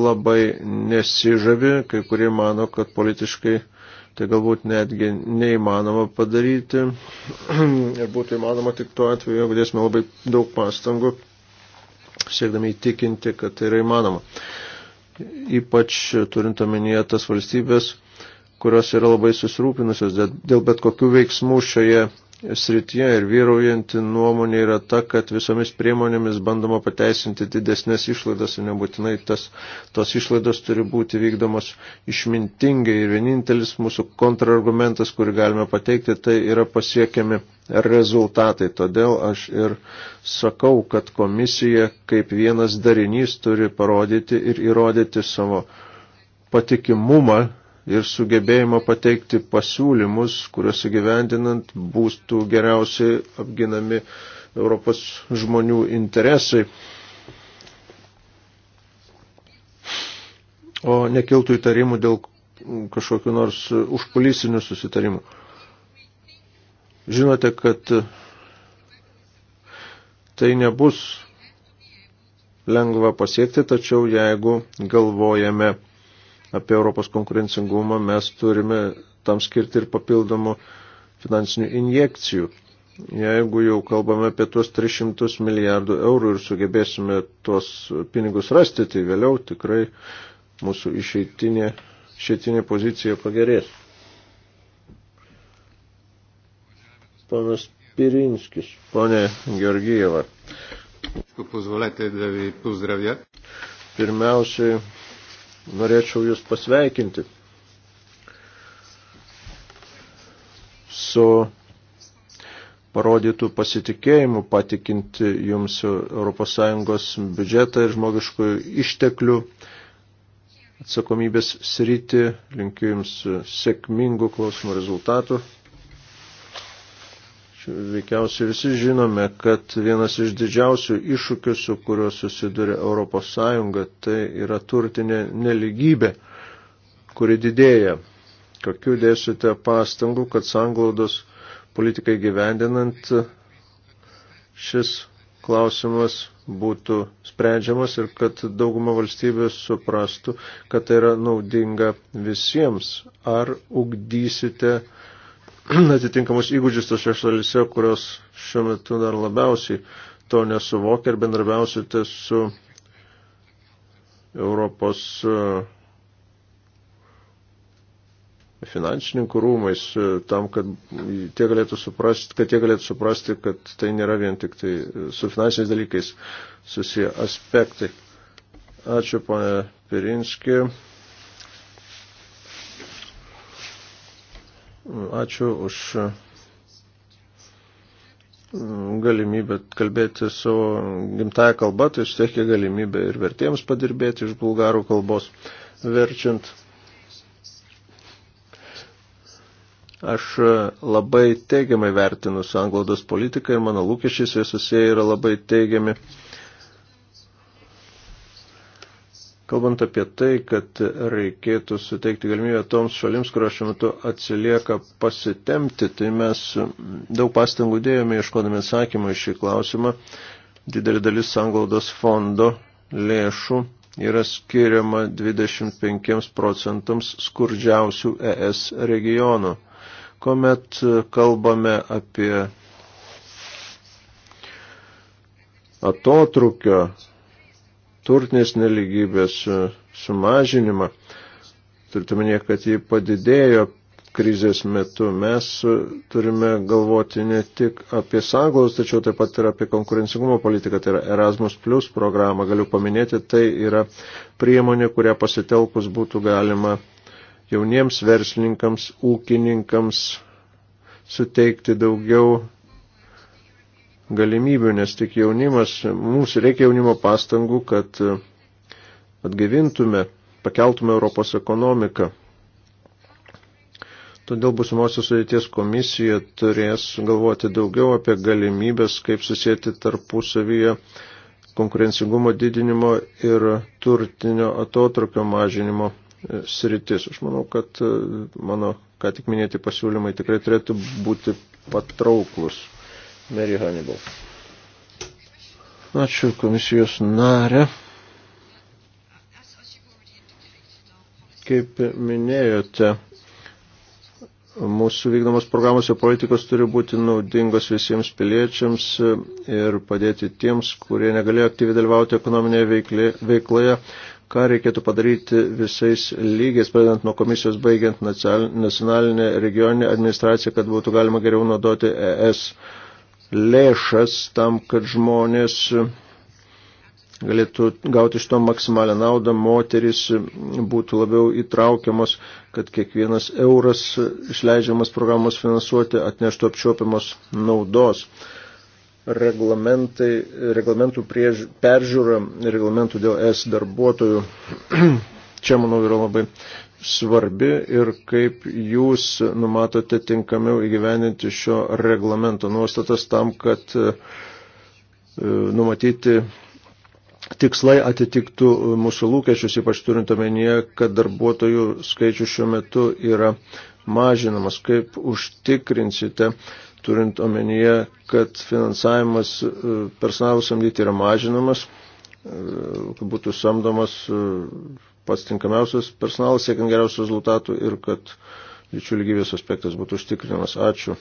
Speaker 2: labai nesižavi, kai kurie mano, kad politiškai tai galbūt netgi neįmanoma padaryti ir būtų įmanoma tik tuo atveju, jeigu dėsime labai daug pastangų, siekdami įtikinti, kad tai yra įmanoma. Ypač turint omenyje tas valstybės, kurios yra labai susirūpinusios dėl bet kokių veiksmų šioje srityje ir vyraujanti nuomonė yra ta, kad visomis priemonėmis bandoma pateisinti didesnės išlaidas ir nebūtinai tas, tos išlaidos turi būti vykdomos išmintingai. Ir vienintelis mūsų kontrargumentas, kurį galime pateikti, tai yra pasiekiami rezultatai. Todėl aš ir sakau, kad komisija kaip vienas darinys turi parodyti ir įrodyti savo patikimumą ir sugebėjimo pateikti pasiūlymus, kuriuos įgyvendinant būtų geriausiai apginami Europos žmonių interesai. O nekiltų įtarimų dėl kažkokiu nors užpolisinių susitarimų. Žinote, kad tai nebus lengva pasiekti, tačiau jeigu galvojame apie Europos konkurencingumą, mes turime tam skirti ir papildomų finansinių injekcijų. Jeigu jau kalbame apie tuos 300 milijardų eurų ir sugebėsime tuos pinigus rasti, tai vėliau tikrai mūsų išeitinė, išeitinė pozicija pagerės. Panas Pirinskis, ponė Georgijeva. Pirmiausiai norėčiau Jūs pasveikinti su parodytų pasitikėjimų patikinti Jums ES biudžetą ir žmogiškųjų išteklių atsakomybės sritį. Linkiu Jums sėkmingų klausimų rezultatų. Veikiausiai visi žinome, kad vienas iš didžiausių iššūkių, su kuriuo susiduria Europos Sąjunga, tai yra turtinė neligybė, kuri didėja. Kokiu dėsite pastangų, kad sanglaudos politikai gyvendinant šis klausimas būtų sprendžiamas ir kad dauguma valstybės suprastų, kad tai yra naudinga visiems. Ar ugdysite uh, atitinkamus įgūdžius tose šalise, kurios šiuo metu dar labiausiai to nesuvokia ir bendrabiausite su Europos e, finansininkų rūmais, e, tam, kad tie galėtų suprasti, kad, tie galėtų suprasti, kad tai nėra vien tik tai e, su finansiniais dalykais susiję aspektai. Ačiū, pane Pirinski. Ačiū už mm, galimybę kalbėti savo gimtają kalbą, tai suteikia galimybę ir vertėjams padirbėti iš bulgarų kalbos verčiant. Aš labai teigiamai vertinu sanglaudos politiką ir mano lūkesčiai su jais susiję yra labai teigiami. kalbant apie tai, kad reikėtų suteikti galimybę toms šalims, kurios šiuo metu atsilieka pasitemti, tai mes daug pastangų dėjome iškodami atsakymą iš šį klausimą. Didelė dalis sanglaudos fondo lėšų yra skiriama 25 procentams skurdžiausių ES regionų. Komet kalbame apie atotrukio turtinės neligybės e, sumažinimą. Turite minėję, kad jį padidėjo krizės metu. Mes e, turime galvoti ne tik apie sąnglaudos, tačiau taip pat ir apie konkurencingumo politiką. Tai yra Erasmus Plus programą, galiu paminėti, tai yra priemonė, kurią pasitelkus būtų galima jauniems verslininkams, ūkininkams suteikti daugiau galimybių, nes tik jaunimas, mums reikia jaunimo pastangų, kad e, atgyvintume, pakeltume Europos ekonomiką. Todėl busimosios sudėties komisija turės galvoti daugiau apie galimybės, kaip susėti tarpusavyje konkurencingumo didinimo ir turtinio atotrukio mažinimo e, sritis. Aš manau, kad e, mano ką tik minėti pasiūlymai tikrai turėtų būti patrauklus. Mary Hannibal. Ačiū komisijos narė. Kaip minėjote, mūsų vykdomos programos ir politikos turi būti naudingos visiems piliečiams ir padėti tiems, kurie negalėjo aktyviai dalyvauti ekonominėje veiklė, veikloje, ką reikėtų padaryti visais lygiais, pradedant nuo komisijos, baigiant nacionalinę regioninę administraciją, kad būtų galima geriau naudoti ES lėšas tam, kad žmonės galėtų gauti iš to maksimalę naudą, moteris būtų labiau įtraukiamas, kad kiekvienas euras išleidžiamas programos finansuoti atneštų apčiopiamos naudos. Reglamentai, reglamentų priež, peržiūra, reglamentų dėl S darbuotojų, čia manau yra labai svarbi ir kaip jūs numatote tinkamiau įgyveninti šio reglamento nuostatas tam, kad e, e, numatyti tikslai atitiktų mūsų lūkesčius, ypač turint omenyje, kad darbuotojų skaičius šiuo metu yra mažinamas. Kaip užtikrinsite, turint omenyje, kad finansavimas e, personalų samdyti yra mažinamas, kad būtų samdomas pats tinkamiausias personalas siekiant geriausių rezultatų ir kad lyčių lygybės aspektas būtų užtikrinamas. Ačiū.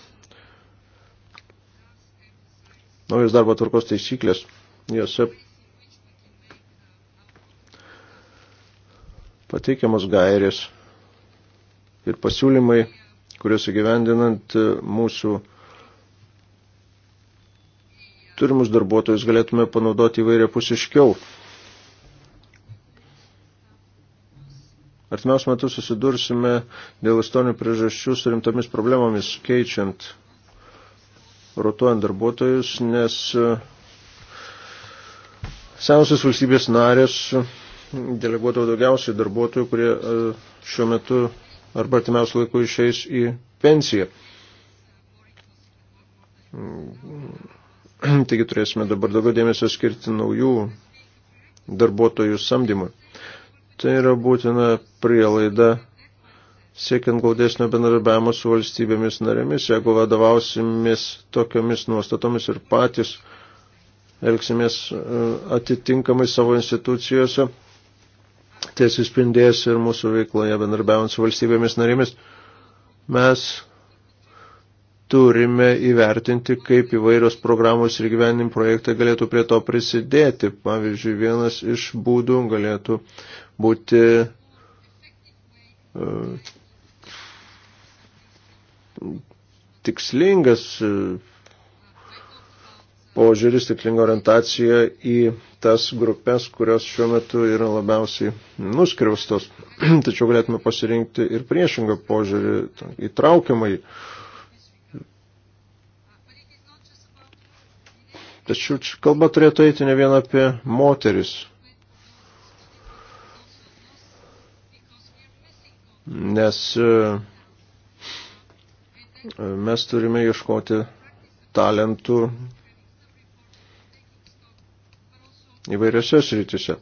Speaker 2: Naujas darbo tvarkos taisyklės. Jose pateikiamas gairės ir pasiūlymai, kuriuos įgyvendinant mūsų turimus darbuotojus galėtume panaudoti įvairia pusiškiau. Artimiausiu metu susidursime dėl istorinių priežasčių su rimtomis problemomis keičiant, rotuojant darbuotojus, nes e, senosios valstybės narės deleguodavo daugiausiai darbuotojų, kurie e, šiuo metu arba artimiausiu laiku išeis į pensiją. Taigi turėsime dabar daugiau dėmesio skirti naujų darbuotojų samdymui. Tai yra būtina prielaida siekiant glaudesnio bendradarbiavimo su valstybėmis narėmis, jeigu vadovausimės tokiomis nuostatomis ir patys elgsimės e, atitinkamai savo institucijose, tiesiog spindės ir mūsų veikloje bendradarbiavant su valstybėmis narėmis, mes turime įvertinti, kaip įvairios programos ir gyvenim projektai galėtų prie to prisidėti. Pavyzdžiui, vienas iš būdų galėtų būti uh, tikslingas uh, požiūris, tikslinga orientacija į tas grupės, kurios šiuo metu yra labiausiai nuskriaustos. Tačiau galėtume pasirinkti ir priešingą požiūrį, įtraukiamai uh, Tačiau kalba turėtų eiti ne vien apie moteris. Nes e, e, mes turime ieškoti talentų įvairiose srityse.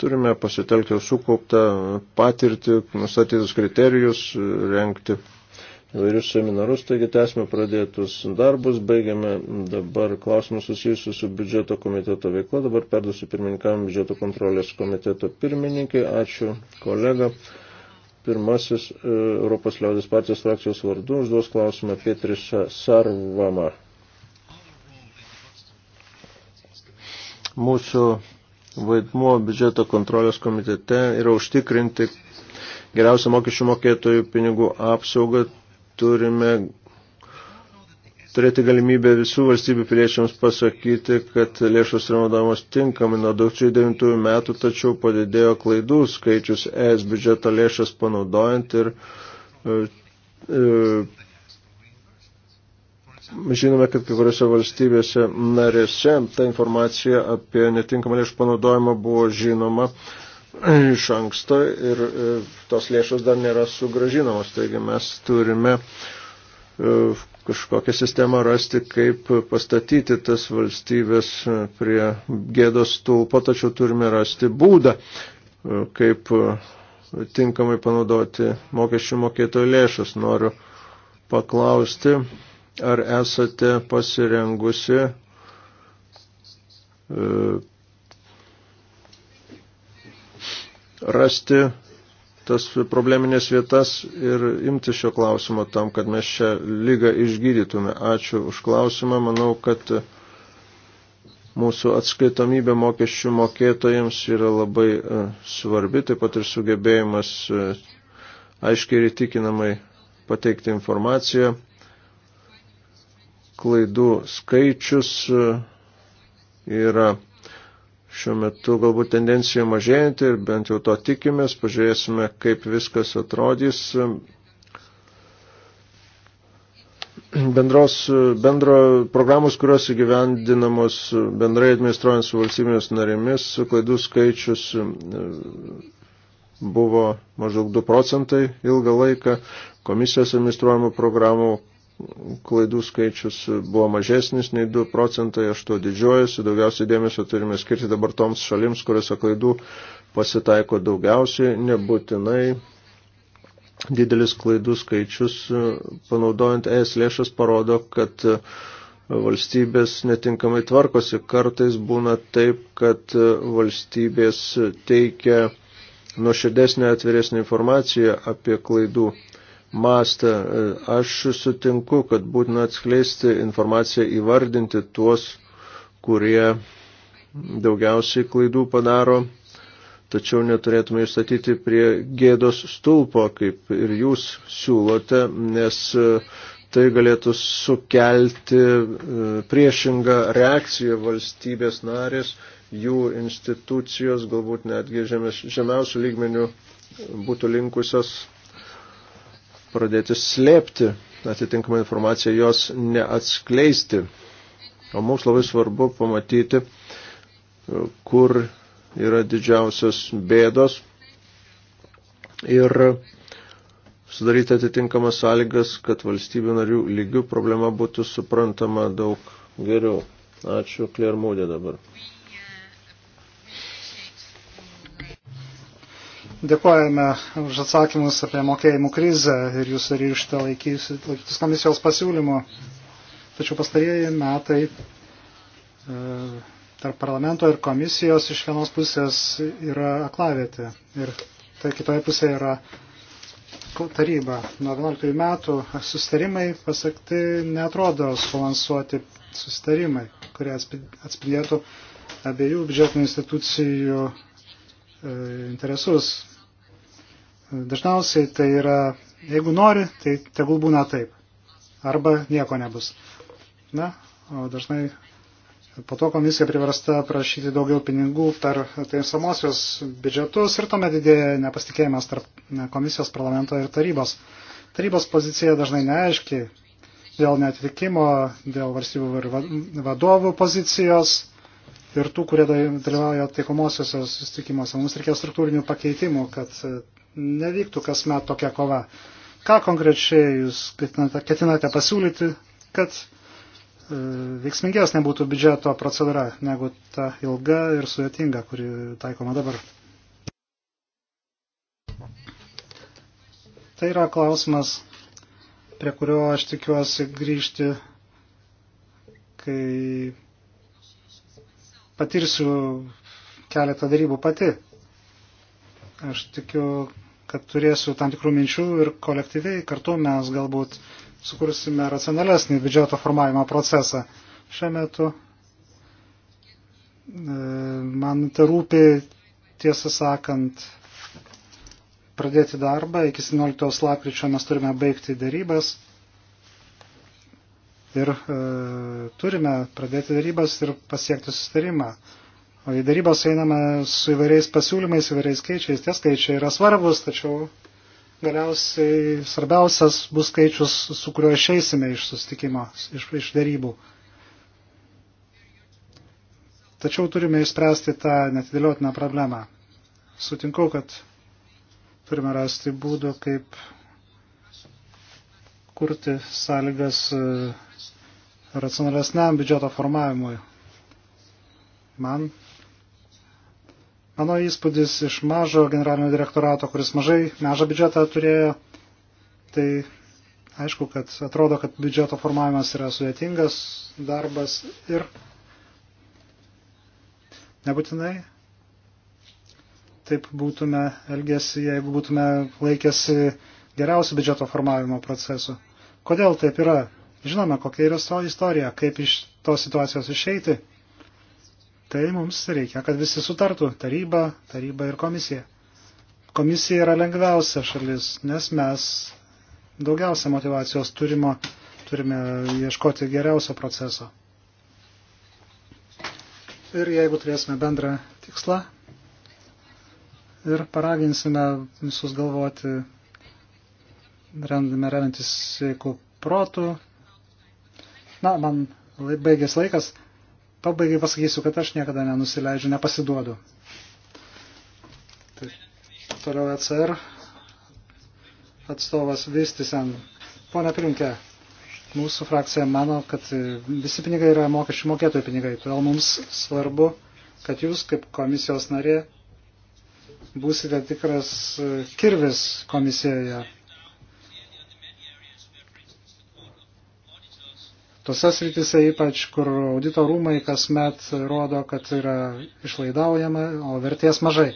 Speaker 2: Turime pasitelkti sukauptą patirtį, nustatytus kriterijus, renkti įvairius seminarus, taigi tęsime pradėtus darbus, baigiame dabar klausimus susijusius su biudžeto komiteto veikla, dabar perdusiu pirmininkam biudžeto kontrolės komiteto pirmininkai, ačiū kolega. Pirmasis e, Europos liaudės partijos frakcijos vardu užduos klausimą Pietriša Sarvama. Mūsų vaidmuo biudžeto kontrolės komitete yra užtikrinti geriausią mokesčių mokėtojų pinigų apsaugą turime turėti galimybę visų valstybių piliečiams pasakyti, kad lėšos yra naudojamos tinkamai nuo 2009 metų, tačiau padidėjo klaidų skaičius ES biudžeto lėšas panaudojant ir e, e, žinome, kad kai kuriuose valstybėse narėse ta informacija apie netinkamą lėšų panaudojimą buvo žinoma iš anksto ir e, tos lėšos dar nėra sugražinamos. Taigi mes turime e, kažkokią sistemą rasti, kaip pastatyti tas valstybės e, prie gėdos stulpo, tačiau turime rasti būdą, kaip tinkamai panaudoti mokesčių mokėtojų lėšas. Noriu paklausti, ar esate pasirengusi rasti tas probleminės vietas ir imti šio klausimo tam, kad mes šią lygą išgydytume. Ačiū už klausimą. Manau, kad mūsų atskaitomybė mokesčių mokėtojams yra labai e, svarbi, taip pat ir sugebėjimas e, aiškiai ir įtikinamai pateikti informaciją. Klaidų skaičius e, yra šiuo metu galbūt tendencija mažėjanti ir bent jau to tikimės, pažiūrėsime, kaip viskas atrodys. Bendros, bendro programos, kurios įgyvendinamos bendrai administruojant su valstybėmis narėmis, klaidų skaičius e, buvo maždaug 2 procentai ilgą laiką, komisijos administruojamų programų klaidų skaičius buvo mažesnis nei 2 procentai, aš to didžiuojuosi, daugiausiai dėmesio turime skirti dabar toms šalims, kuriuose klaidų pasitaiko daugiausiai, nebūtinai didelis klaidų skaičius e, panaudojant ES lėšas parodo, kad e, valstybės netinkamai tvarkosi. Kartais būna taip, kad e, valstybės teikia nuoširdesnę atviresnę informaciją apie klaidų mastą. Aš sutinku, kad būtina atskleisti informaciją, įvardinti tuos, kurie daugiausiai klaidų padaro, tačiau neturėtume išstatyti prie gėdos stulpo, kaip ir jūs siūlote, nes e, tai galėtų sukelti e, priešingą reakciją valstybės narės, jų institucijos, galbūt netgi žemės, žemiausių lygmenių būtų linkusios pradėti slėpti atitinkamą informaciją, jos neatskleisti. O mums labai svarbu pamatyti, kur yra didžiausios bėdos ir sudaryti atitinkamas sąlygas, kad valstybių narių lygių problema būtų suprantama daug geriau. Ačiū, Klermūdė dabar.
Speaker 1: Dėkojame už atsakymus apie mokėjimų krizę ir jūs ryštą laikytis komisijos pasiūlymo. Tačiau pastarieji metai e, tarp parlamento ir komisijos iš vienos pusės yra aklavietė ir tai kitoje pusėje yra taryba. Nuo 11 metų susitarimai pasakti netrodo sulansuoti susitarimai, kurie atspindėtų abiejų biudžetinių institucijų e, interesus. Dažniausiai tai yra, jeigu nori, tai tegul būna taip. Arba nieko nebus. Na, o dažnai po to komisija priversta prašyti daugiau pinigų per teisamosios biudžetus ir tuomet didėja nepasitikėjimas tarp komisijos parlamento ir tarybos. Tarybos pozicija dažnai neaiški dėl netvykimo, dėl valstybių vadovų pozicijos ir tų, kurie dalyvauja taikomosiuose susitikimuose. Mums reikia struktūrinių pakeitimų, kad nevyktų kasmet tokia kova. Ką konkrečiai jūs ketinate, ketinate pasiūlyti, kad e, veiksmingesnė būtų biudžeto procedūra negu ta ilga ir sudėtinga, kuri taikoma dabar. Tai yra klausimas, prie kurio aš tikiuosi grįžti, kai patirsiu keletą darybų pati. Aš tikiu, kad turėsiu tam tikrų minčių ir kolektyviai kartu mes galbūt sukursime racionalesnį biudžeto formavimo procesą. Šiuo metu e, man tai rūpi, tiesą sakant, pradėti darbą. Iki 17 lapkričio mes turime baigti dėrybas ir e, turime pradėti dėrybas ir pasiekti susitarimą. O į darybas einame su įvairiais pasiūlymais, įvairiais skaičiais. Tie skaičiai yra svarbus, tačiau galiausiai svarbiausias bus skaičius, su kuriuo išeisime iš sustikimo, iš, iš darybų. Tačiau turime išspręsti tą netidėliotiną problemą. Sutinku, kad turime rasti būdų, kaip kurti sąlygas e, racionalesniam biudžeto formavimui. Man Mano įspūdis iš mažo generalinio direktorato, kuris mažai, mažą biudžetą turėjo, tai aišku, kad atrodo, kad biudžeto formavimas yra sudėtingas darbas ir nebūtinai taip būtume elgesi, jeigu būtume laikėsi geriausių biudžeto formavimo procesų. Kodėl taip yra? Žinome, kokia yra istorija, kaip iš tos situacijos išeiti. Tai mums reikia, kad visi sutartų - taryba, taryba ir komisija. Komisija yra lengviausia šalis, nes mes daugiausia motivacijos turimo, turime ieškoti geriausio proceso. Ir jeigu turėsime bendrą tikslą ir paraginsime visus galvoti, rendame remiantis sveiku protu. Na, man baigės laikas pabaigai pasakysiu, kad aš niekada nenusileidžiu, nepasiduodu. Tai, toliau ECR atstovas Vistisen. Pone Pirinkė, mūsų frakcija mano, kad visi pinigai yra mokesčių mokėtojų pinigai, todėl mums svarbu, kad jūs kaip komisijos narė būsite tikras kirvis komisijoje Tose srityse ypač, kur audito rūmai kasmet rodo, kad yra išlaidaujama, o vertės mažai.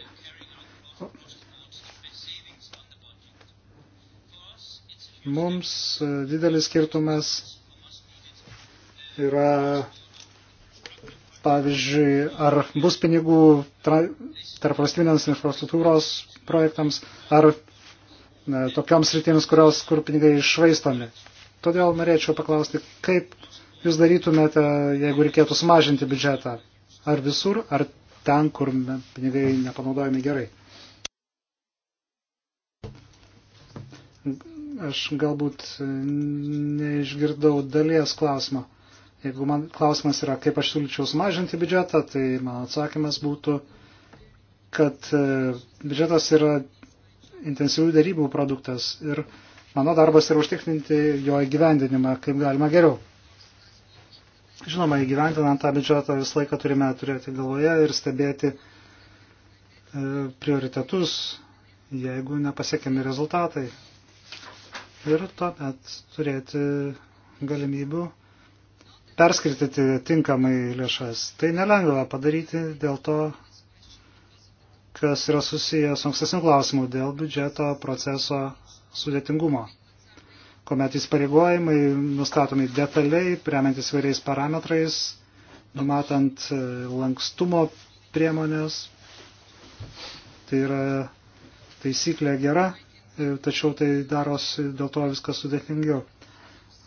Speaker 1: Mums didelis skirtumas yra, pavyzdžiui, ar bus pinigų tarp valstybinėms infrastruktūros projektams, ar ne, tokioms rytims, kurios, kur pinigai išvaistomi. Todėl norėčiau paklausti, kaip jūs darytumėte, jeigu reikėtų sumažinti biudžetą? Ar visur, ar ten, kur pinigai nepanaudojami gerai? Aš galbūt neišgirdau dalies klausimo. Jeigu man klausimas yra, kaip aš siūlyčiau sumažinti biudžetą, tai mano atsakymas būtų, kad e, biudžetas yra intensyvių darybų produktas ir uh, Mano darbas yra užtikrinti jo įgyvendinimą kaip galima geriau. Žinoma, įgyvendinant tą biudžetą visą laiką turime turėti galvoje ir stebėti e, prioritetus, jeigu nepasiekiami rezultatai. Ir tuomet turėti galimybių perskirtyti tinkamai lėšas. Tai nelengva padaryti dėl to, kas yra susijęs su ankstesniu klausimu, dėl biudžeto proceso sudėtingumo, kuomet įsipareigojimai nustatomi detaliai, remiantis vairiais parametrais, numatant e, lankstumo priemonės. Tai yra taisyklė gera, e, tačiau tai darosi dėl to viskas sudėtingiau.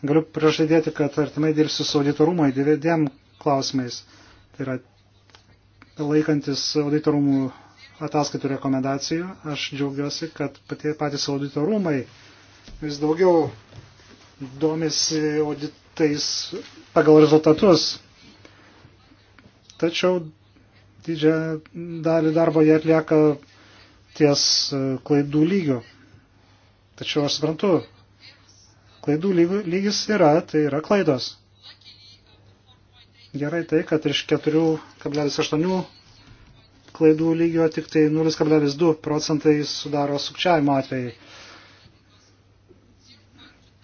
Speaker 1: Galiu prižadėti, kad artimai dirbsiu su auditorumo įdėdėm klausimais. Tai yra laikantis auditorumų ataskaitų rekomendacijų. Aš džiaugiuosi, kad patys audito rūmai vis daugiau domisi auditais pagal rezultatus. Tačiau didžią dalį darbo jie atlieka ties e, klaidų lygio. Tačiau aš suprantu, klaidų lygis yra, tai yra klaidos. Gerai tai, kad iš 4,8 klaidų lygio, tik tai 0,2 procentai sudaro sukčiavimo atvejai.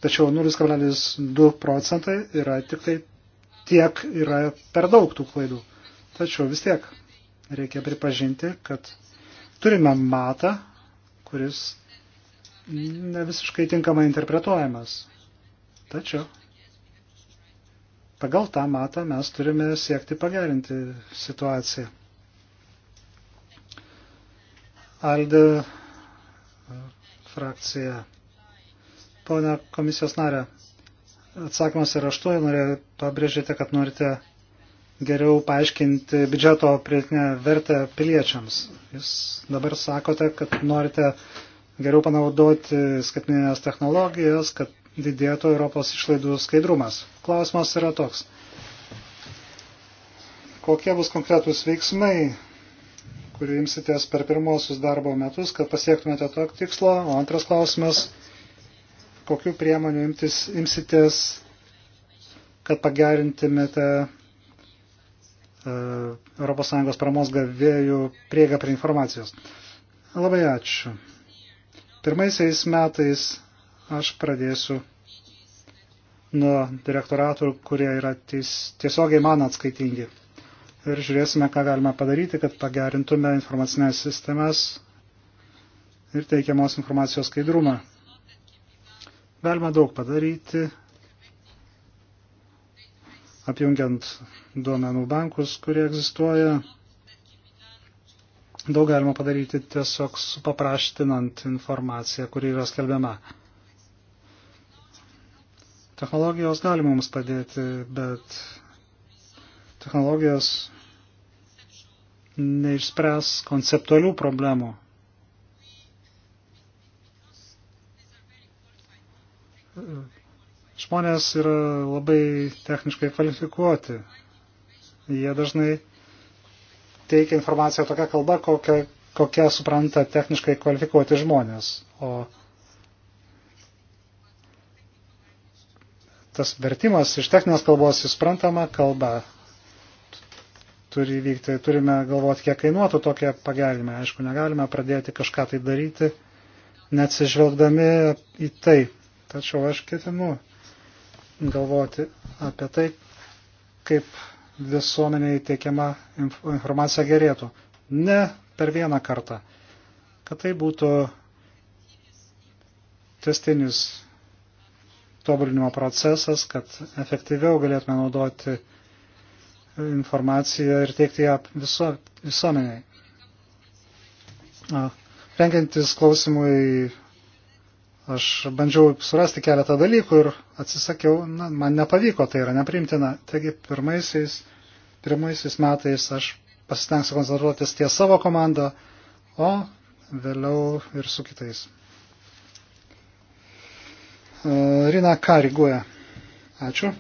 Speaker 1: Tačiau 0,2 procentai yra tik tai tiek yra per daug tų klaidų. Tačiau vis tiek reikia pripažinti, kad turime matą, kuris ne visiškai tinkamai interpretuojamas. Tačiau pagal tą matą mes turime siekti pagerinti situaciją. Alde frakcija. Pone komisijos narė, atsakymas yra aštuoju, norėjau pabrėžėte, kad norite geriau paaiškinti biudžeto prietinę vertę piliečiams. Jūs dabar sakote, kad norite geriau panaudoti skaitminės technologijas, kad didėtų Europos išlaidų skaidrumas. Klausimas yra toks. Kokie bus konkretūs veiksmai kurių imsitės per pirmosius darbo metus, kad pasiektumėte to tikslo. O antras klausimas, kokiu priemoniu imtis, imsitės, kad pagerintumėte ES paramos gavėjų prieigą prie informacijos. Labai ačiū. Pirmaisiais metais aš pradėsiu nuo direktoratų, kurie yra ties, tiesiogiai man atskaitingi ir žiūrėsime, ką galima padaryti, kad pagerintume informacinės sistemas ir teikiamos informacijos skaidrumą. Galima daug padaryti, apjungiant duomenų bankus, kurie egzistuoja. Daug galima padaryti tiesiog supapraštinant informaciją, kuri yra skelbiama. Technologijos gali mums padėti, bet technologijos neišspręs konceptualių problemų. Žmonės yra labai techniškai kvalifikuoti. Jie dažnai teikia informaciją tokia kalba, kokia, kokia supranta techniškai kvalifikuoti žmonės. O tas vertimas iš techninės kalbos į suprantamą kalbą turi vykti. Turime galvoti, kiek kainuotų tokie pagelime. Aišku, negalime pradėti kažką tai daryti, neatsižvelgdami į tai. Tačiau aš ketinu galvoti apie tai, kaip visuomeniai teikiama informacija gerėtų. Ne per vieną kartą. Kad tai būtų testinis tobulinimo procesas, kad efektyviau galėtume naudoti informaciją ir teikti ją viso, visuomeniai. Renkiantis klausimui, aš bandžiau surasti keletą dalykų ir atsisakiau, na, man nepavyko, tai yra neprimtina. Taigi pirmaisiais, pirmaisiais metais aš pasitengsiu koncentruotis ties savo komandą, o vėliau ir su kitais. Rina, ką reaguoja? Ačiū.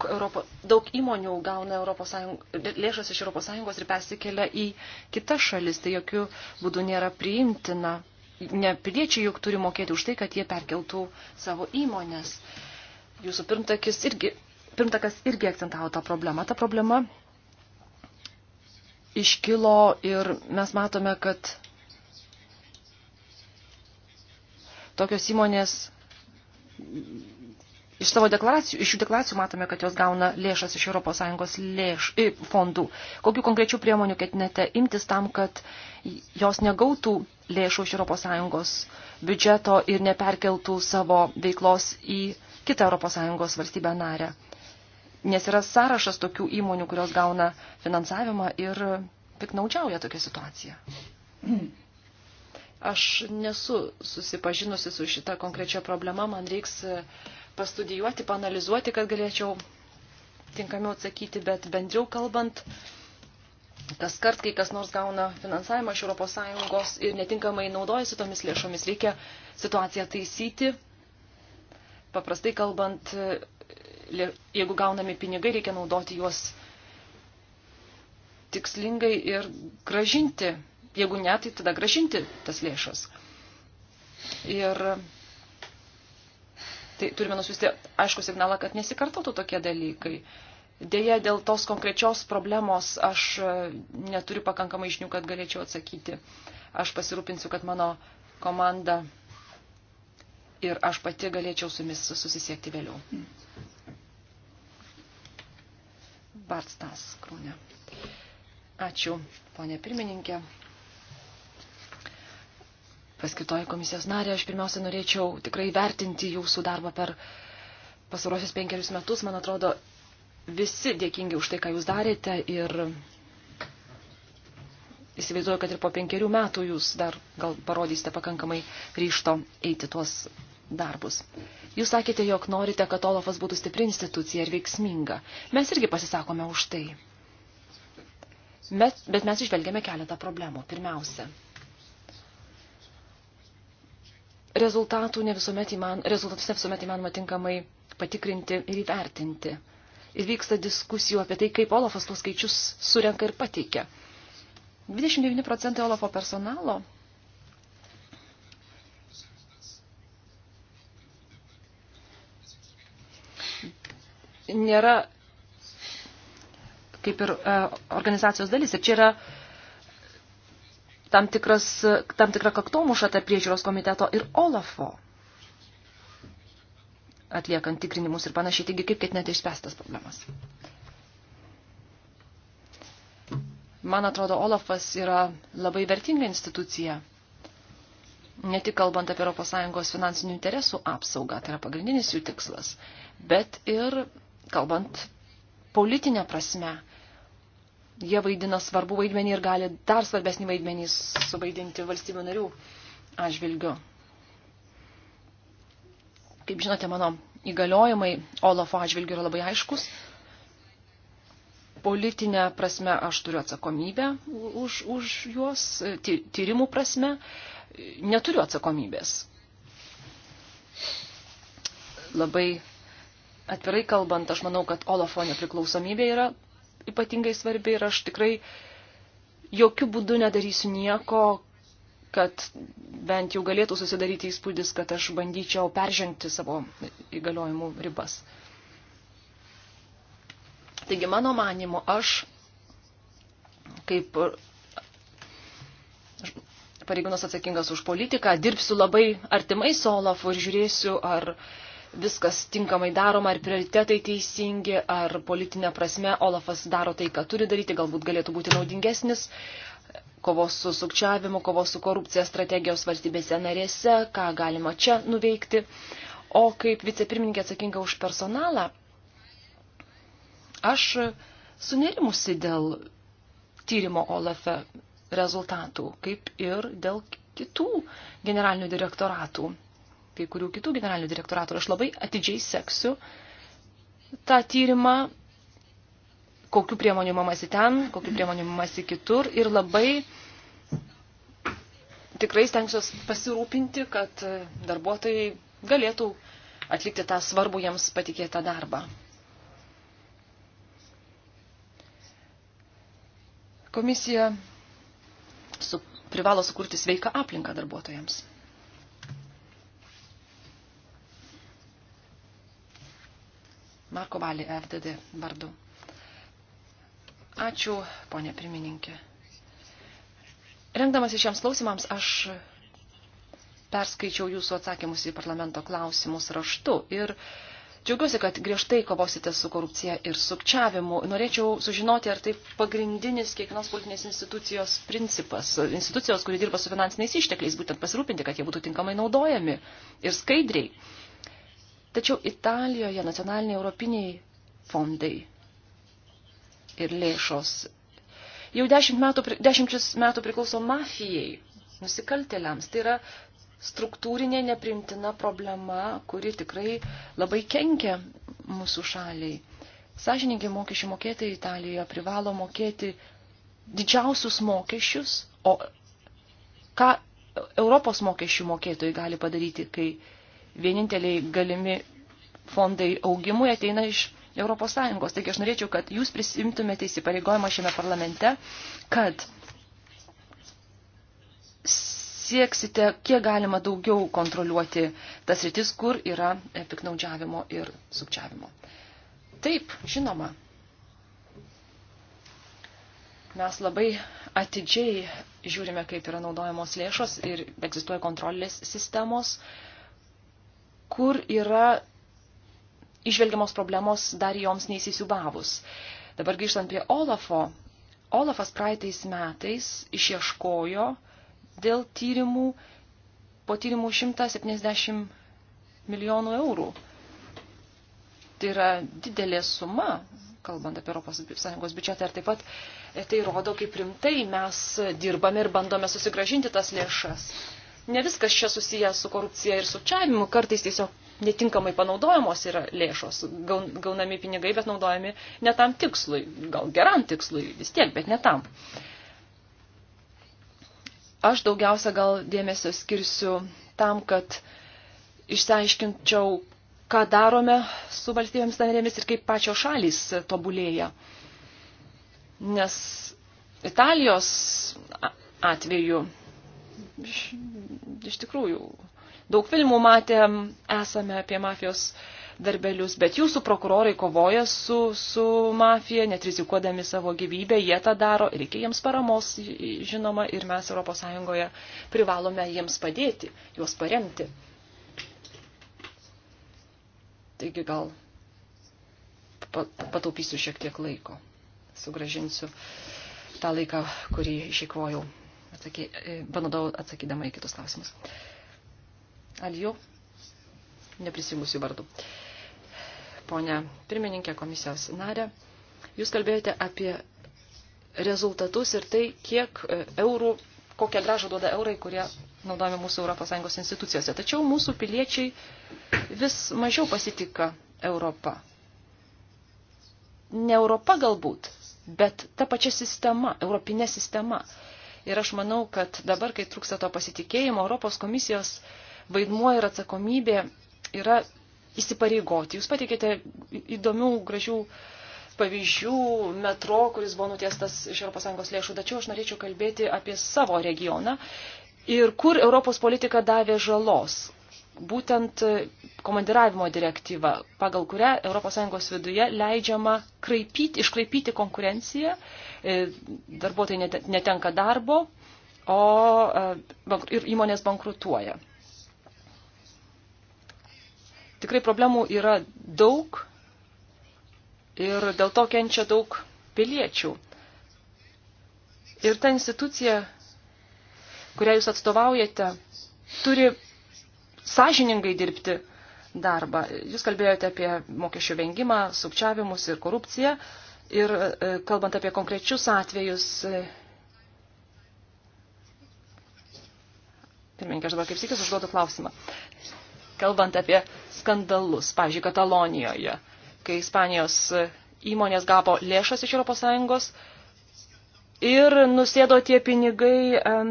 Speaker 3: daug, Europo, daug įmonių gauna Europos Sąjung, lėšas iš ES ir persikelia į kitas šalis. Tai jokių būdų nėra priimtina. Ne piliečiai juk turi mokėti už tai, kad jie perkeltų savo įmonės. Jūsų pirmtakis irgi, pirmtakas irgi akcentavo tą problemą. Ta problema iškilo ir mes matome, kad tokios įmonės iš savo deklaracijų, iš šių deklaracijų matome, kad jos gauna lėšas iš ES lėš, fondų. Kokiu konkrečiu priemonių ketinate imtis tam, kad jos negautų lėšų iš ES biudžeto ir neperkeltų savo veiklos į kitą ES valstybę narę? Nes yra sąrašas tokių įmonių, kurios gauna finansavimą ir piknaudžiauja tokią situaciją. Aš nesu susipažinusi su šita konkrečia problema, man reiks uh, pastudijuoti, panalizuoti, kad galėčiau tinkamiau atsakyti, bet bendriau kalbant, kas kart, kai kas nors gauna finansavimą iš ES ir netinkamai naudojasi tomis lėšomis, reikia situaciją taisyti. Paprastai kalbant, jeigu gaunami pinigai, reikia naudoti juos tikslingai ir gražinti. Jeigu ne, tai tada gražinti tas lėšas. Ir tai turime nusiųsti aišku signalą, kad nesikartotų tokie dalykai. Deja, dėl tos konkrečios problemos aš e, neturiu pakankamai žinių, kad galėčiau atsakyti. Aš pasirūpinsiu, kad mano komanda ir aš pati galėčiau su jumis susisiekti vėliau. Bartstas Krūne. Ačiū, ponė pirmininkė paskirtoji komisijos narė, aš pirmiausia norėčiau tikrai vertinti jūsų darbą per pasarosius penkerius metus. Man atrodo, visi dėkingi už tai, ką jūs darėte ir įsivaizduoju, kad ir po penkerių metų jūs dar gal parodysite pakankamai ryšto eiti tuos darbus. Jūs sakėte, jog norite, kad Olafas būtų stipri institucija ir veiksminga. Mes irgi pasisakome už tai. Mes, bet mes išvelgėme keletą problemų. Pirmiausia, rezultatų ne visuomet įman, rezultatus ne visuomet įmanoma tinkamai patikrinti ir įvertinti. Ir vyksta diskusijų apie tai, kaip Olafas tuos skaičius surenka ir pateikia. 29 procentai Olafo personalo nėra kaip ir e, organizacijos dalis. Ir čia yra tam, tikras, tam tikrą kaktomušą tarp priežiūros komiteto ir Olafo, atliekant tikrinimus ir panašiai, taigi kaip ketinate išspręstas problemas. Man atrodo, Olafas yra labai vertinga institucija, ne tik kalbant apie ES finansinių interesų apsaugą, tai yra pagrindinis jų tikslas, bet ir kalbant politinę prasme jie vaidina svarbų vaidmenį ir gali dar svarbesnį vaidmenį suvaidinti valstybių narių atžvilgiu. Kaip žinote, mano įgaliojimai Olafo atžvilgiu yra labai aiškus. Politinė prasme aš turiu atsakomybę už, už juos, ty, tyrimų prasme neturiu atsakomybės. Labai atvirai kalbant, aš manau, kad Olafo nepriklausomybė yra ypatingai svarbi ir aš tikrai jokių būdų nedarysiu nieko, kad bent jau galėtų susidaryti įspūdis, kad aš bandyčiau peržengti savo įgaliojimų ribas. Taigi, mano manimo, aš kaip pareigūnas atsakingas už politiką dirbsiu labai artimai su Olafu ir žiūrėsiu, ar uh, viskas tinkamai daroma, ar prioritetai teisingi, ar politinė prasme Olafas daro tai, ką turi daryti, galbūt galėtų būti naudingesnis kovos su sukčiavimu, kovos su korupcija strategijos valstybėse narėse, ką galima čia nuveikti. O kaip vicepirmininkė atsakinga už personalą, aš sunerimusi dėl tyrimo Olafe rezultatų, kaip ir dėl kitų generalinių direktoratų kai kurių kitų generalinių direktoratų. Aš labai atidžiai seksiu tą tyrimą, kokiu priemonių mamasi ten, kokiu priemonių mamasi kitur ir labai tikrai stengsiuos pasirūpinti, kad darbuotojai galėtų atlikti tą svarbų jiems patikėtą darbą. Komisija su, privalo sukurti sveiką aplinką darbuotojams. Marko Valį FDD vardu. Ačiū, ponė pirmininkė. Rengdamas iš jiems klausimams, aš perskaičiau jūsų atsakymus į parlamento klausimus raštu ir Džiaugiuosi, kad griežtai kovosite su korupcija ir sukčiavimu. Norėčiau sužinoti, ar tai pagrindinis kiekvienos politinės institucijos principas, institucijos, kuri dirba su finansiniais ištekliais, būtent pasirūpinti, kad jie būtų tinkamai naudojami ir skaidriai. Tačiau Italijoje nacionaliniai europiniai fondai ir lėšos jau dešimt metų, dešimčius metų priklauso mafijai, nusikaltėliams. Tai yra struktūrinė neprimtina problema, kuri tikrai labai kenkia mūsų šaliai. Sažininkai mokesčių mokėtojai Italijoje privalo mokėti didžiausius mokesčius, o ką Europos mokesčių mokėtojai gali padaryti, kai vieninteliai galimi fondai augimui ateina iš ES. Taigi aš norėčiau, kad jūs prisimtumėte įsipareigojimą šiame parlamente, kad sieksite kiek galima daugiau kontroliuoti tas rytis, kur yra e, piknaudžiavimo ir sukčiavimo. Taip, žinoma. Mes labai atidžiai žiūrime, kaip yra naudojamos lėšos ir egzistuoja kontrolės sistemos. Uh, kur yra išvelgiamos problemos dar joms neįsisiubavus. Dabar grįžtant prie Olafo, Olafas praeitais metais išieškojo dėl tyrimų po tyrimų 170 milijonų eurų. Tai yra didelė suma, kalbant apie Europos Sąjungos biudžetą. Ir taip pat tai rodo, kaip rimtai mes dirbame ir bandome susigražinti tas lėšas ne viskas čia susiję su korupcija ir sukčiavimu, kartais tiesiog netinkamai panaudojamos yra lėšos, gaunami pinigai, bet naudojami ne tam tikslui, gal geram tikslui vis tiek, bet ne tam. Aš daugiausia gal dėmesio skirsiu tam, kad išsiaiškinčiau, ką darome su valstybėms narėmis ir kaip pačios šalys tobulėja. Nes Italijos atveju iš tikrųjų daug filmų matėm, esame apie mafijos darbelius, bet jūsų prokurorai kovoja su, su mafija, net rizikuodami savo gyvybę, jie tą daro, reikia jiems paramos, žinoma, ir mes ES privalome jiems padėti, juos paremti. Taigi gal pataupysiu šiek tiek laiko, sugražinsiu tą laiką, kurį išikvojau atsaky, e, panadau atsakydama į kitus klausimus. Alijų, neprisimusiu vardu. Pone pirmininkė komisijos narė, jūs kalbėjote apie rezultatus ir tai, kiek e, eurų, kokią gražą duoda eurai, kurie naudojami mūsų ES institucijose. Tačiau mūsų piliečiai vis mažiau pasitika Europą. Ne Europa galbūt, bet ta pačia sistema, europinė sistema. Ir aš manau, kad dabar, kai trūksta to pasitikėjimo, Europos komisijos vaidmuo ir atsakomybė yra įsipareigoti. Jūs pateikėte įdomių, gražių pavyzdžių metro, kuris buvo nutiestas iš ES lėšų, tačiau aš norėčiau kalbėti apie savo regioną ir kur Europos politika davė žalos. Būtent komandiravimo direktyva, pagal kurią ES viduje leidžiama kraipyti, iškraipyti konkurenciją, e, darbuotojai netenka darbo, o e, ir įmonės bankrutuoja. Tikrai problemų yra daug ir dėl to kenčia daug piliečių. Ir ta institucija, kurią jūs atstovaujate, turi sąžiningai dirbti darbą. Jūs kalbėjote apie mokesčių vengimą, sukčiavimus ir korupciją. Ir e, kalbant apie konkrečius atvejus, e, pirmininkė, aš dabar kaip sėkis užduodu klausimą. Kalbant apie skandalus, pavyzdžiui, Katalonijoje, kai Ispanijos e, įmonės gavo lėšas iš ES, ir nusėdo tie pinigai um,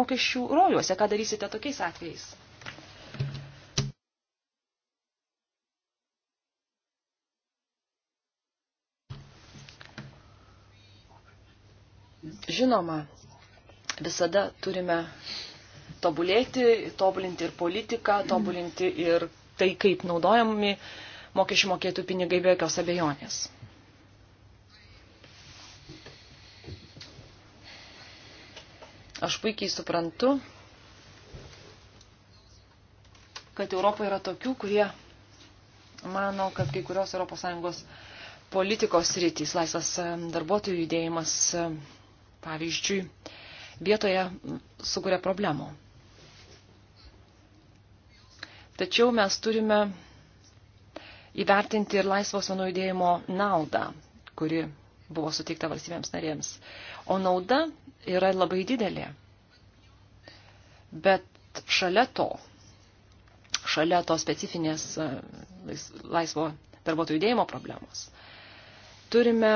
Speaker 3: mokesčių rojuose. Ką darysite tokiais atvejais? Žinoma, visada turime tobulėti, tobulinti ir politiką, tobulinti ir tai, kaip naudojami mokesčių mokėtų pinigai be jokios abejonės. Aš puikiai suprantu, kad Europoje yra tokių, kurie mano, kad kai kurios ES politikos rytys, laisvas darbuotojų judėjimas, pavyzdžiui, vietoje sukuria problemų. Tačiau mes turime įvertinti ir laisvos menų judėjimo naudą, kuri buvo suteikta valstybėms narėms. O nauda yra labai didelė. Bet šalia to, šalia to specifinės e, laisvo darbuotojų judėjimo problemos, turime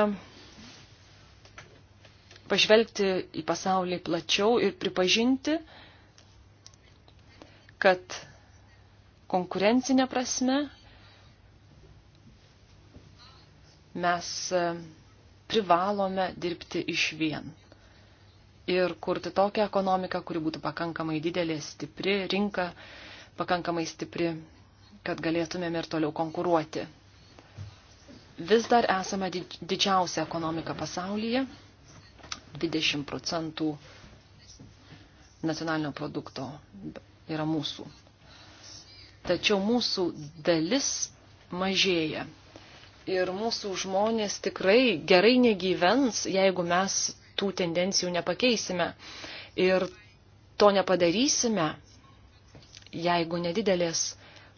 Speaker 3: pažvelgti į pasaulį plačiau ir pripažinti, kad konkurencinė prasme mes e, privalome dirbti iš vien ir kurti tokią ekonomiką, kuri būtų pakankamai didelė, stipri, rinka pakankamai stipri, kad galėtumėm ir toliau konkuruoti. Vis dar esame didžiausia ekonomika pasaulyje 20 procentų nacionalinio produkto yra mūsų. Tačiau mūsų dalis mažėja. Ir mūsų žmonės tikrai gerai negyvens, jeigu mes tų tendencijų nepakeisime. Ir to nepadarysime, jeigu nedidelės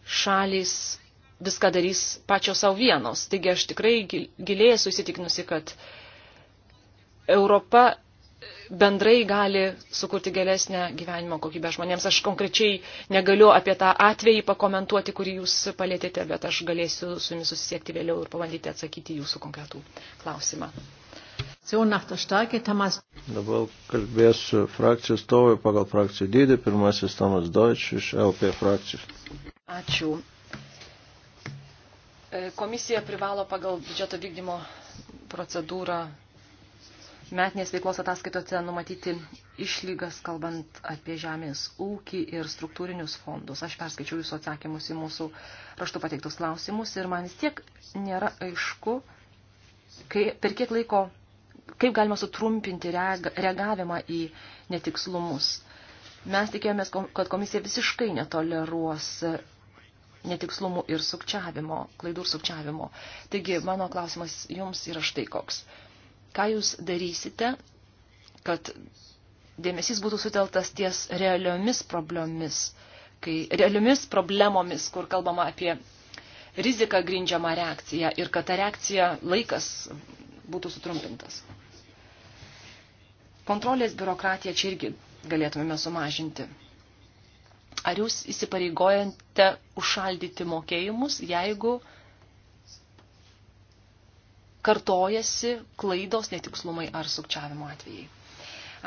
Speaker 3: šalys viską darys pačios savo vienos. Taigi aš tikrai gilėsiu įsitikinusi, kad uh, Europa bendrai gali sukurti geresnę gyvenimo kokybę žmonėms. Aš konkrečiai negaliu apie tą atvejį pakomentuoti, kurį jūs palėtėte, bet aš galėsiu su jumis susisiekti vėliau ir pabandyti atsakyti jūsų konkretų klausimą.
Speaker 2: Dabar kalbėsiu frakcijos stovai pagal frakcijų dydį. Pirmasis Tomas Deutsch iš LP frakcijos.
Speaker 3: Ačiū. E, komisija privalo pagal biudžeto vykdymo procedūrą metinės veiklos ataskaitose numatyti išlygas, kalbant apie žemės ūkį ir struktūrinius fondus. Aš perskaičiau jūsų atsakymus į mūsų raštu pateiktus klausimus ir man vis tiek nėra aišku, kai, per kiek laiko, kaip galima sutrumpinti reagavimą į netikslumus. Mes tikėjomės, kad komisija visiškai netoleruos netikslumų ir sukčiavimo, klaidų ir sukčiavimo. Taigi, mano klausimas jums yra štai koks. Ką jūs darysite, kad dėmesys būtų suteltas ties realiomis problemomis, kai realiomis problemomis, kur kalbama apie riziką grindžiamą reakciją ir kad ta reakcija laikas būtų sutrumpintas. Kontrolės biurokratiją čia irgi galėtumėme sumažinti. Ar jūs įsipareigojate užšaldyti mokėjimus, jeigu uh, kartojasi klaidos, netikslumai ar sukčiavimo atvejai.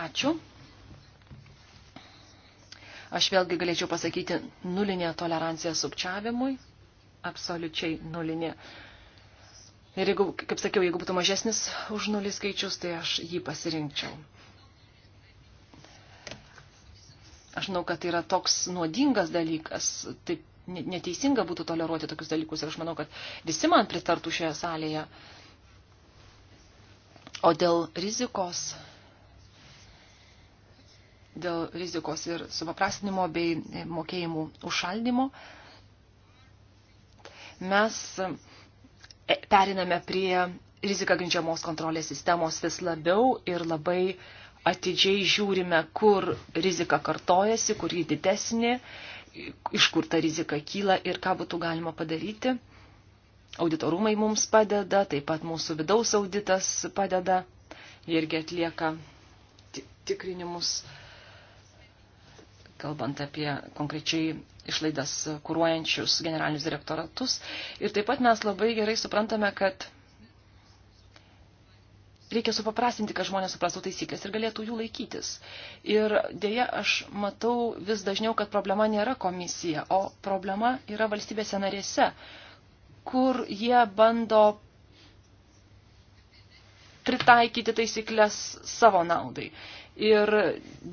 Speaker 3: Ačiū. Aš vėlgi galėčiau pasakyti nulinė tolerancija sukčiavimui, absoliučiai nulinė. Ir jeigu, kaip sakiau, jeigu būtų mažesnis už nulį skaičius, tai aš jį pasirinkčiau. Aš žinau, kad tai yra toks nuodingas dalykas, taip neteisinga būtų toleruoti tokius dalykus ir aš manau, kad visi man pritartų šioje salėje, O dėl rizikos, dėl rizikos ir supaprastinimo bei mokėjimų užšaldimo, mes e, periname prie riziką grindžiamos kontrolės sistemos vis labiau ir labai atidžiai žiūrime, kur rizika kartojasi, kur ji didesnė, iš kur ta rizika kyla ir ką būtų galima padaryti. Auditorumai mums padeda, taip pat mūsų vidaus auditas padeda, jie irgi atlieka tikrinimus, kalbant apie konkrečiai išlaidas kūruojančius generalinius direktoratus. Ir taip pat mes labai gerai suprantame, kad reikia supaprastinti, kad žmonės suprastų taisyklės ir galėtų jų laikytis. Ir dėja, aš matau vis dažniau, kad problema nėra komisija, o problema yra valstybėse narėse, kur jie bando pritaikyti taisyklės savo naudai. Ir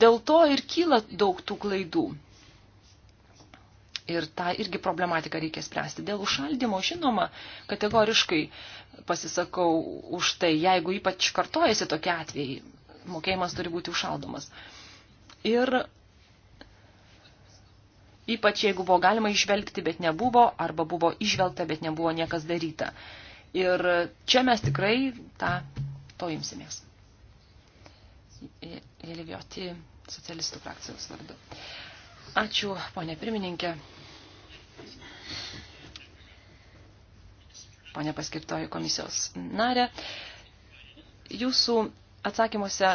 Speaker 3: dėl to ir kyla daug tų klaidų. Ir tą irgi problematiką reikia spręsti. Dėl užšaldimo, žinoma, kategoriškai pasisakau už tai, jeigu ypač kartojasi tokie atvejai, mokėjimas turi būti užšaldomas. Ir ypač jeigu buvo galima išvelgti, bet nebuvo, arba buvo išvelgta, bet nebuvo niekas daryta. Ir čia mes tikrai tą, to imsimės. E, Elivijoti socialistų frakcijos vardu. Ačiū, ponė pirmininkė. Pone paskirtoji komisijos narė, jūsų atsakymuose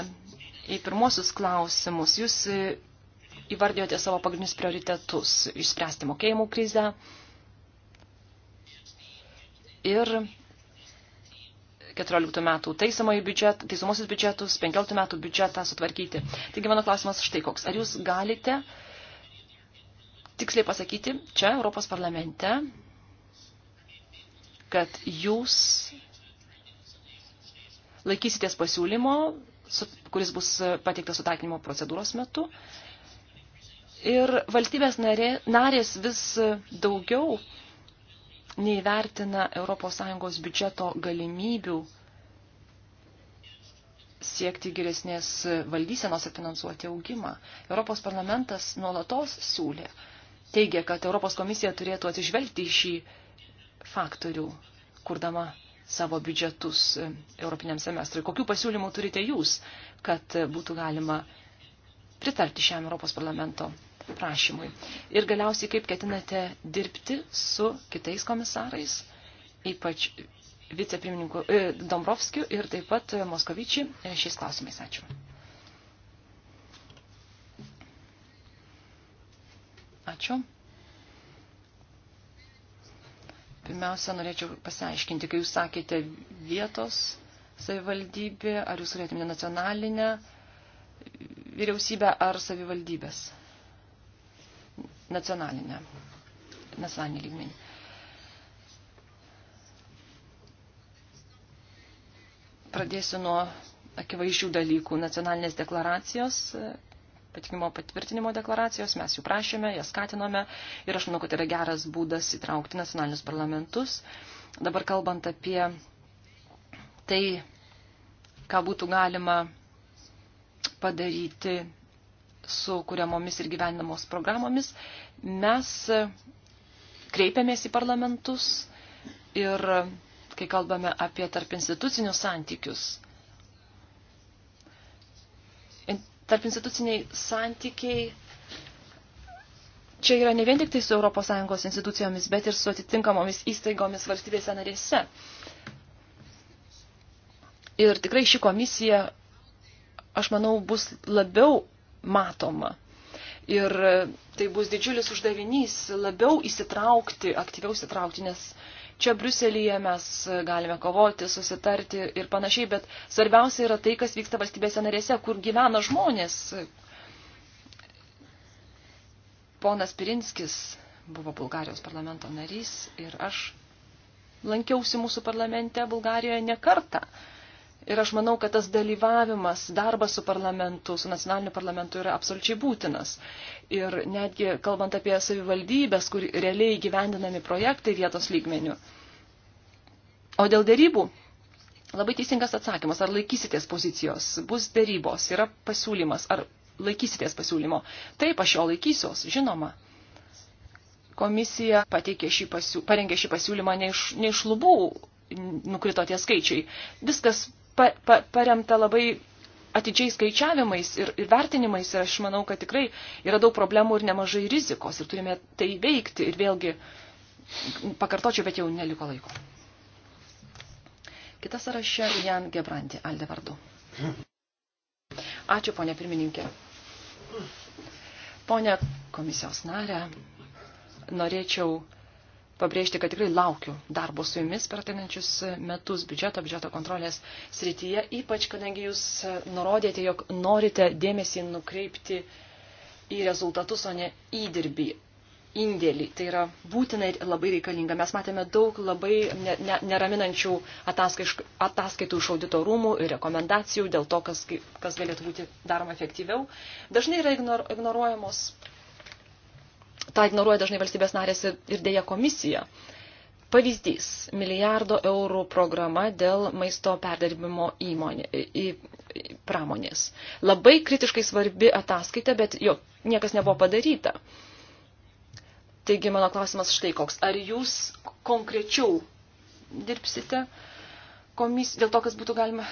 Speaker 3: į pirmosius klausimus jūs įvardėjote savo pagrindinius prioritetus – išspręsti mokėjimų krizę ir 14 metų taisomosius biudžet, biudžetus, 15 metų biudžetą sutvarkyti. Taigi mano klausimas štai koks. Ar jūs galite tiksliai pasakyti čia Europos parlamente, kad jūs laikysitės pasiūlymo, kuris bus pateiktas sutaikinimo procedūros metu Ir valstybės narė, narės vis daugiau neįvertina ES biudžeto galimybių siekti geresnės valdysenos ir finansuoti augimą. Europos parlamentas nuolatos siūlė, teigia, kad Europos komisija turėtų atsižvelgti į šį faktorių, kurdama savo biudžetus Europiniam semestrui. Kokių pasiūlymų turite jūs, kad būtų galima pritarti šiam Europos parlamento prašymui. Ir galiausiai, kaip ketinate dirbti su kitais komisarais, ypač vicepirmininku e, Dombrovskiu ir taip pat Moskovičiai e, šiais klausimais. Ačiū. Ačiū. Pirmiausia, norėčiau pasiaiškinti, kai jūs sakėte vietos savivaldybė, ar jūs turėtumėte nacionalinę vyriausybę ar savivaldybės nacionalinę, nacionalinį lygmenį. Pradėsiu nuo akivaizdžių dalykų nacionalinės deklaracijos, e, patikimo patvirtinimo deklaracijos, mes jų prašėme, jas skatinome ir aš manau, kad yra geras būdas įtraukti nacionalinius parlamentus. Dabar kalbant apie tai, ką būtų galima padaryti su kuriamomis ir gyvenamos programomis, mes e, kreipiamės į parlamentus ir e, kai kalbame apie tarp institucinius santykius. Tarp instituciniai santykiai čia yra ne vien tik tai su ES institucijomis, bet ir su atitinkamomis įstaigomis valstybėse narėse. Ir tikrai ši komisija, aš manau, bus labiau matoma. Ir tai bus didžiulis uždavinys labiau įsitraukti, aktyviau įsitraukti, nes čia Briuselėje mes galime kovoti, susitarti ir panašiai, bet svarbiausia yra tai, kas vyksta valstybėse narėse, kur gyvena žmonės. Ponas Pirinskis buvo Bulgarijos parlamento narys ir aš lankiausi mūsų parlamente Bulgarijoje ne kartą. Ir aš manau, kad tas dalyvavimas, darbas su parlamentu, su nacionaliniu parlamentu yra absoliučiai būtinas. Ir netgi kalbant apie savivaldybės, kur realiai gyvendinami projektai vietos lygmenių. O dėl dėrybų, labai teisingas atsakymas, ar laikysitės pozicijos, bus dėrybos, yra pasiūlymas, ar laikysitės pasiūlymo. Taip, aš jo laikysiuos, žinoma komisija šį pasiū, parengė šį pasiūlymą ne iš, ne iš lubų nukrito tie skaičiai. Viskas pa, pa, paremta labai atidžiai skaičiavimais ir, ir vertinimais ir aš manau, kad tikrai yra daug problemų ir nemažai rizikos ir turime tai veikti ir vėlgi pakartočiau, bet jau neliko laiko. Kitas sąraše Jan Gebranti, Alde vardu. Ačiū, ponė pirmininkė. Pone komisijos narė, norėčiau pabrėžti, kad tikrai laukiu darbo su jumis per ateinančius metus biudžeto, biudžeto kontrolės srityje, ypač kadangi jūs nurodėte, jog norite dėmesį nukreipti į rezultatus, o ne įdirbį, indėlį. Tai yra būtina ir labai reikalinga. Mes matėme daug labai ne, ne, neraminančių ataskaitų iš audito rūmų ir rekomendacijų dėl to, kas, kas galėtų būti daroma efektyviau. Dažnai yra ignor, ignoruojamos tą ignoruoja dažnai valstybės narės ir dėja komisija. Pavyzdys – milijardo eurų programa dėl maisto perdirbimo įmonė, į, į pramonės. Labai kritiškai svarbi ataskaita, bet jo, niekas nebuvo padaryta. Taigi mano klausimas štai koks. Ar jūs konkrečiau dirbsite? komis, dėl to, kas būtų galima,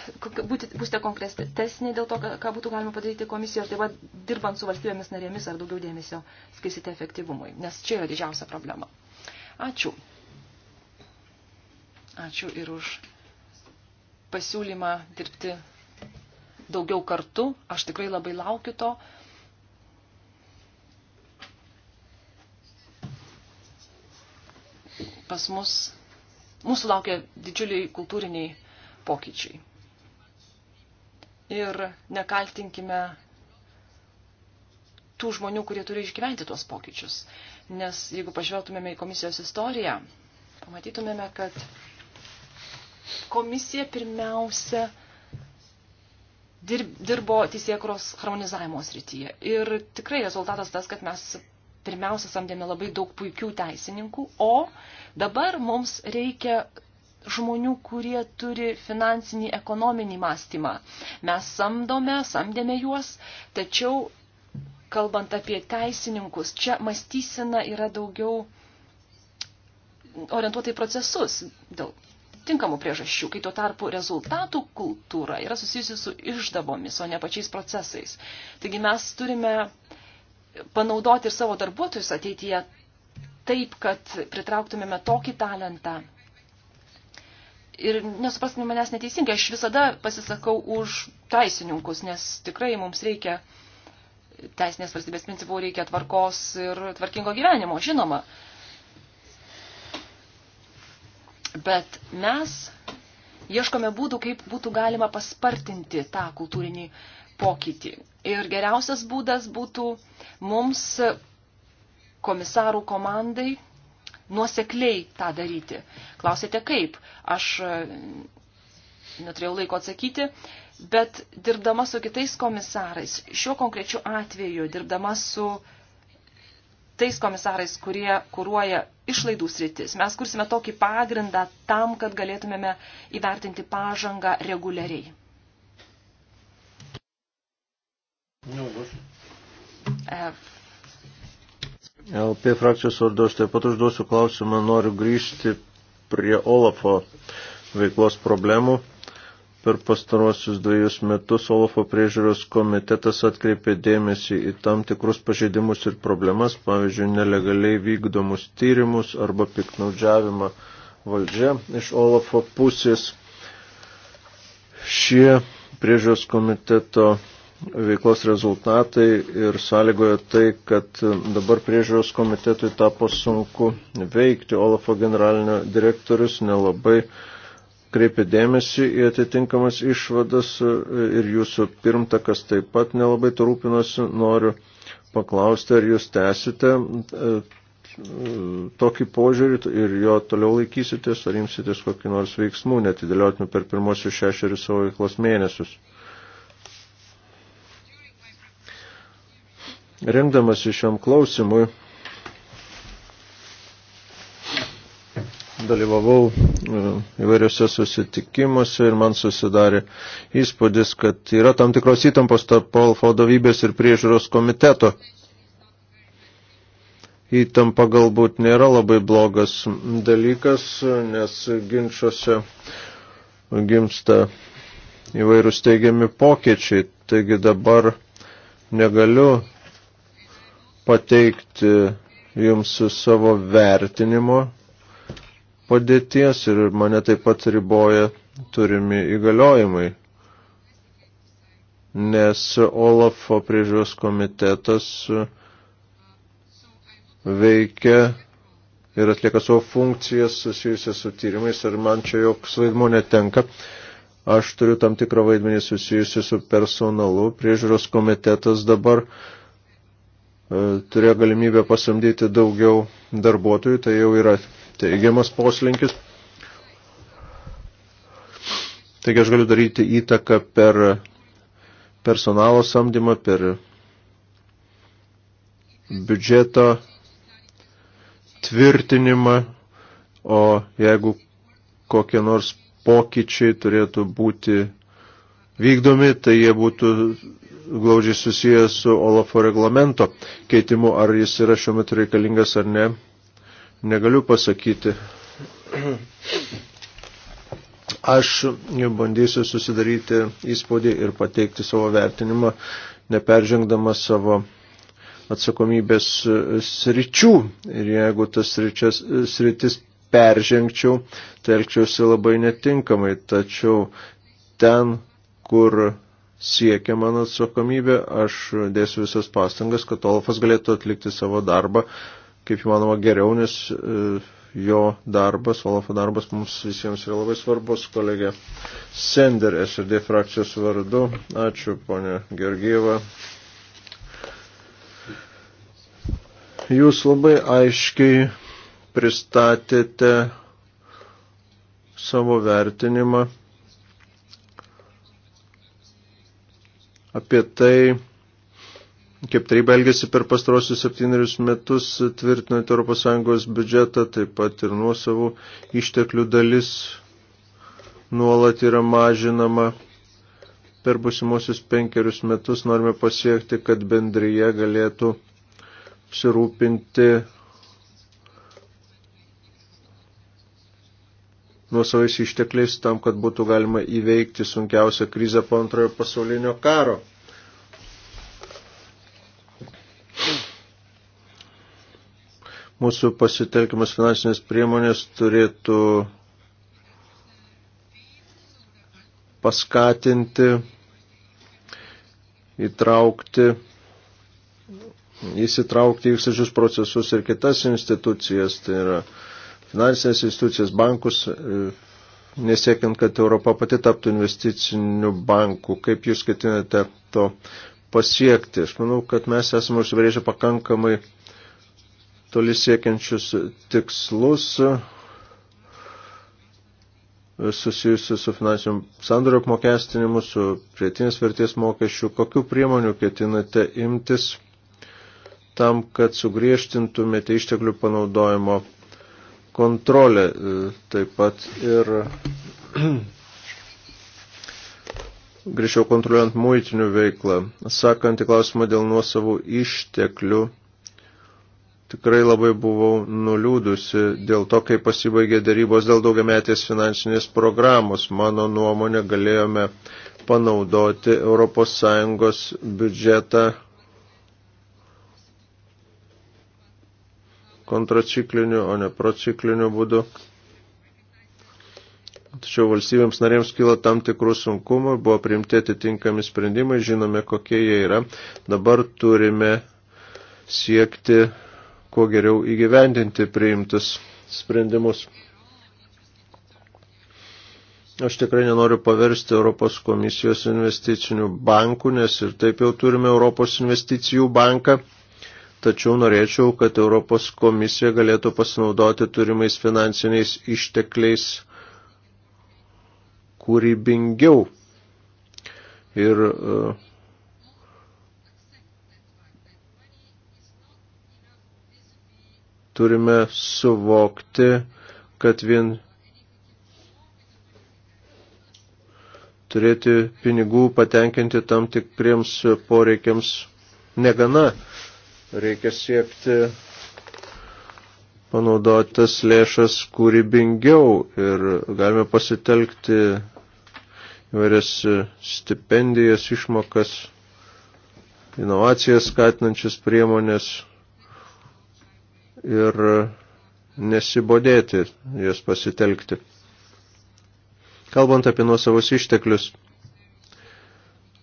Speaker 3: būti, būsite konkretesnė dėl to, ką būtų galima padaryti komisijoje, taip pat dirbant su valstybėmis narėmis ar daugiau dėmesio skaisite efektyvumui, nes čia yra didžiausia problema. Ačiū. Ačiū ir už pasiūlymą dirbti daugiau kartu. Aš tikrai labai laukiu to. Pas mus mūsų laukia didžiuliai kultūriniai pokyčiai. Ir nekaltinkime tų žmonių, kurie turi išgyventi tuos pokyčius. Nes jeigu pažvelgtumėme į komisijos istoriją, pamatytumėme, kad komisija pirmiausia dirbo teisėkros harmonizavimo srityje. Ir tikrai rezultatas tas, kad mes pirmiausia samdėme labai daug puikių teisininkų, o dabar mums reikia žmonių, kurie turi finansinį ekonominį mąstymą. Mes samdome, samdėme juos, tačiau kalbant apie teisininkus, čia mąstysena yra daugiau orientuota į procesus dėl tinkamų priežasčių, kai tuo tarpu rezultatų kultūra yra susijusi su išdavomis, o ne pačiais procesais. Taigi mes turime panaudoti ir savo darbuotojus ateityje taip, kad pritrauktumėme tokį talentą. Ir nesuprastumėme manęs neteisingai, aš visada pasisakau už teisininkus, nes tikrai mums reikia teisinės valstybės principų, reikia tvarkos ir tvarkingo gyvenimo, žinoma. Bet mes ieškome būdų, kaip būtų galima paspartinti tą kultūrinį pokytį. Ir geriausias būdas būtų mums, komisarų komandai, nuosekliai tą daryti. Klausėte kaip? Aš e, neturėjau laiko atsakyti, bet dirbdama su kitais komisarais, šiuo konkrečiu atveju, dirbdama su tais komisarais, kurie kūruoja išlaidų sritis. Mes kursime tokį pagrindą tam, kad galėtumėme įvertinti pažangą reguliariai.
Speaker 1: Nu,
Speaker 2: LP frakcijos vardu aš taip pat užduosiu klausimą, noriu grįžti prie Olafo veiklos problemų. Per pastarosius dviejus metus Olafo priežiūros komitetas atkreipė dėmesį į tam tikrus pažeidimus ir problemas, pavyzdžiui, nelegaliai vykdomus tyrimus arba piknaudžiavimą valdžia iš Olafo pusės. Šie priežiūros komiteto veiklos rezultatai ir sąlygojo tai, kad dabar priežiūros komitetui tapo sunku veikti. Olafo generalinio direktorius nelabai kreipė dėmesį į atitinkamas išvadas ir jūsų pirmtakas taip pat nelabai turūpinosi. Noriu paklausti, ar jūs tęsite e, tokį požiūrį ir jo toliau laikysitės, ar imsitės kokį nors veiksmų, netidėliotinų per pirmosius šešerius savo veiklos mėnesius. Rengdamas iš šiam klausimui dalyvavau e, įvairiose susitikimuose ir man susidarė įspūdis, kad yra tam tikros įtampos tarp Polfo vadovybės ir priežiūros komiteto. Įtampa galbūt nėra labai blogas dalykas, nes ginčiuose gimsta įvairūs teigiami pokyčiai. Taigi dabar negaliu pateikti jums savo vertinimo padėties ir mane taip pat riboja turimi įgaliojimai, nes Olafo priežiūros komitetas veikia ir atlieka savo funkcijas susijusias su tyrimais ir man čia joks vaidmuo netenka. Aš turiu tam tikrą vaidmenį susijusiu su personalu. Priežiūros komitetas dabar uh, E, turėjo galimybę pasamdyti daugiau darbuotojų, tai jau yra teigiamas poslinkis. Taigi aš galiu daryti įtaką per personalo samdymą, per biudžeto tvirtinimą, o jeigu kokie nors pokyčiai turėtų būti vykdomi, tai jie būtų glaudžiai susijęs su Olafo reglamento keitimu, ar jis yra šiuo metu reikalingas ar ne, negaliu pasakyti. Aš bandysiu susidaryti įspūdį ir pateikti savo vertinimą, neperžengdamas savo atsakomybės sričių. Ir jeigu tas sričias, sritis peržengčiau, telkčiausi tai labai netinkamai. Tačiau ten, kur siekia mano atsakomybė, aš dėsiu visas pastangas, kad Olafas galėtų atlikti savo darbą, kaip įmanoma, geriau, nes e, jo darbas, Olafo darbas mums visiems yra labai svarbus, kolegė Sender, SRD frakcijos vardu. Ačiū, ponė Gergieva. Jūs labai aiškiai pristatėte savo vertinimą apie tai, kaip taryba elgėsi per pastarosius septynerius metus, tvirtinant ES biudžetą, taip pat ir nuosavų išteklių dalis nuolat yra mažinama. Per busimuosius penkerius metus norime pasiekti, kad bendryje galėtų apsirūpinti nuosavais ištekliais tam, kad būtų galima įveikti sunkiausią krizę po antrojo pasaulinio karo. Mūsų pasitelkimas finansinės priemonės turėtų paskatinti, įtraukti, įsitraukti į visus procesus ir kitas institucijas, tai yra finansinės institucijas, bankus, e, nesiekiant, kad Europa pati taptų investicinių bankų. Kaip jūs ketinate to pasiekti? Aš manau, kad mes esame užsibrėžę pakankamai toli siekiančius tikslus e, susijusius su finansiniu sandorio apmokestinimu, su prietinės vertės mokesčiu. Kokiu priemonių ketinate imtis tam, kad sugriežtintumėte išteklių panaudojimo kontrolę e, taip pat ir grįžčiau kontroliuojant muitinių veiklą. Sakant į klausimą dėl nuosavų išteklių, tikrai labai buvau nuliūdusi dėl to, kai pasibaigė darybos dėl daugiametės finansinės programos. Mano nuomonė galėjome panaudoti ES biudžetą kontracikliniu, o ne procikliniu būdu. Tačiau valstybėms narėms kilo tam tikrų sunkumų, buvo priimti atitinkami sprendimai, žinome, kokie jie yra. Dabar turime siekti kuo geriau įgyvendinti priimtus sprendimus. Aš tikrai nenoriu paversti Europos komisijos investicinių bankų, nes ir taip jau turime Europos investicijų banką tačiau norėčiau, kad Europos komisija galėtų pasinaudoti turimais finansiniais ištekliais kūrybingiau ir e, turime suvokti, kad vien turėti pinigų patenkinti tam tikriems poreikiams negana. Reikia siekti panaudotas lėšas kūrybingiau ir galime pasitelkti įvairias stipendijas, išmokas, inovacijas skatinančias priemonės ir nesibodėti jas pasitelkti. Kalbant apie nuosavus išteklius,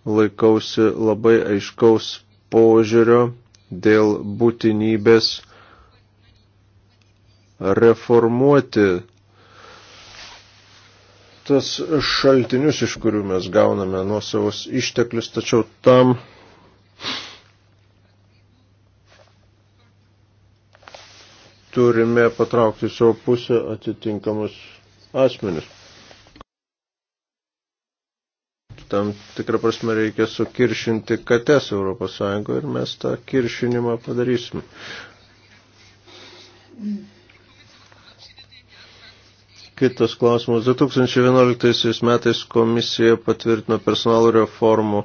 Speaker 2: laikausi labai aiškaus požiūrio dėl būtinybės reformuoti tas šaltinius, iš kurių mes gauname nuo savos išteklius, tačiau tam turime patraukti savo pusę atitinkamus asmenis. tam tikrą prasme reikia sukiršinti kates Europos Sąjungoje ir mes tą kiršinimą padarysim. Kitas klausimas. 2011 metais komisija patvirtino personalų reformų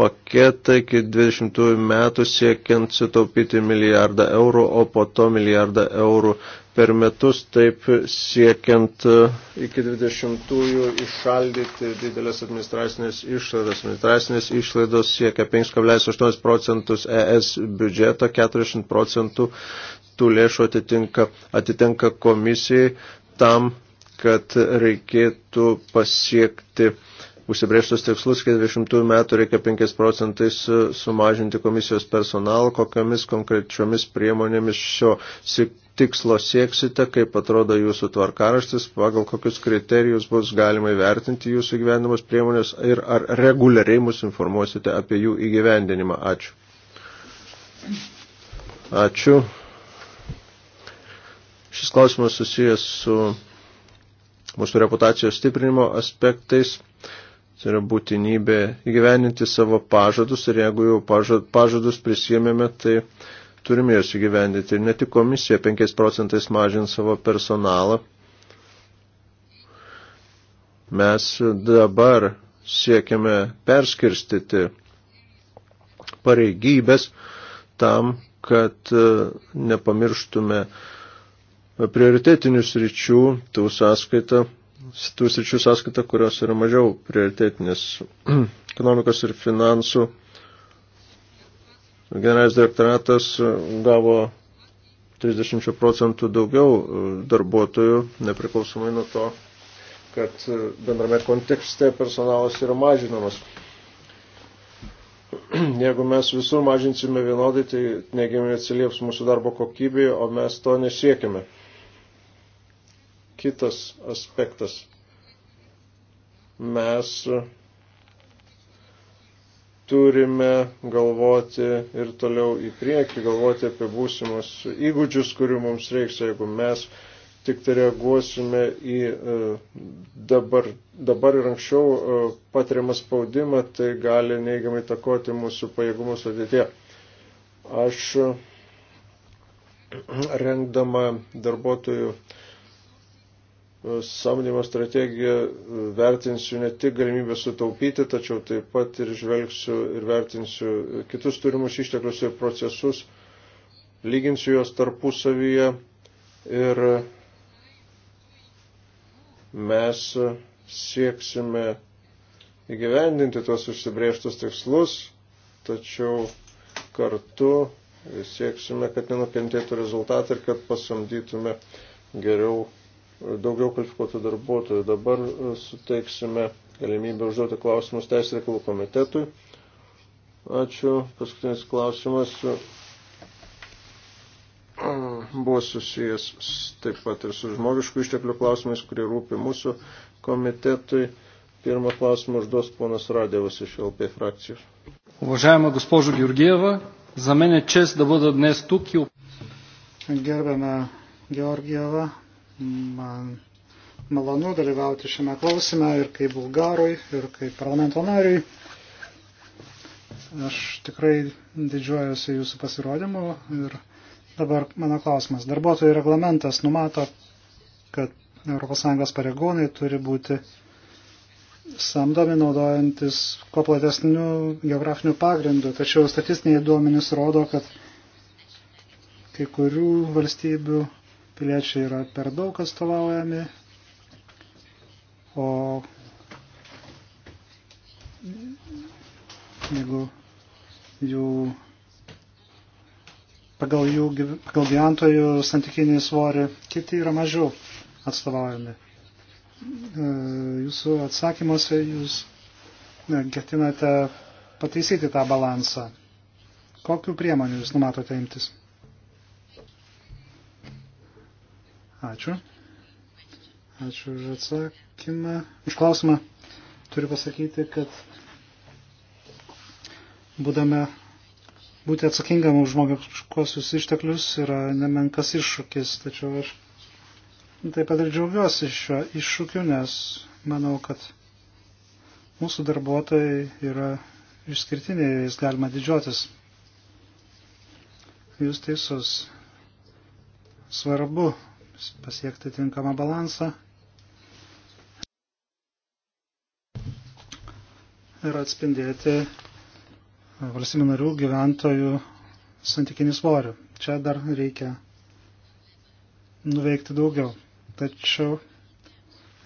Speaker 2: paketą iki 20 metų siekiant sutaupyti milijardą eurų, o po to milijardą eurų per metus, taip siekiant e, iki 20-ųjų išaldyti didelės administracinės išlaidas. Administracinės išlaidos siekia 5,8 procentus ES biudžeto, 40 procentų tų lėšų atitinka, atitenka komisijai tam, kad reikėtų pasiekti uh, užsibrėžtus tikslus, 40 metų reikia 5 procentais e, sumažinti komisijos personalą, kokiamis konkrečiomis priemonėmis šio tikslo sieksite, kaip atrodo jūsų tvarkaraštis, pagal kokius kriterijus bus galima įvertinti jūsų gyvenimas priemonės ir ar reguliariai mus informuosite apie jų įgyvendinimą. Ačiū. Ačiū. Šis klausimas susijęs su mūsų reputacijos stiprinimo aspektais. Tai yra būtinybė įgyveninti savo pažadus ir jeigu jau pažad, pažadus prisėmėme, tai turime juos įgyvendinti. Ir ne tik komisija 5 procentais mažint savo personalą. Mes dabar siekiame perskirstyti pareigybės tam, kad e, nepamirštume prioritetinių sričių, tų sąskaitą tų sričių sąskaita, kurios yra mažiau prioritetinės ekonomikos ir finansų. Generalinis direktoratas gavo 30 procentų daugiau e, darbuotojų, nepriklausomai nuo to, kad e, bendrame kontekste personalas yra mažinamas. Jeigu mes visur mažinsime vienodai, tai negimiai atsilieps mūsų darbo kokybė, o mes to nesiekime kitas aspektas. Mes turime galvoti ir toliau į priekį, galvoti apie būsimus įgūdžius, kurių mums reiks, jeigu mes tik tai reaguosime į e, dabar, dabar ir anksčiau e, patiriamą spaudimą, tai gali neigiamai takoti mūsų pajėgumus ateitie. Aš rengdama darbuotojų sąmonimo strategiją vertinsiu ne tik galimybę sutaupyti, tačiau taip pat ir žvelgsiu ir vertinsiu kitus turimus išteklius ir procesus, lyginsiu juos tarpusavyje ir mes sieksime įgyvendinti tuos užsibrėžtus tikslus, tačiau kartu sieksime, kad nenukentėtų rezultatai ir kad pasamdytume geriau daugiau kvalifikuotų darbuotojų. Dabar e, suteiksime galimybę užduoti klausimus Teisės reikalų komitetui. Ačiū. Paskutinis klausimas e, buvo susijęs taip pat ir su žmogiškų išteklių klausimais, kurie rūpi mūsų komitetui. Pirmą klausimą užduos ponas Radėvas iš LP frakcijos.
Speaker 1: Уважаема госпожо Георгиева, за мен е чест да бъда днес тук и... Гербена Георгиева, man malonu dalyvauti šiame klausime ir kaip bulgarui, ir kaip parlamento nariui. Aš tikrai didžiuojuosi jūsų pasirodymu ir dabar mano klausimas. Darbuotojų reglamentas numato, kad ES pareigūnai turi būti samdomi naudojantis kuo platesnių geografinių pagrindų, tačiau statistiniai duomenys rodo, kad kai kurių valstybių piliečiai yra per daug atstovaujami, o jeigu jų pagal jų pagal gyventojų santykinį svorį, kiti yra mažiau atstovaujami. E, jūsų atsakymuose jūs e, ketinate pataisyti tą balansą. Kokiu priemonių jūs numatote imtis? Ačiū. Ačiū už atsakymą. Už klausimą turiu pasakyti, kad būdame būti atsakingam už žmogiškosius išteklius yra nemenkas iššūkis, tačiau aš taip pat ir džiaugiuosi šiuo iššūkiu, nes manau, kad mūsų darbuotojai yra išskirtiniai, jais galima didžiuotis. Jūs teisus. Svarbu pasiekti tinkamą balansą. Ir atspindėti valstybių narių gyventojų santykinį svorį. Čia dar reikia nuveikti daugiau. Tačiau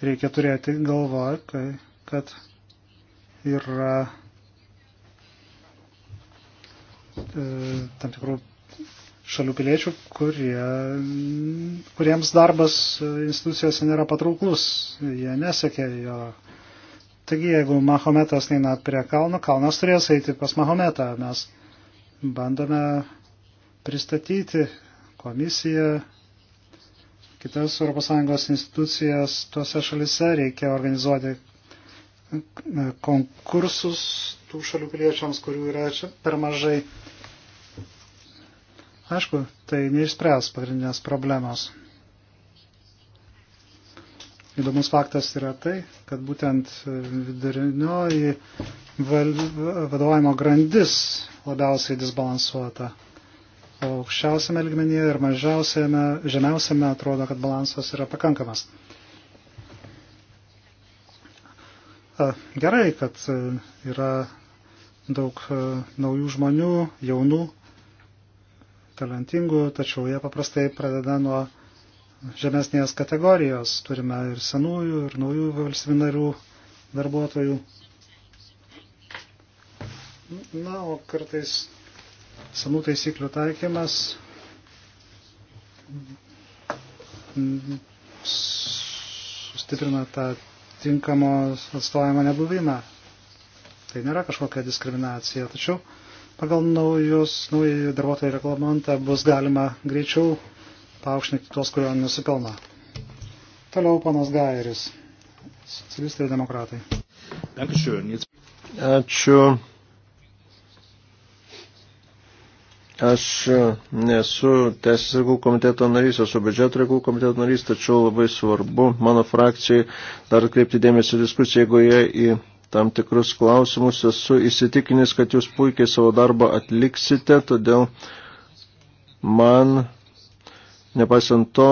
Speaker 1: reikia turėti galvoje, kad yra e, tam tikrų šalių piliečių, kurie, kuriems darbas institucijose nėra patrauklus, jie nesekė jo. Taigi, jeigu Mahometas neina prie kalno, kalnas turės eiti pas Mahometą. Mes bandome pristatyti komisiją, kitas ES institucijas tuose šalise, reikia organizuoti konkursus tų šalių piliečiams, kurių yra čia per mažai Aišku, tai neišspręs pagrindinės problemos. Įdomus faktas yra tai, kad būtent vidurinioji vadovavimo grandis labiausiai disbalansuota. O aukščiausiame lygmenyje ir mažiausiame, žemiausiame atrodo, kad balansas yra pakankamas. Gerai, kad e, yra daug e, naujų žmonių, jaunų talentingų, tačiau jie paprastai pradeda nuo žemesnės kategorijos. Turime ir senųjų, ir naujų valstybinarių darbuotojų. Na, o kartais senų taisyklių taikymas sustiprina tą tinkamo atstovavimo nebuvimą. Tai nėra kažkokia diskriminacija, tačiau Pagal naujus, naują darbuotojų reglamentą bus galima greičiau paaukštinti tuos, kurio nusipelna. Toliau panas Gairis, socialistai ir demokratai.
Speaker 2: Ačiū. Aš nesu Teisės reikų komiteto narys, esu biudžeto reikų komiteto narys, tačiau labai svarbu mano frakcijai dar atkreipti dėmesį diskusiją, jeigu jie į tam tikrus klausimus. Esu įsitikinęs, kad jūs puikiai savo darbą atliksite, todėl man, nepaisant to,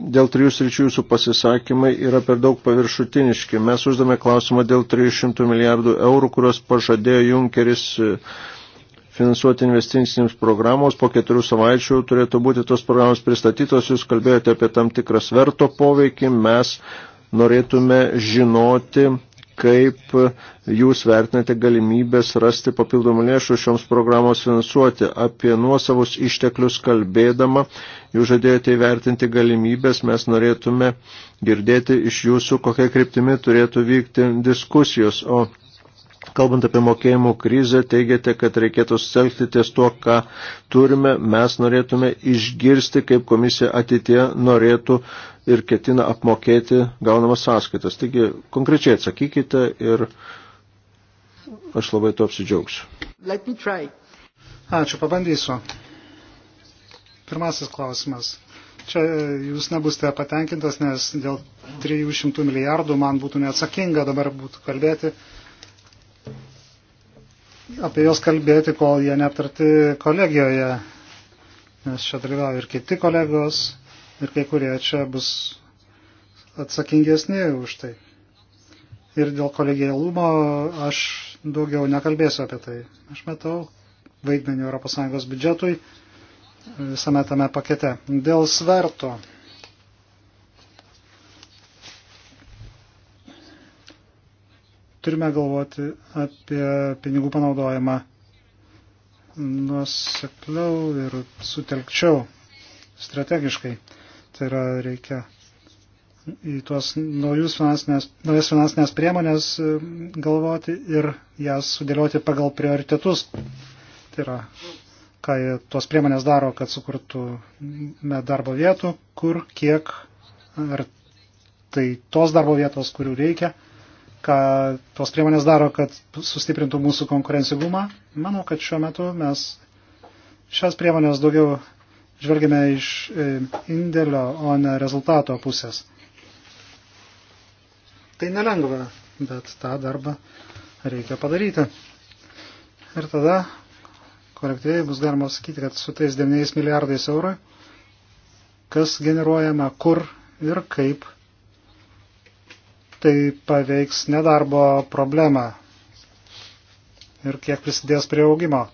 Speaker 2: dėl trijų sričių jūsų pasisakymai yra per daug paviršutiniški. Mes uždame klausimą dėl 300 milijardų eurų, kurios pažadėjo Junkeris e, finansuoti investicinėms programos. Po keturių savaičių turėtų būti tos programos pristatytos. Jūs kalbėjote apie tam tikrą sverto poveikį. Mes norėtume žinoti, kaip jūs vertinate galimybės rasti papildomų lėšų šioms programos finansuoti. Apie nuosavus išteklius kalbėdama, jūs žadėjote įvertinti galimybės, mes norėtume girdėti iš jūsų, kokia kryptimi turėtų vykti diskusijos. O Kalbant apie mokėjimų krizę, teigiate, kad reikėtų selgti ties tuo, ką turime. Mes norėtume išgirsti, kaip komisija ateitie norėtų ir ketina apmokėti gaunamas sąskaitas. Taigi konkrečiai atsakykite ir aš labai to apsidžiaugsiu.
Speaker 1: Ačiū, pabandysiu. Pirmasis klausimas. Čia e, jūs nebusite patenkintas, nes dėl 300 milijardų man būtų neatsakinga dabar būtų kalbėti apie juos kalbėti, kol jie neaptarti kolegijoje, nes čia dalyvauja ir kiti kolegos ir kai kurie čia bus atsakingesni už tai. Ir dėl kolegialumo aš daugiau nekalbėsiu apie tai. Aš matau vaidmenį ES biudžetui visame tame pakete. Dėl sverto. Turime galvoti apie pinigų panaudojimą nuosekliau ir sutelkčiau strategiškai. Tai yra reikia į tuos naujus finansinės, naujas finansinės priemonės e, galvoti ir jas sudėlioti pagal prioritetus. Tai yra, ką tuos priemonės daro, kad sukurtume darbo vietų, kur, kiek, ar tai tos darbo vietos, kurių reikia, ką tos priemonės daro, kad sustiprintų mūsų konkurencingumą. Manau, kad šiuo metu mes šias priemonės daugiau žvelgiame iš e, indėlio, o ne rezultato pusės. Tai nelengva, bet tą darbą reikia padaryti. Ir tada kolektyviai bus galima sakyti, kad su tais 9 milijardais eurų, kas generuojama, kur ir kaip, tai paveiks nedarbo problemą ir kiek prisidės prie augimo.